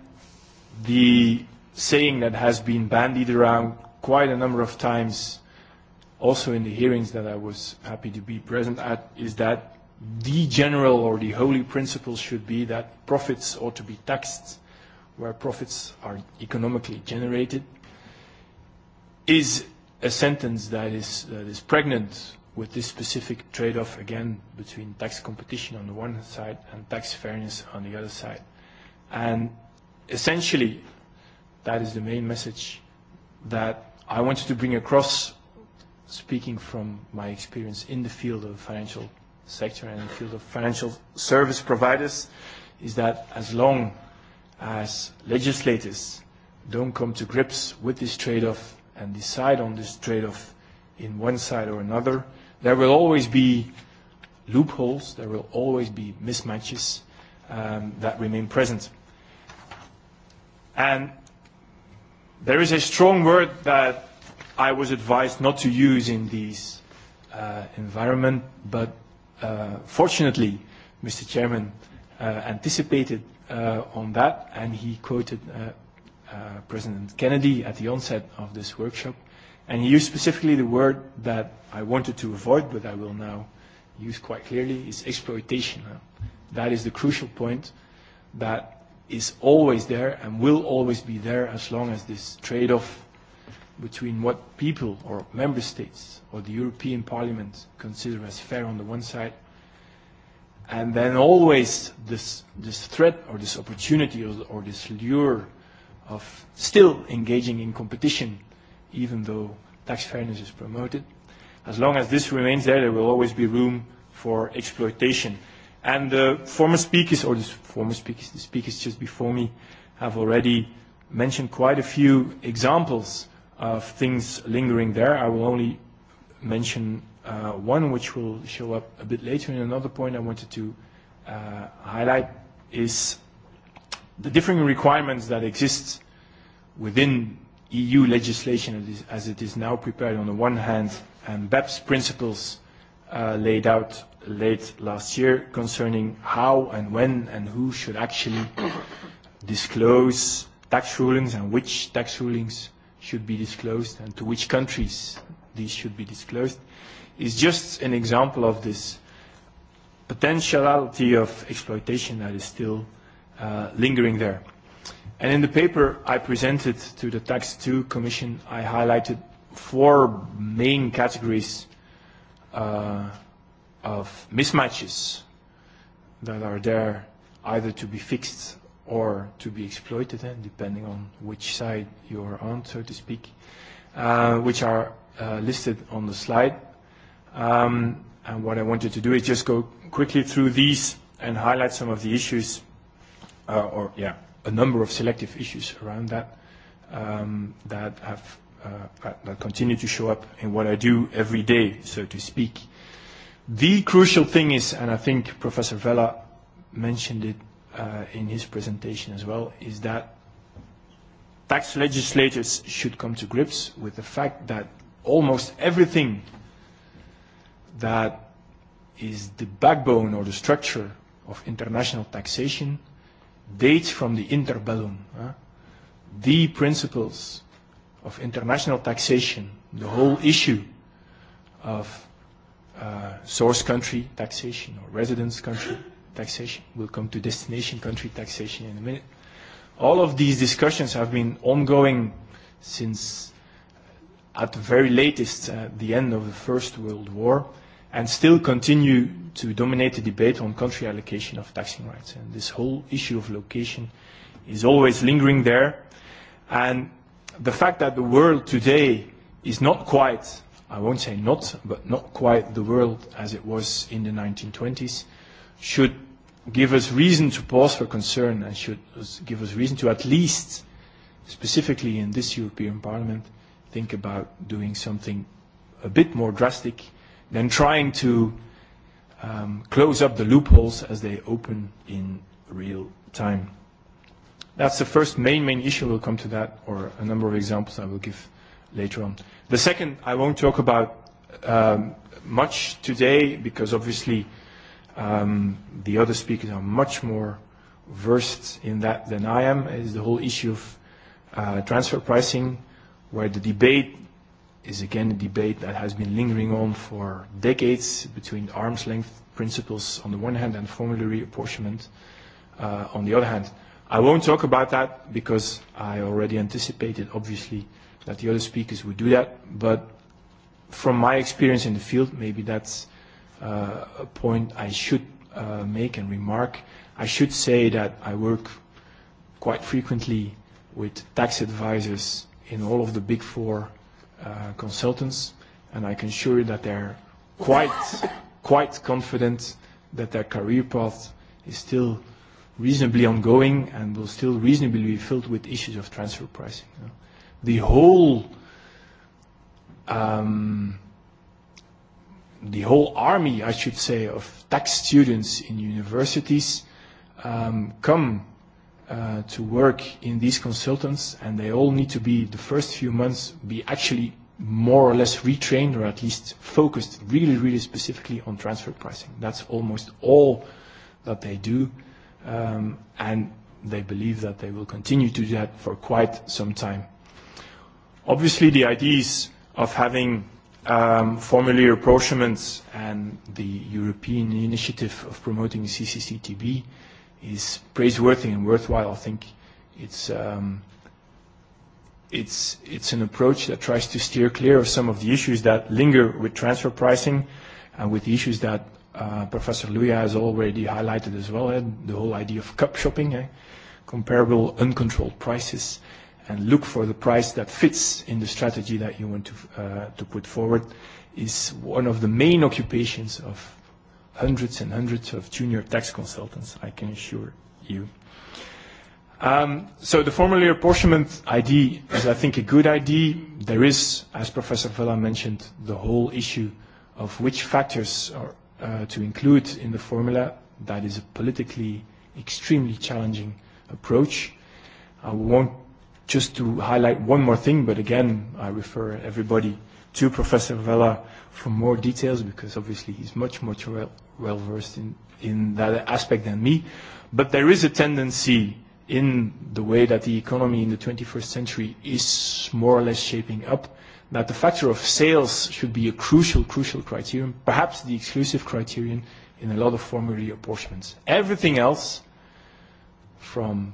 the saying that has been bandied around quite a number of times, also in the hearings that I was happy to be present at, is that the general or the holy principle should be that profits ought to be taxed where profits are economically generated is a sentence that is is pregnant with this specific trade-off again between tax competition on the one side and tax fairness on the other side and essentially that is the main message that I wanted to bring across speaking from my experience in the field of financial sector and the field of financial service providers is that as long as legislators don't come to grips with this trade-off and decide on this trade-off in one side or another, there will always be loopholes, there will always be mismatches that remain present. And there is a strong word that I was advised not to use in these environment, but fortunately, Mr. Chairman anticipated on that, and he quoted President Kennedy at the onset of this workshop, and he used specifically the word that I wanted to avoid, but I will now use quite clearly, is exploitation. That is the crucial point that is always there and will always be there as long as this trade-off between what people or member states or the European Parliament consider as fair on the one side, and then always this this threat or this opportunity or this lure of still engaging in competition, even though tax fairness is promoted. As long as this remains there, there will always be room for exploitation. And the former speakers, or the former speakers, the speakers just before me, have already mentioned quite a few examples of things lingering there. I will only mention one which will show up a bit later. And another point I wanted to highlight is the differing requirements that exist within EU legislation as it is now prepared on the one hand and BEPS principles laid out late last year concerning how and when and who should actually disclose tax rulings and which tax rulings should be disclosed and to which countries these should be disclosed is just an example of this potentiality of exploitation that is still lingering there. And in the paper I presented to the Tax 2 Commission, I highlighted four main categories of mismatches that are there either to be fixed or to be exploited, depending on which side you are on, so to speak, which are listed on the slide. And what I wanted to do is just go quickly through these and highlight some of the issues, or yeah, a number of selective issues around that that have that continue to show up in what I do every day, so to speak. The crucial thing is, and I think Professor Vella mentioned it in his presentation as well, is that tax legislators should come to grips with the fact that almost everything that is the backbone or the structure of international taxation dates from the interbellum. The principles of international taxation, the whole issue of source country taxation or residence country taxation. We'll come to destination country taxation in a minute. All of these discussions have been ongoing since, at the very latest, the end of the First World War, and still continue to dominate the debate on country allocation of taxing rights. And this whole issue of location is always lingering there. And the fact that the world today is not quite, I won't say not, but not quite the world as it was in the 1920s, should give us reason to pause for concern and should give us reason to at least, specifically in this European Parliament, think about doing something a bit more drastic than trying to close up the loopholes as they open in real time. That's the first main, main issue. We'll come to that or a number of examples I will give later on. The second I won't talk about much today because obviously The other speakers are much more versed in that than I am. Is the whole issue of transfer pricing, where the debate is again a debate that has been lingering on for decades between arm's length principles on the one hand and formulary apportionment on the other hand. I won't talk about that because I already anticipated, obviously, that the other speakers would do that. But from my experience in the field, maybe that's a point I should make and remark. I should say that I work quite frequently with tax advisors in all of the big four consultants, and I can assure you that they're quite quite confident that their career path is still reasonably ongoing and will still reasonably be filled with issues of transfer pricing. The whole um the whole army, I should say, of tax students in universities come to work in these consultants, and they all need to be, the first few months, be actually more or less retrained or at least focused really, really specifically on transfer pricing. That's almost all that they do, and they believe that they will continue to do that for quite some time. Obviously, the ideas of having Formally approachments and the European initiative of promoting CCCTB is praiseworthy and worthwhile. I think it's it's it's an approach that tries to steer clear of some of the issues that linger with transfer pricing and with the issues that Professor Luya has already highlighted as well, the whole idea of cup shopping, comparable uncontrolled prices and look for the price that fits in the strategy that you want to put forward is one of the main occupations of hundreds and hundreds of junior tax consultants, I can assure you. So the formula apportionment ID is, I think, a good idea. There is, as Professor Vella mentioned, the whole issue of which factors are to include in the formula. That is a politically extremely challenging approach. I won't Just to highlight one more thing, but again, I refer everybody to Professor Vella for more details because obviously he's much, much well versed in in that aspect than me. But there is a tendency in the way that the economy in the 21st century is more or less shaping up that the factor of sales should be a crucial, crucial criterion, perhaps the exclusive criterion in a lot of formulary apportionments. Everything else, from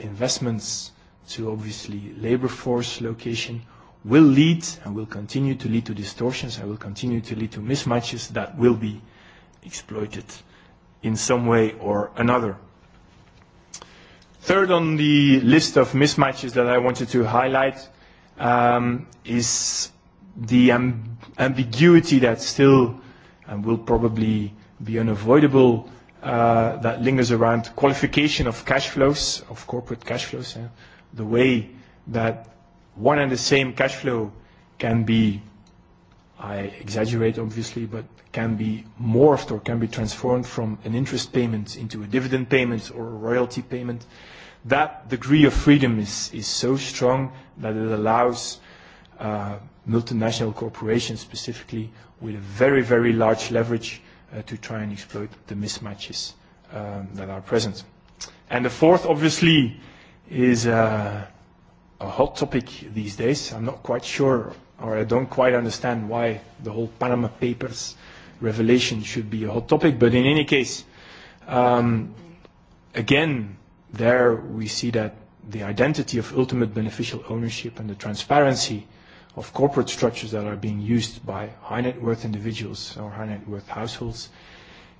investments to obviously labor force location will lead and will continue to lead to distortions and will continue to lead to mismatches that will be exploited in some way or another. Third on the list of mismatches that I wanted to highlight is the ambiguity that still and will probably be unavoidable that lingers around qualification of cash flows, of corporate cash flows the way that one and the same cash flow can be, I exaggerate obviously, but can be morphed or can be transformed from an interest payment into a dividend payment or a royalty payment, that degree of freedom is, is so strong that it allows multinational corporations specifically with a very, very large leverage to try and exploit the mismatches that are present. And the fourth, obviously, is a hot topic these days. I'm not quite sure, or I don't quite understand why the whole Panama Papers revelation should be a hot topic. But in any case, again, there we see that the identity of ultimate beneficial ownership and the transparency of corporate structures that are being used by high net worth individuals or high net worth households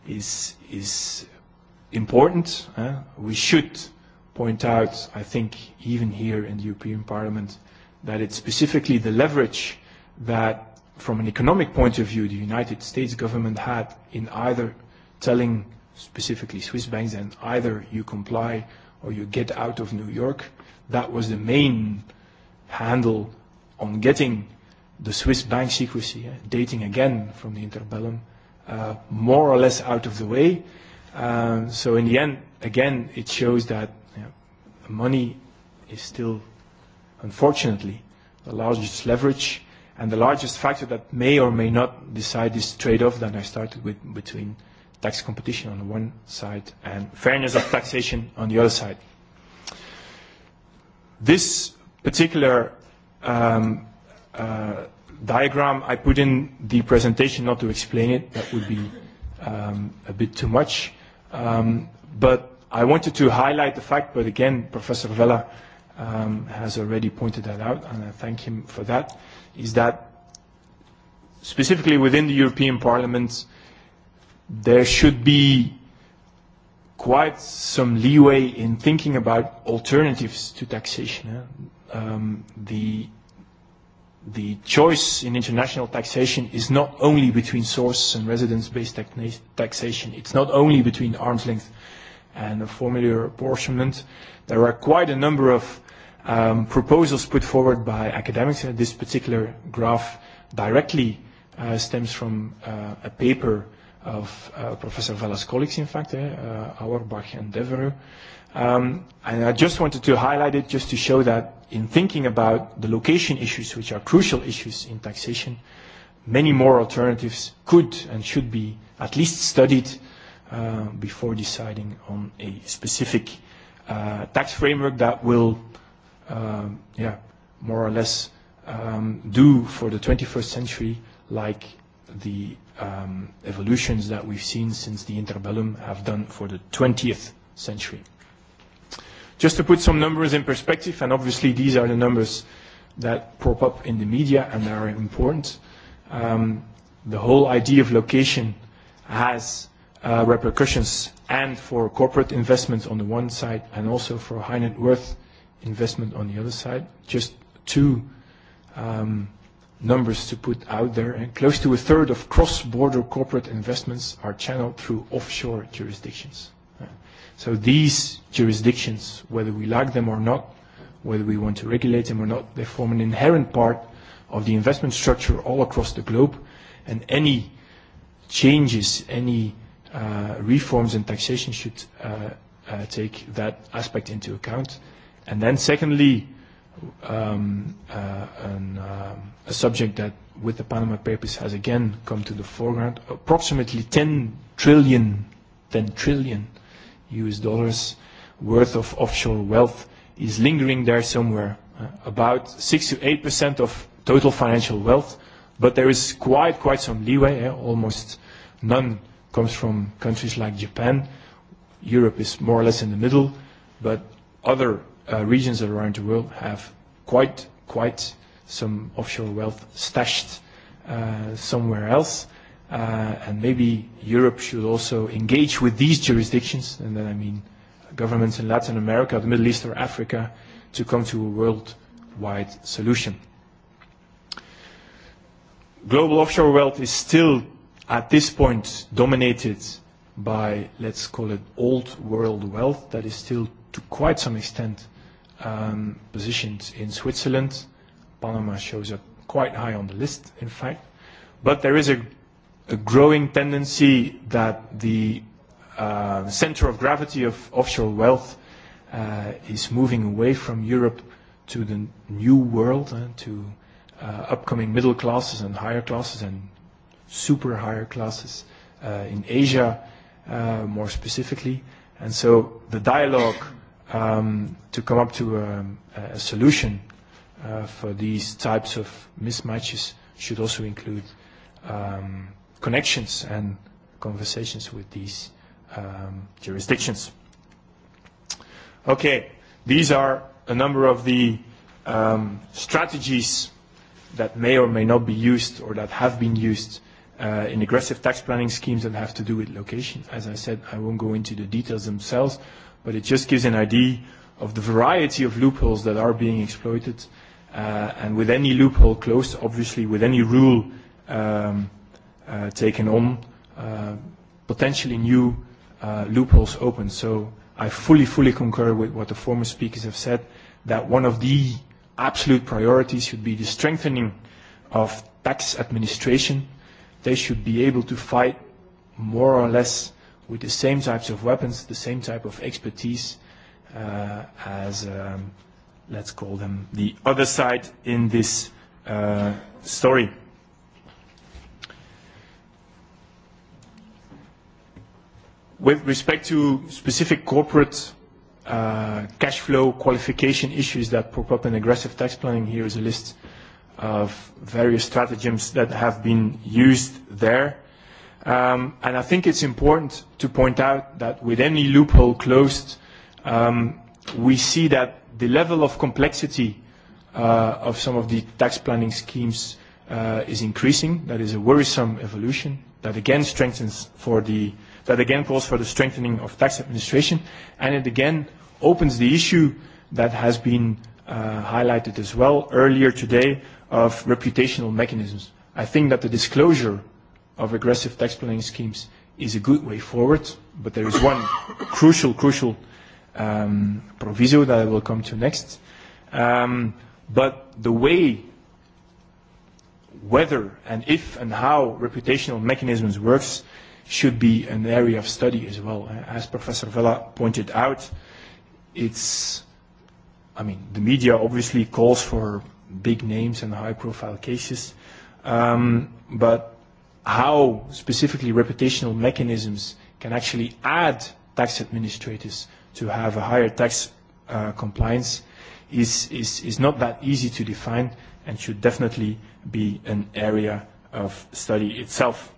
is is important. We should point out, I think, even here in the European Parliament, that it's specifically the leverage that, from an economic point of view, the United States government had in either telling specifically Swiss banks and either you comply or you get out of New York. That was the main handle on getting the Swiss bank secrecy, dating again from the interbellum, more or less out of the way. So in the end, again, it shows that money is still, unfortunately, the largest leverage and the largest factor that may or may not decide this trade-off that I started with between tax competition on the one side and fairness of taxation on the other side. This particular um diagram I put in the presentation not to explain it, that would be um a bit too much, Um but I wanted to highlight the fact, but again, Professor Vella has already pointed that out, and I thank him for that, is that specifically within the European Parliament, there should be quite some leeway in thinking about alternatives to taxation. The the choice in international taxation is not only between source and residence-based taxation. It's not only between arm's length and a formula apportionment. There are quite a number of proposals put forward by academics. This particular graph directly stems from a paper of Professor Velas colleagues, in fact, Auerbach and Devereux. And I just wanted to highlight it just to show that in thinking about the location issues, which are crucial issues in taxation, many more alternatives could and should be at least studied before deciding on a specific tax framework that will yeah, more or less do for the 21st century like the evolutions that we've seen since the interbellum have done for the 20th century. Just to put some numbers in perspective, and obviously these are the numbers that prop up in the media and are important, the whole idea of location has repercussions and for corporate investments on the one side and also for high net worth investment on the other side. Just two numbers to put out there. And close to a third of cross-border corporate investments are channeled through offshore jurisdictions. So these jurisdictions, whether we like them or not, whether we want to regulate them or not, they form an inherent part of the investment structure all across the globe. And any changes, any reforms in taxation should take that aspect into account. And then secondly, a subject that with the Panama Papers has again come to the foreground, approximately 10 trillion, 10 trillion US dollars worth of offshore wealth is lingering there somewhere, about 6 to 8% of total financial wealth, but there is quite, quite some leeway, almost none comes from countries like Japan. Europe is more or less in the middle, but other regions around the world have quite quite some offshore wealth stashed somewhere else. And maybe Europe should also engage with these jurisdictions, and then I mean governments in Latin America, the Middle East or Africa, to come to a worldwide solution. Global offshore wealth is still at this point dominated by, let's call it, old world wealth that is still to quite some extent positioned in Switzerland. Panama shows up quite high on the list, in fact. But there is a growing tendency that the center of gravity of offshore wealth is moving away from Europe to the new world, to upcoming middle classes and higher classes and super higher classes in Asia, more specifically. And so the dialogue to come up to a solution for these types of mismatches should also include connections and conversations with these jurisdictions. Okay, these are a number of the strategies that may or may not be used or that have been used in aggressive tax planning schemes that have to do with location. As I said, I won't go into the details themselves, but it just gives an idea of the variety of loopholes that are being exploited. And with any loophole closed, obviously, with any rule taken on, potentially new loopholes open. So I fully, fully concur with what the former speakers have said, that one of the absolute priorities should be the strengthening of tax administration they should be able to fight more or less with the same types of weapons, the same type of expertise as, let's call them, the other side in this story. With respect to specific corporate cash flow qualification issues that pop up in aggressive tax planning, here is a list of various stratagems that have been used there. And I think it's important to point out that with any loophole closed, we see that the level of complexity of some of the tax planning schemes is increasing. That is a worrisome evolution that again strengthens for the that again calls for the strengthening of tax administration, and it again opens the issue that has been highlighted as well earlier today of reputational mechanisms. I think that the disclosure of aggressive tax planning schemes is a good way forward, but there is one crucial, crucial proviso that I will come to next. But the way whether and if and how reputational mechanisms works should be an area of study as well. As Professor Vella pointed out, it's, I mean, the media obviously calls for big names and high-profile cases. But how specifically reputational mechanisms can actually add tax administrators to have a higher tax compliance is is not that easy to define and should definitely be an area of study itself.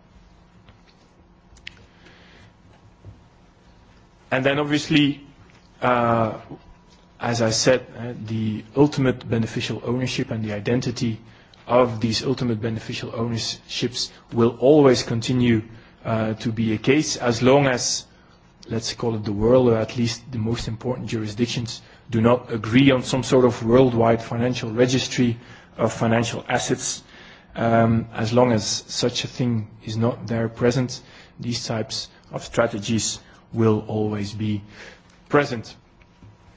And then obviously as I said, the ultimate beneficial ownership and the identity of these ultimate beneficial ownerships will always continue to be a case as long as, let's call it the world, or at least the most important jurisdictions, do not agree on some sort of worldwide financial registry of financial assets. As long as such a thing is not there present, these types of strategies will always be present.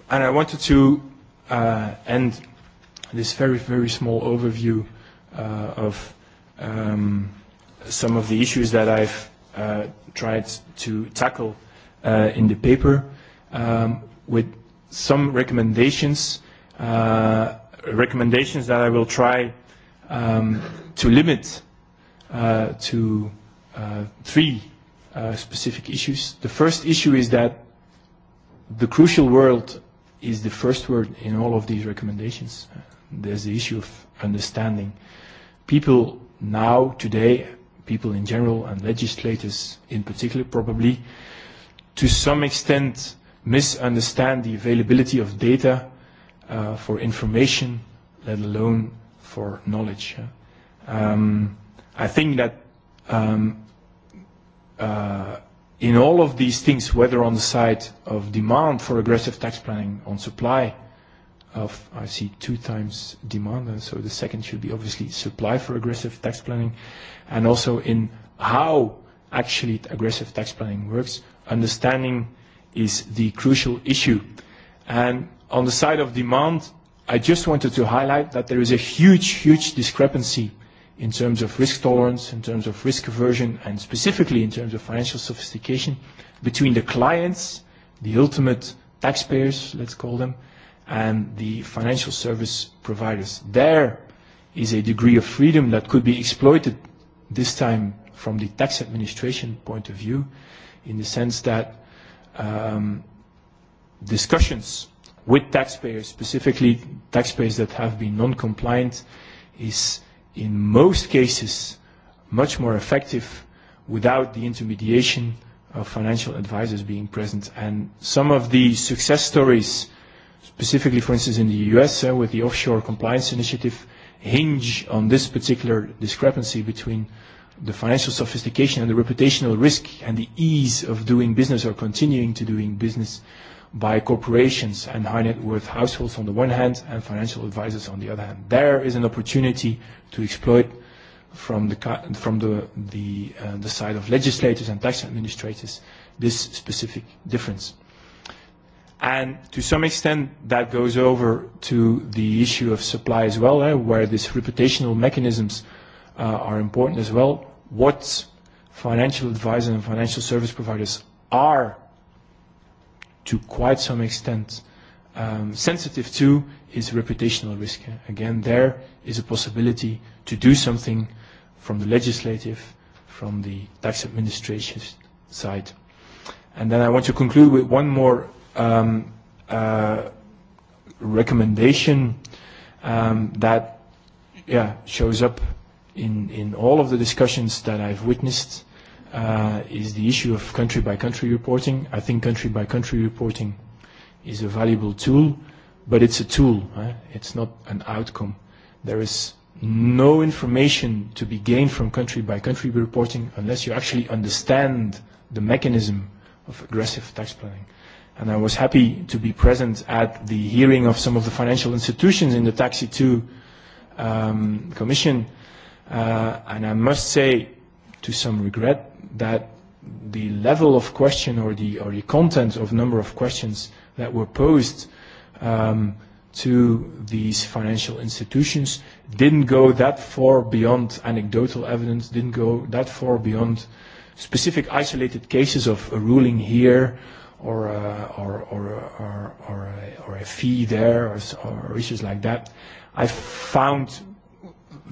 And I wanted to end this very, very small overview of some of the issues that I've tried to tackle in the paper with some recommendations, recommendations that I will try to limit to three specific issues. The first issue is that the crucial world is the first word in all of these recommendations. There's the issue of understanding. People now, today, people in general, and legislators in particular probably, to some extent misunderstand the availability of data for information, let alone for knowledge. I think that in all of these things, whether on the side of demand for aggressive tax planning, on supply of, I see two times demand, and so the second should be obviously supply for aggressive tax planning, and also in how actually aggressive tax planning works, understanding is the crucial issue. And on the side of demand, I just wanted to highlight that there is a huge, huge discrepancy in terms of risk tolerance, in terms of risk aversion, and specifically in terms of financial sophistication between the clients, the ultimate taxpayers, let's call them, and the financial service providers. There is a degree of freedom that could be exploited this time from the tax administration point of view in the sense that discussions with taxpayers, specifically taxpayers that have been non-compliant, is in most cases much more effective without the intermediation of financial advisors being present. And some of the success stories, specifically, for instance, in the US with the Offshore Compliance Initiative, hinge on this particular discrepancy between the financial sophistication and the reputational risk and the ease of doing business or continuing to doing business by corporations and high net worth households on the one hand and financial advisors on the other hand. There is an opportunity to exploit from the from the the the side of legislators and tax administrators this specific difference. And to some extent that goes over to the issue of supply as well, where these reputational mechanisms are important as well. What financial advisors and financial service providers are to quite some extent sensitive to is reputational risk. Again, there is a possibility to do something from the legislative, from the tax administration side. And then I want to conclude with one more recommendation that shows up in all of the discussions that I've witnessed is the issue of country-by-country reporting. I think country-by-country reporting is a valuable tool, but it's a tool. It's not an outcome. There is no information to be gained from country-by-country reporting unless you actually understand the mechanism of aggressive tax planning. And I was happy to be present at the hearing of some of the financial institutions in the Taxi 2 Commission. And I must say to some regret that the level of question or the or the content of number of questions that were posed to these financial institutions didn't go that far beyond anecdotal evidence, didn't go that far beyond specific isolated cases of a ruling here or or or or or a fee there or issues like that. I found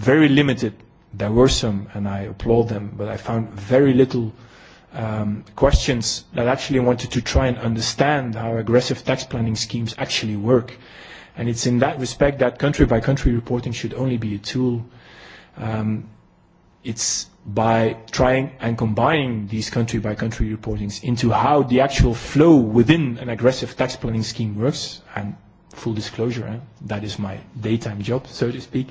very limited There were some, and I applaud them, but I found very little questions that actually wanted to try and understand how aggressive tax planning schemes actually work. And it's in that respect that country-by-country reporting should only be a tool. It's by trying and combining these country-by-country reportings into how the actual flow within an aggressive tax planning scheme works, and full disclosure, that is my daytime job, so to speak,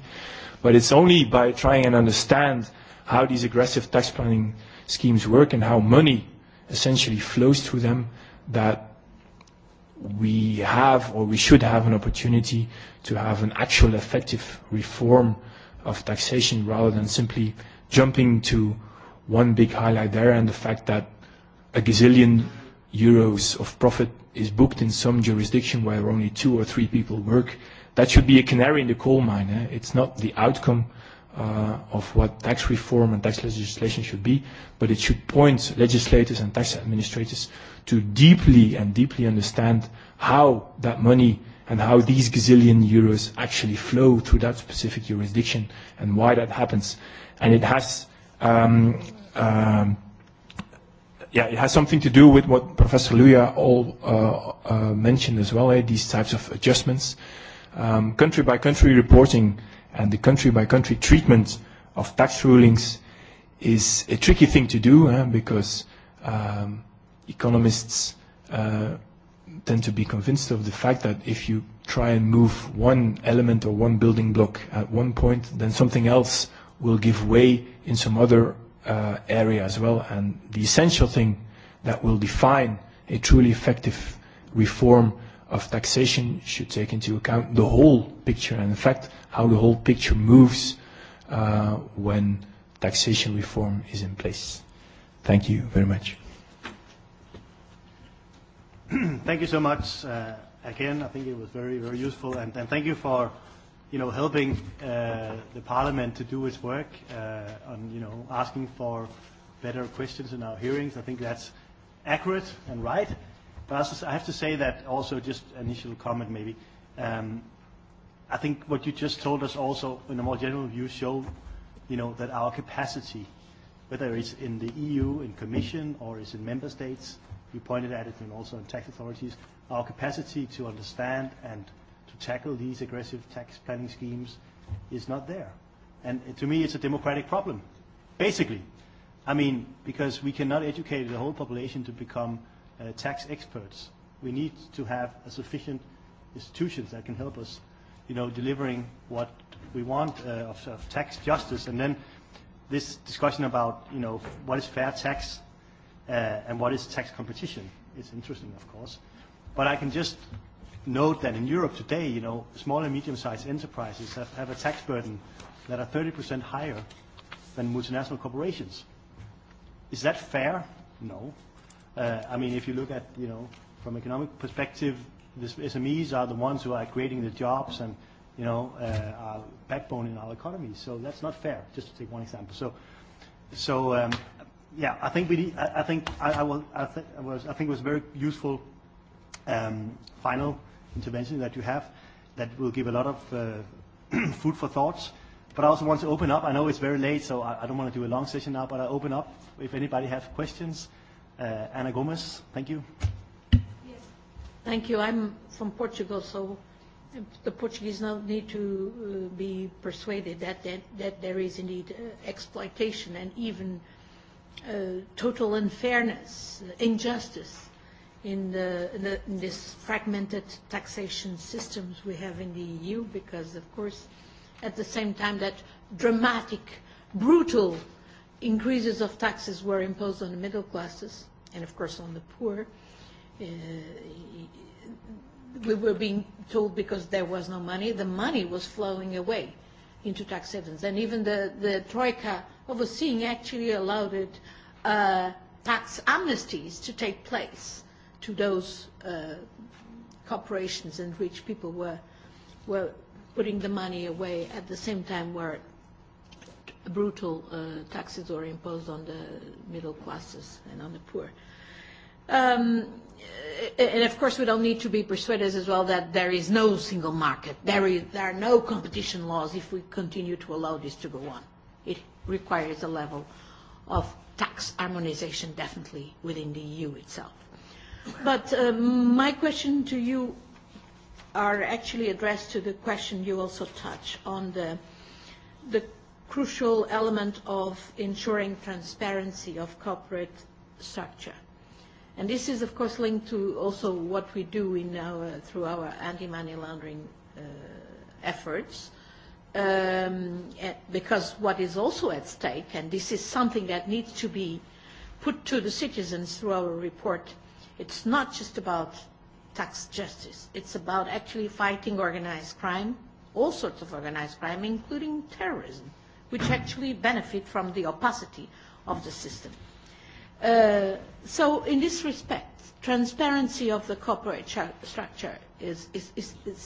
But it's only by trying and understand how these aggressive tax planning schemes work and how money essentially flows through them that we have or we should have an opportunity to have an actual effective reform of taxation rather than simply jumping to one big highlight there and the fact that a gazillion euros of profit is booked in some jurisdiction where only two or three people work that should be a canary in the coal mine. It's not the outcome of what tax reform and tax legislation should be, but it should point legislators and tax administrators to deeply and deeply understand how that money and how these gazillion euros actually flow through that specific jurisdiction and why that happens. And it has yeah, it has something to do with what Professor Luya all mentioned as well, these types of adjustments country by country reporting and the country by country treatment of tax rulings is a tricky thing to do because economists tend to be convinced of the fact that if you try and move one element or one building block at one point, then something else will give way in some other area as well. And the essential thing that will define a truly effective reform of taxation should take into account the whole picture and in fact how the whole picture moves when taxation reform is in place. Thank you very much. Thank you so much again. I think it was very, very useful and, and thank you for, you know, helping uh, the Parliament to do its work uh, on, you know, asking for better questions in our hearings. I think that's accurate and right But I have to say that also just initial comment maybe. I think what you just told us also in a more general view show, you know, that our capacity, whether it's in the EU, in Commission, or it's in Member States, you pointed at it and also in tax authorities, our capacity to understand and to tackle these aggressive tax planning schemes is not there. And to me, it's a democratic problem, basically. I mean, because we cannot educate the whole population to become tax experts. We need to have a sufficient institutions that can help us, you know, delivering what we want of tax justice. And then this discussion about, you know, what is fair tax and what is tax competition is interesting, of course. But I can just note that in Europe today, you know, small and medium-sized enterprises have, have a tax burden that are 30% higher than multinational corporations. Is that fair? No. I mean, if you look at, you know, from economic perspective, the SMEs are the ones who are creating the jobs and, you know, are backbone in our economy. So that's not fair, just to take one example. So, so um yeah, I think we, I think I will, I I was, I think it was very useful um final intervention that you have that will give a lot of food for thoughts. But I also want to open up. I know it's very late, so I don't want to do a long session now, but I open up if anybody has questions Ana Gomes, thank you. Thank you. I'm from Portugal, so the Portuguese now need to be persuaded that that there is indeed exploitation and even total unfairness, injustice in the in this fragmented taxation systems we have in the EU, because of course, at the same time that dramatic, brutal increases of taxes were imposed on the middle classes and of course on the poor. We were being told because there was no money, the money was flowing away into tax havens. And even the, the Troika overseeing actually allowed it, uh, tax amnesties to take place to those uh, corporations in rich people were, were putting the money away at the same time where brutal taxes were imposed on the middle classes and on the poor. And of course we don't need to be persuaded as well that there is no single market, there are no competition laws if we continue to allow this to go on. It requires a level of tax harmonization definitely within the EU itself. But my question to you are actually addressed to the question you also touch on the the crucial element of ensuring transparency of corporate structure. And this is, of course, linked to also what we do in our, through our anti-money laundering efforts, because what is also at stake, and this is something that needs to be put to the citizens through our report, it's not just about tax justice. It's about actually fighting organized crime, all sorts of organized crime, including terrorism which actually benefit from the opacity of the system. So in this respect, transparency of the corporate structure is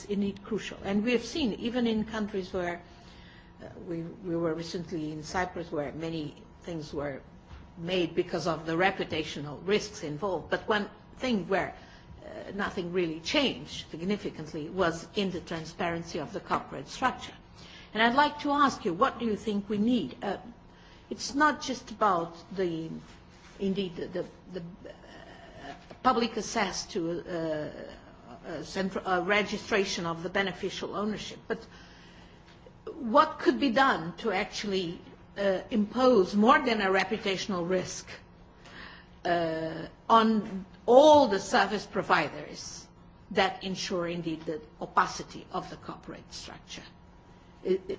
indeed crucial. And we have seen, even in countries where we were recently in Cyprus, where many things were made because of the reputational risks involved, but one thing where nothing really changed significantly was in the transparency of the corporate structure. And I'd like to ask you, what do you think we need? It's not just about the, indeed, the, the public access to central registration of the beneficial ownership, but what could be done to actually impose more than a reputational risk on all the service providers that ensure, indeed, the opacity of the corporate structure?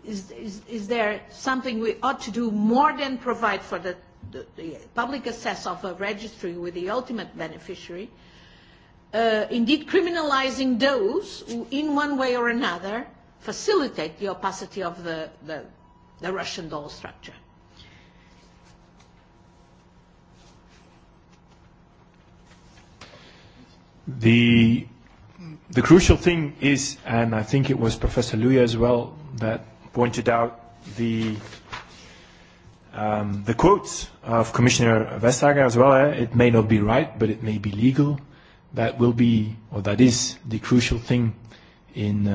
Is there something we ought to do more than provide for the public access of a registry with the ultimate beneficiary? Indeed, criminalizing those who, in one way or another, facilitate the opacity of the Russian doll structure. The the crucial thing is, and I think it was Professor Luya as well that pointed out the the quotes of Commissioner Vestager as well. It may not be right, but it may be legal. That will be, or that is, the crucial thing in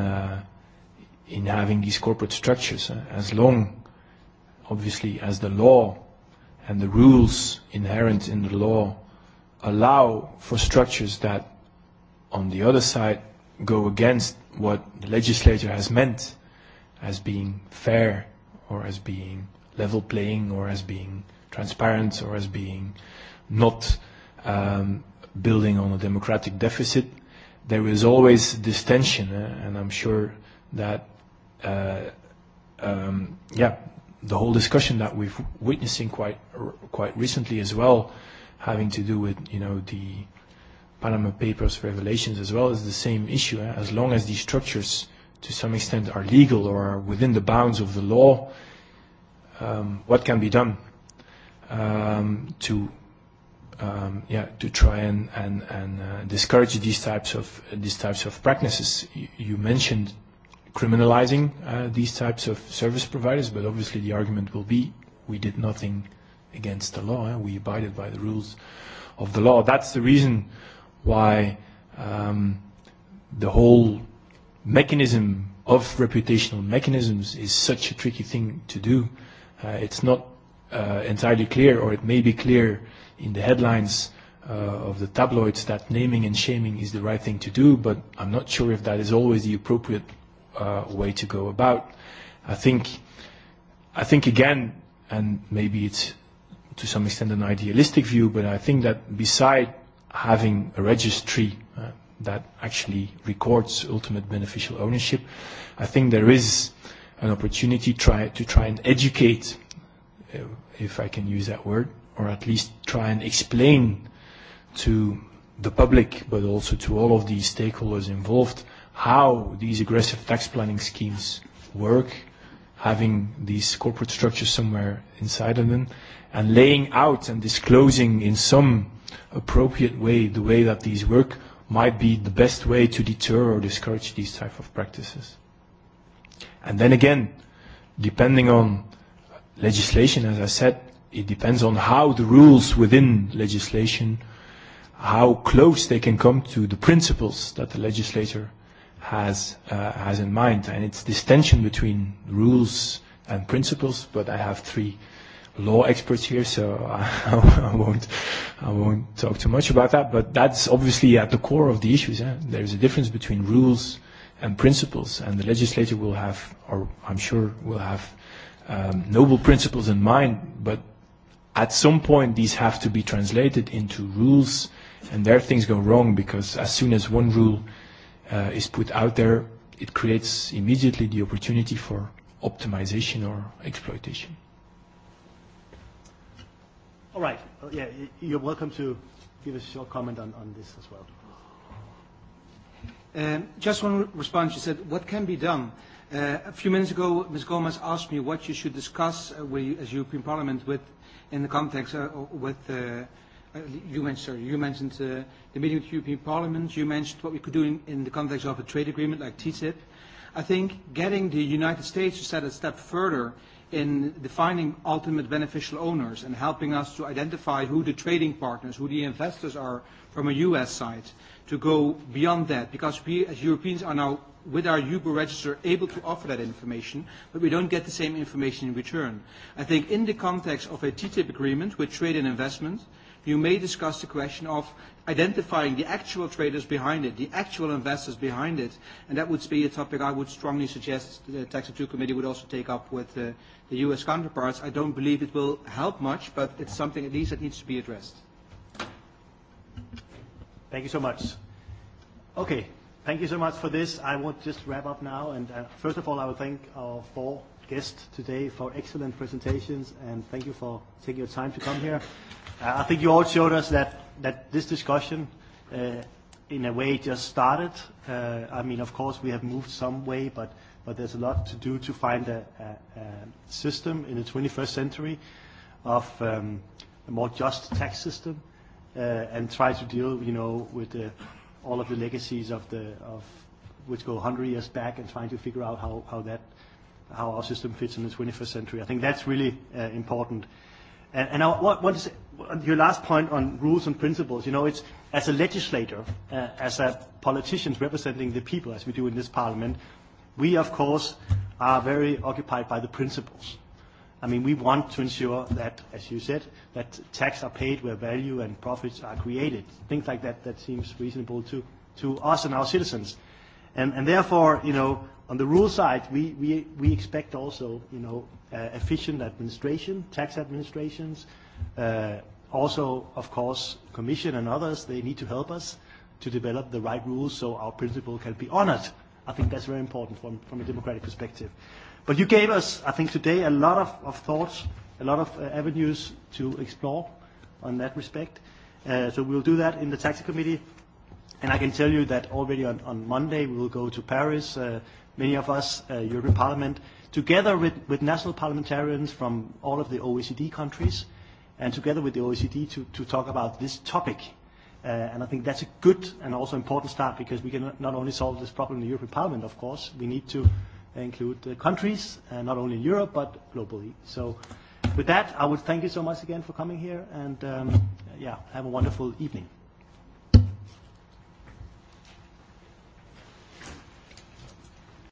in having these corporate structures. As long, obviously, as the law and the rules inherent in the law allow for structures that, on the other side, go against what the legislature has meant as being fair or as being level playing or as being transparent or as being not um, building on a democratic deficit, there is always this tension, and I'm sure that uh, um, yeah, the whole discussion that we've witnessing quite quite recently as well, having to do with you know the Panama Papers revelations as well is the same issue. As long as these structures to some extent are legal or are within the bounds of the law, what can be done to yeah to try and and and discourage these types of these types of practices? You mentioned criminalizing these types of service providers, but obviously the argument will be we did nothing against the law, we abided by the rules of the law. That's the reason why the whole mechanism of reputational mechanisms is such a tricky thing to do. It's not entirely clear, or it may be clear in the headlines of the tabloids that naming and shaming is the right thing to do, but I'm not sure if that is always the appropriate way to go about. I think, I think again, and maybe it's to some extent an idealistic view, but I think that beside having a registry that actually records ultimate beneficial ownership. I think there is an opportunity to try and educate, if I can use that word, or at least try and explain to the public, but also to all of these stakeholders involved, how these aggressive tax planning schemes work, having these corporate structures somewhere inside of them, and laying out and disclosing in some appropriate way the way that these work might be the best way to deter or discourage these type of practices. And then again, depending on legislation, as I said, it depends on how the rules within legislation, how close they can come to the principles that the legislator has has in mind. And it's this tension between rules and principles, but I have three law experts here, so I won't I won't talk too much about that. But that's obviously at the core of the issues. There is a difference between rules and principles, and the legislator will have, or I'm sure will have, noble principles in mind. But at some point, these have to be translated into rules, and there things go wrong because as soon as one rule is put out there, it creates immediately the opportunity for optimization or exploitation. All right. Yeah, you're welcome to give us your comment on, on this as well. Um, just one response. You said, what can be done? Uh, a few minutes ago, Ms. Gomez asked me what you should discuss uh, as European Parliament with, in the context uh, with, uh, you mentioned, sorry, you mentioned uh, the meeting with the European Parliament. You mentioned what we could do in, in the context of a trade agreement like TTIP. I think getting the United States to set a step further in defining ultimate beneficial owners and helping us to identify who the trading partners, who the investors are from a U.S. side, to go beyond that, because we as Europeans are now, with our UBO register, able to offer that information, but we don't get the same information in return. I think in the context of a TTIP agreement with trade and investment, you may discuss the question of identifying the actual traders behind it, the actual investors behind it, and that would be a topic I would strongly suggest the Tax 2 Committee would also take up with the the US counterparts, I don't believe it will help much, but it's something at least that needs to be addressed. Thank you so much. Okay, thank you so much for this. I will just wrap up now. And first of all, I will thank our four guests today for excellent presentations, and thank you for taking your time to come here. I think you all showed us that, that this discussion in a way just started. I mean, of course, we have moved some way, but but there's a lot to do to find a system in the 21st century of a more just tax system and try to deal, you know, with all of the legacies of the of which go 100 years back and trying to figure out how how that how our system fits in the 21st century. I think that's really important. And I what? your last point on rules and principles, you know, it's as a legislator, as a politician representing the people, as we do in this parliament, We, of course, are very occupied by the principles. I mean, we want to ensure that, as you said, that tax are paid where value and profits are created. Things like that, that seems reasonable to, to us and our citizens. And, and therefore, you know, on the rule side, we, we, we expect also, you know, efficient administration, tax administrations. also, of course, Commission and others, they need to help us to develop the right rules so our principle can be honored I think that's very important from, from a democratic perspective. But you gave us, I think, today a lot of, of thoughts, a lot of avenues to explore on that respect. so we'll do that in the taxi committee. And I can tell you that already on, on Monday we will go to Paris, many of us, European Parliament, together with, with national parliamentarians from all of the OECD countries, and together with the OECD to, to talk about this topic And I think that's a good and also important start because we can not only solve this problem in the European Parliament, of course, we need to include countries, not only in Europe, but globally. So with that, I would thank you so much again for coming here and, yeah, have a wonderful evening.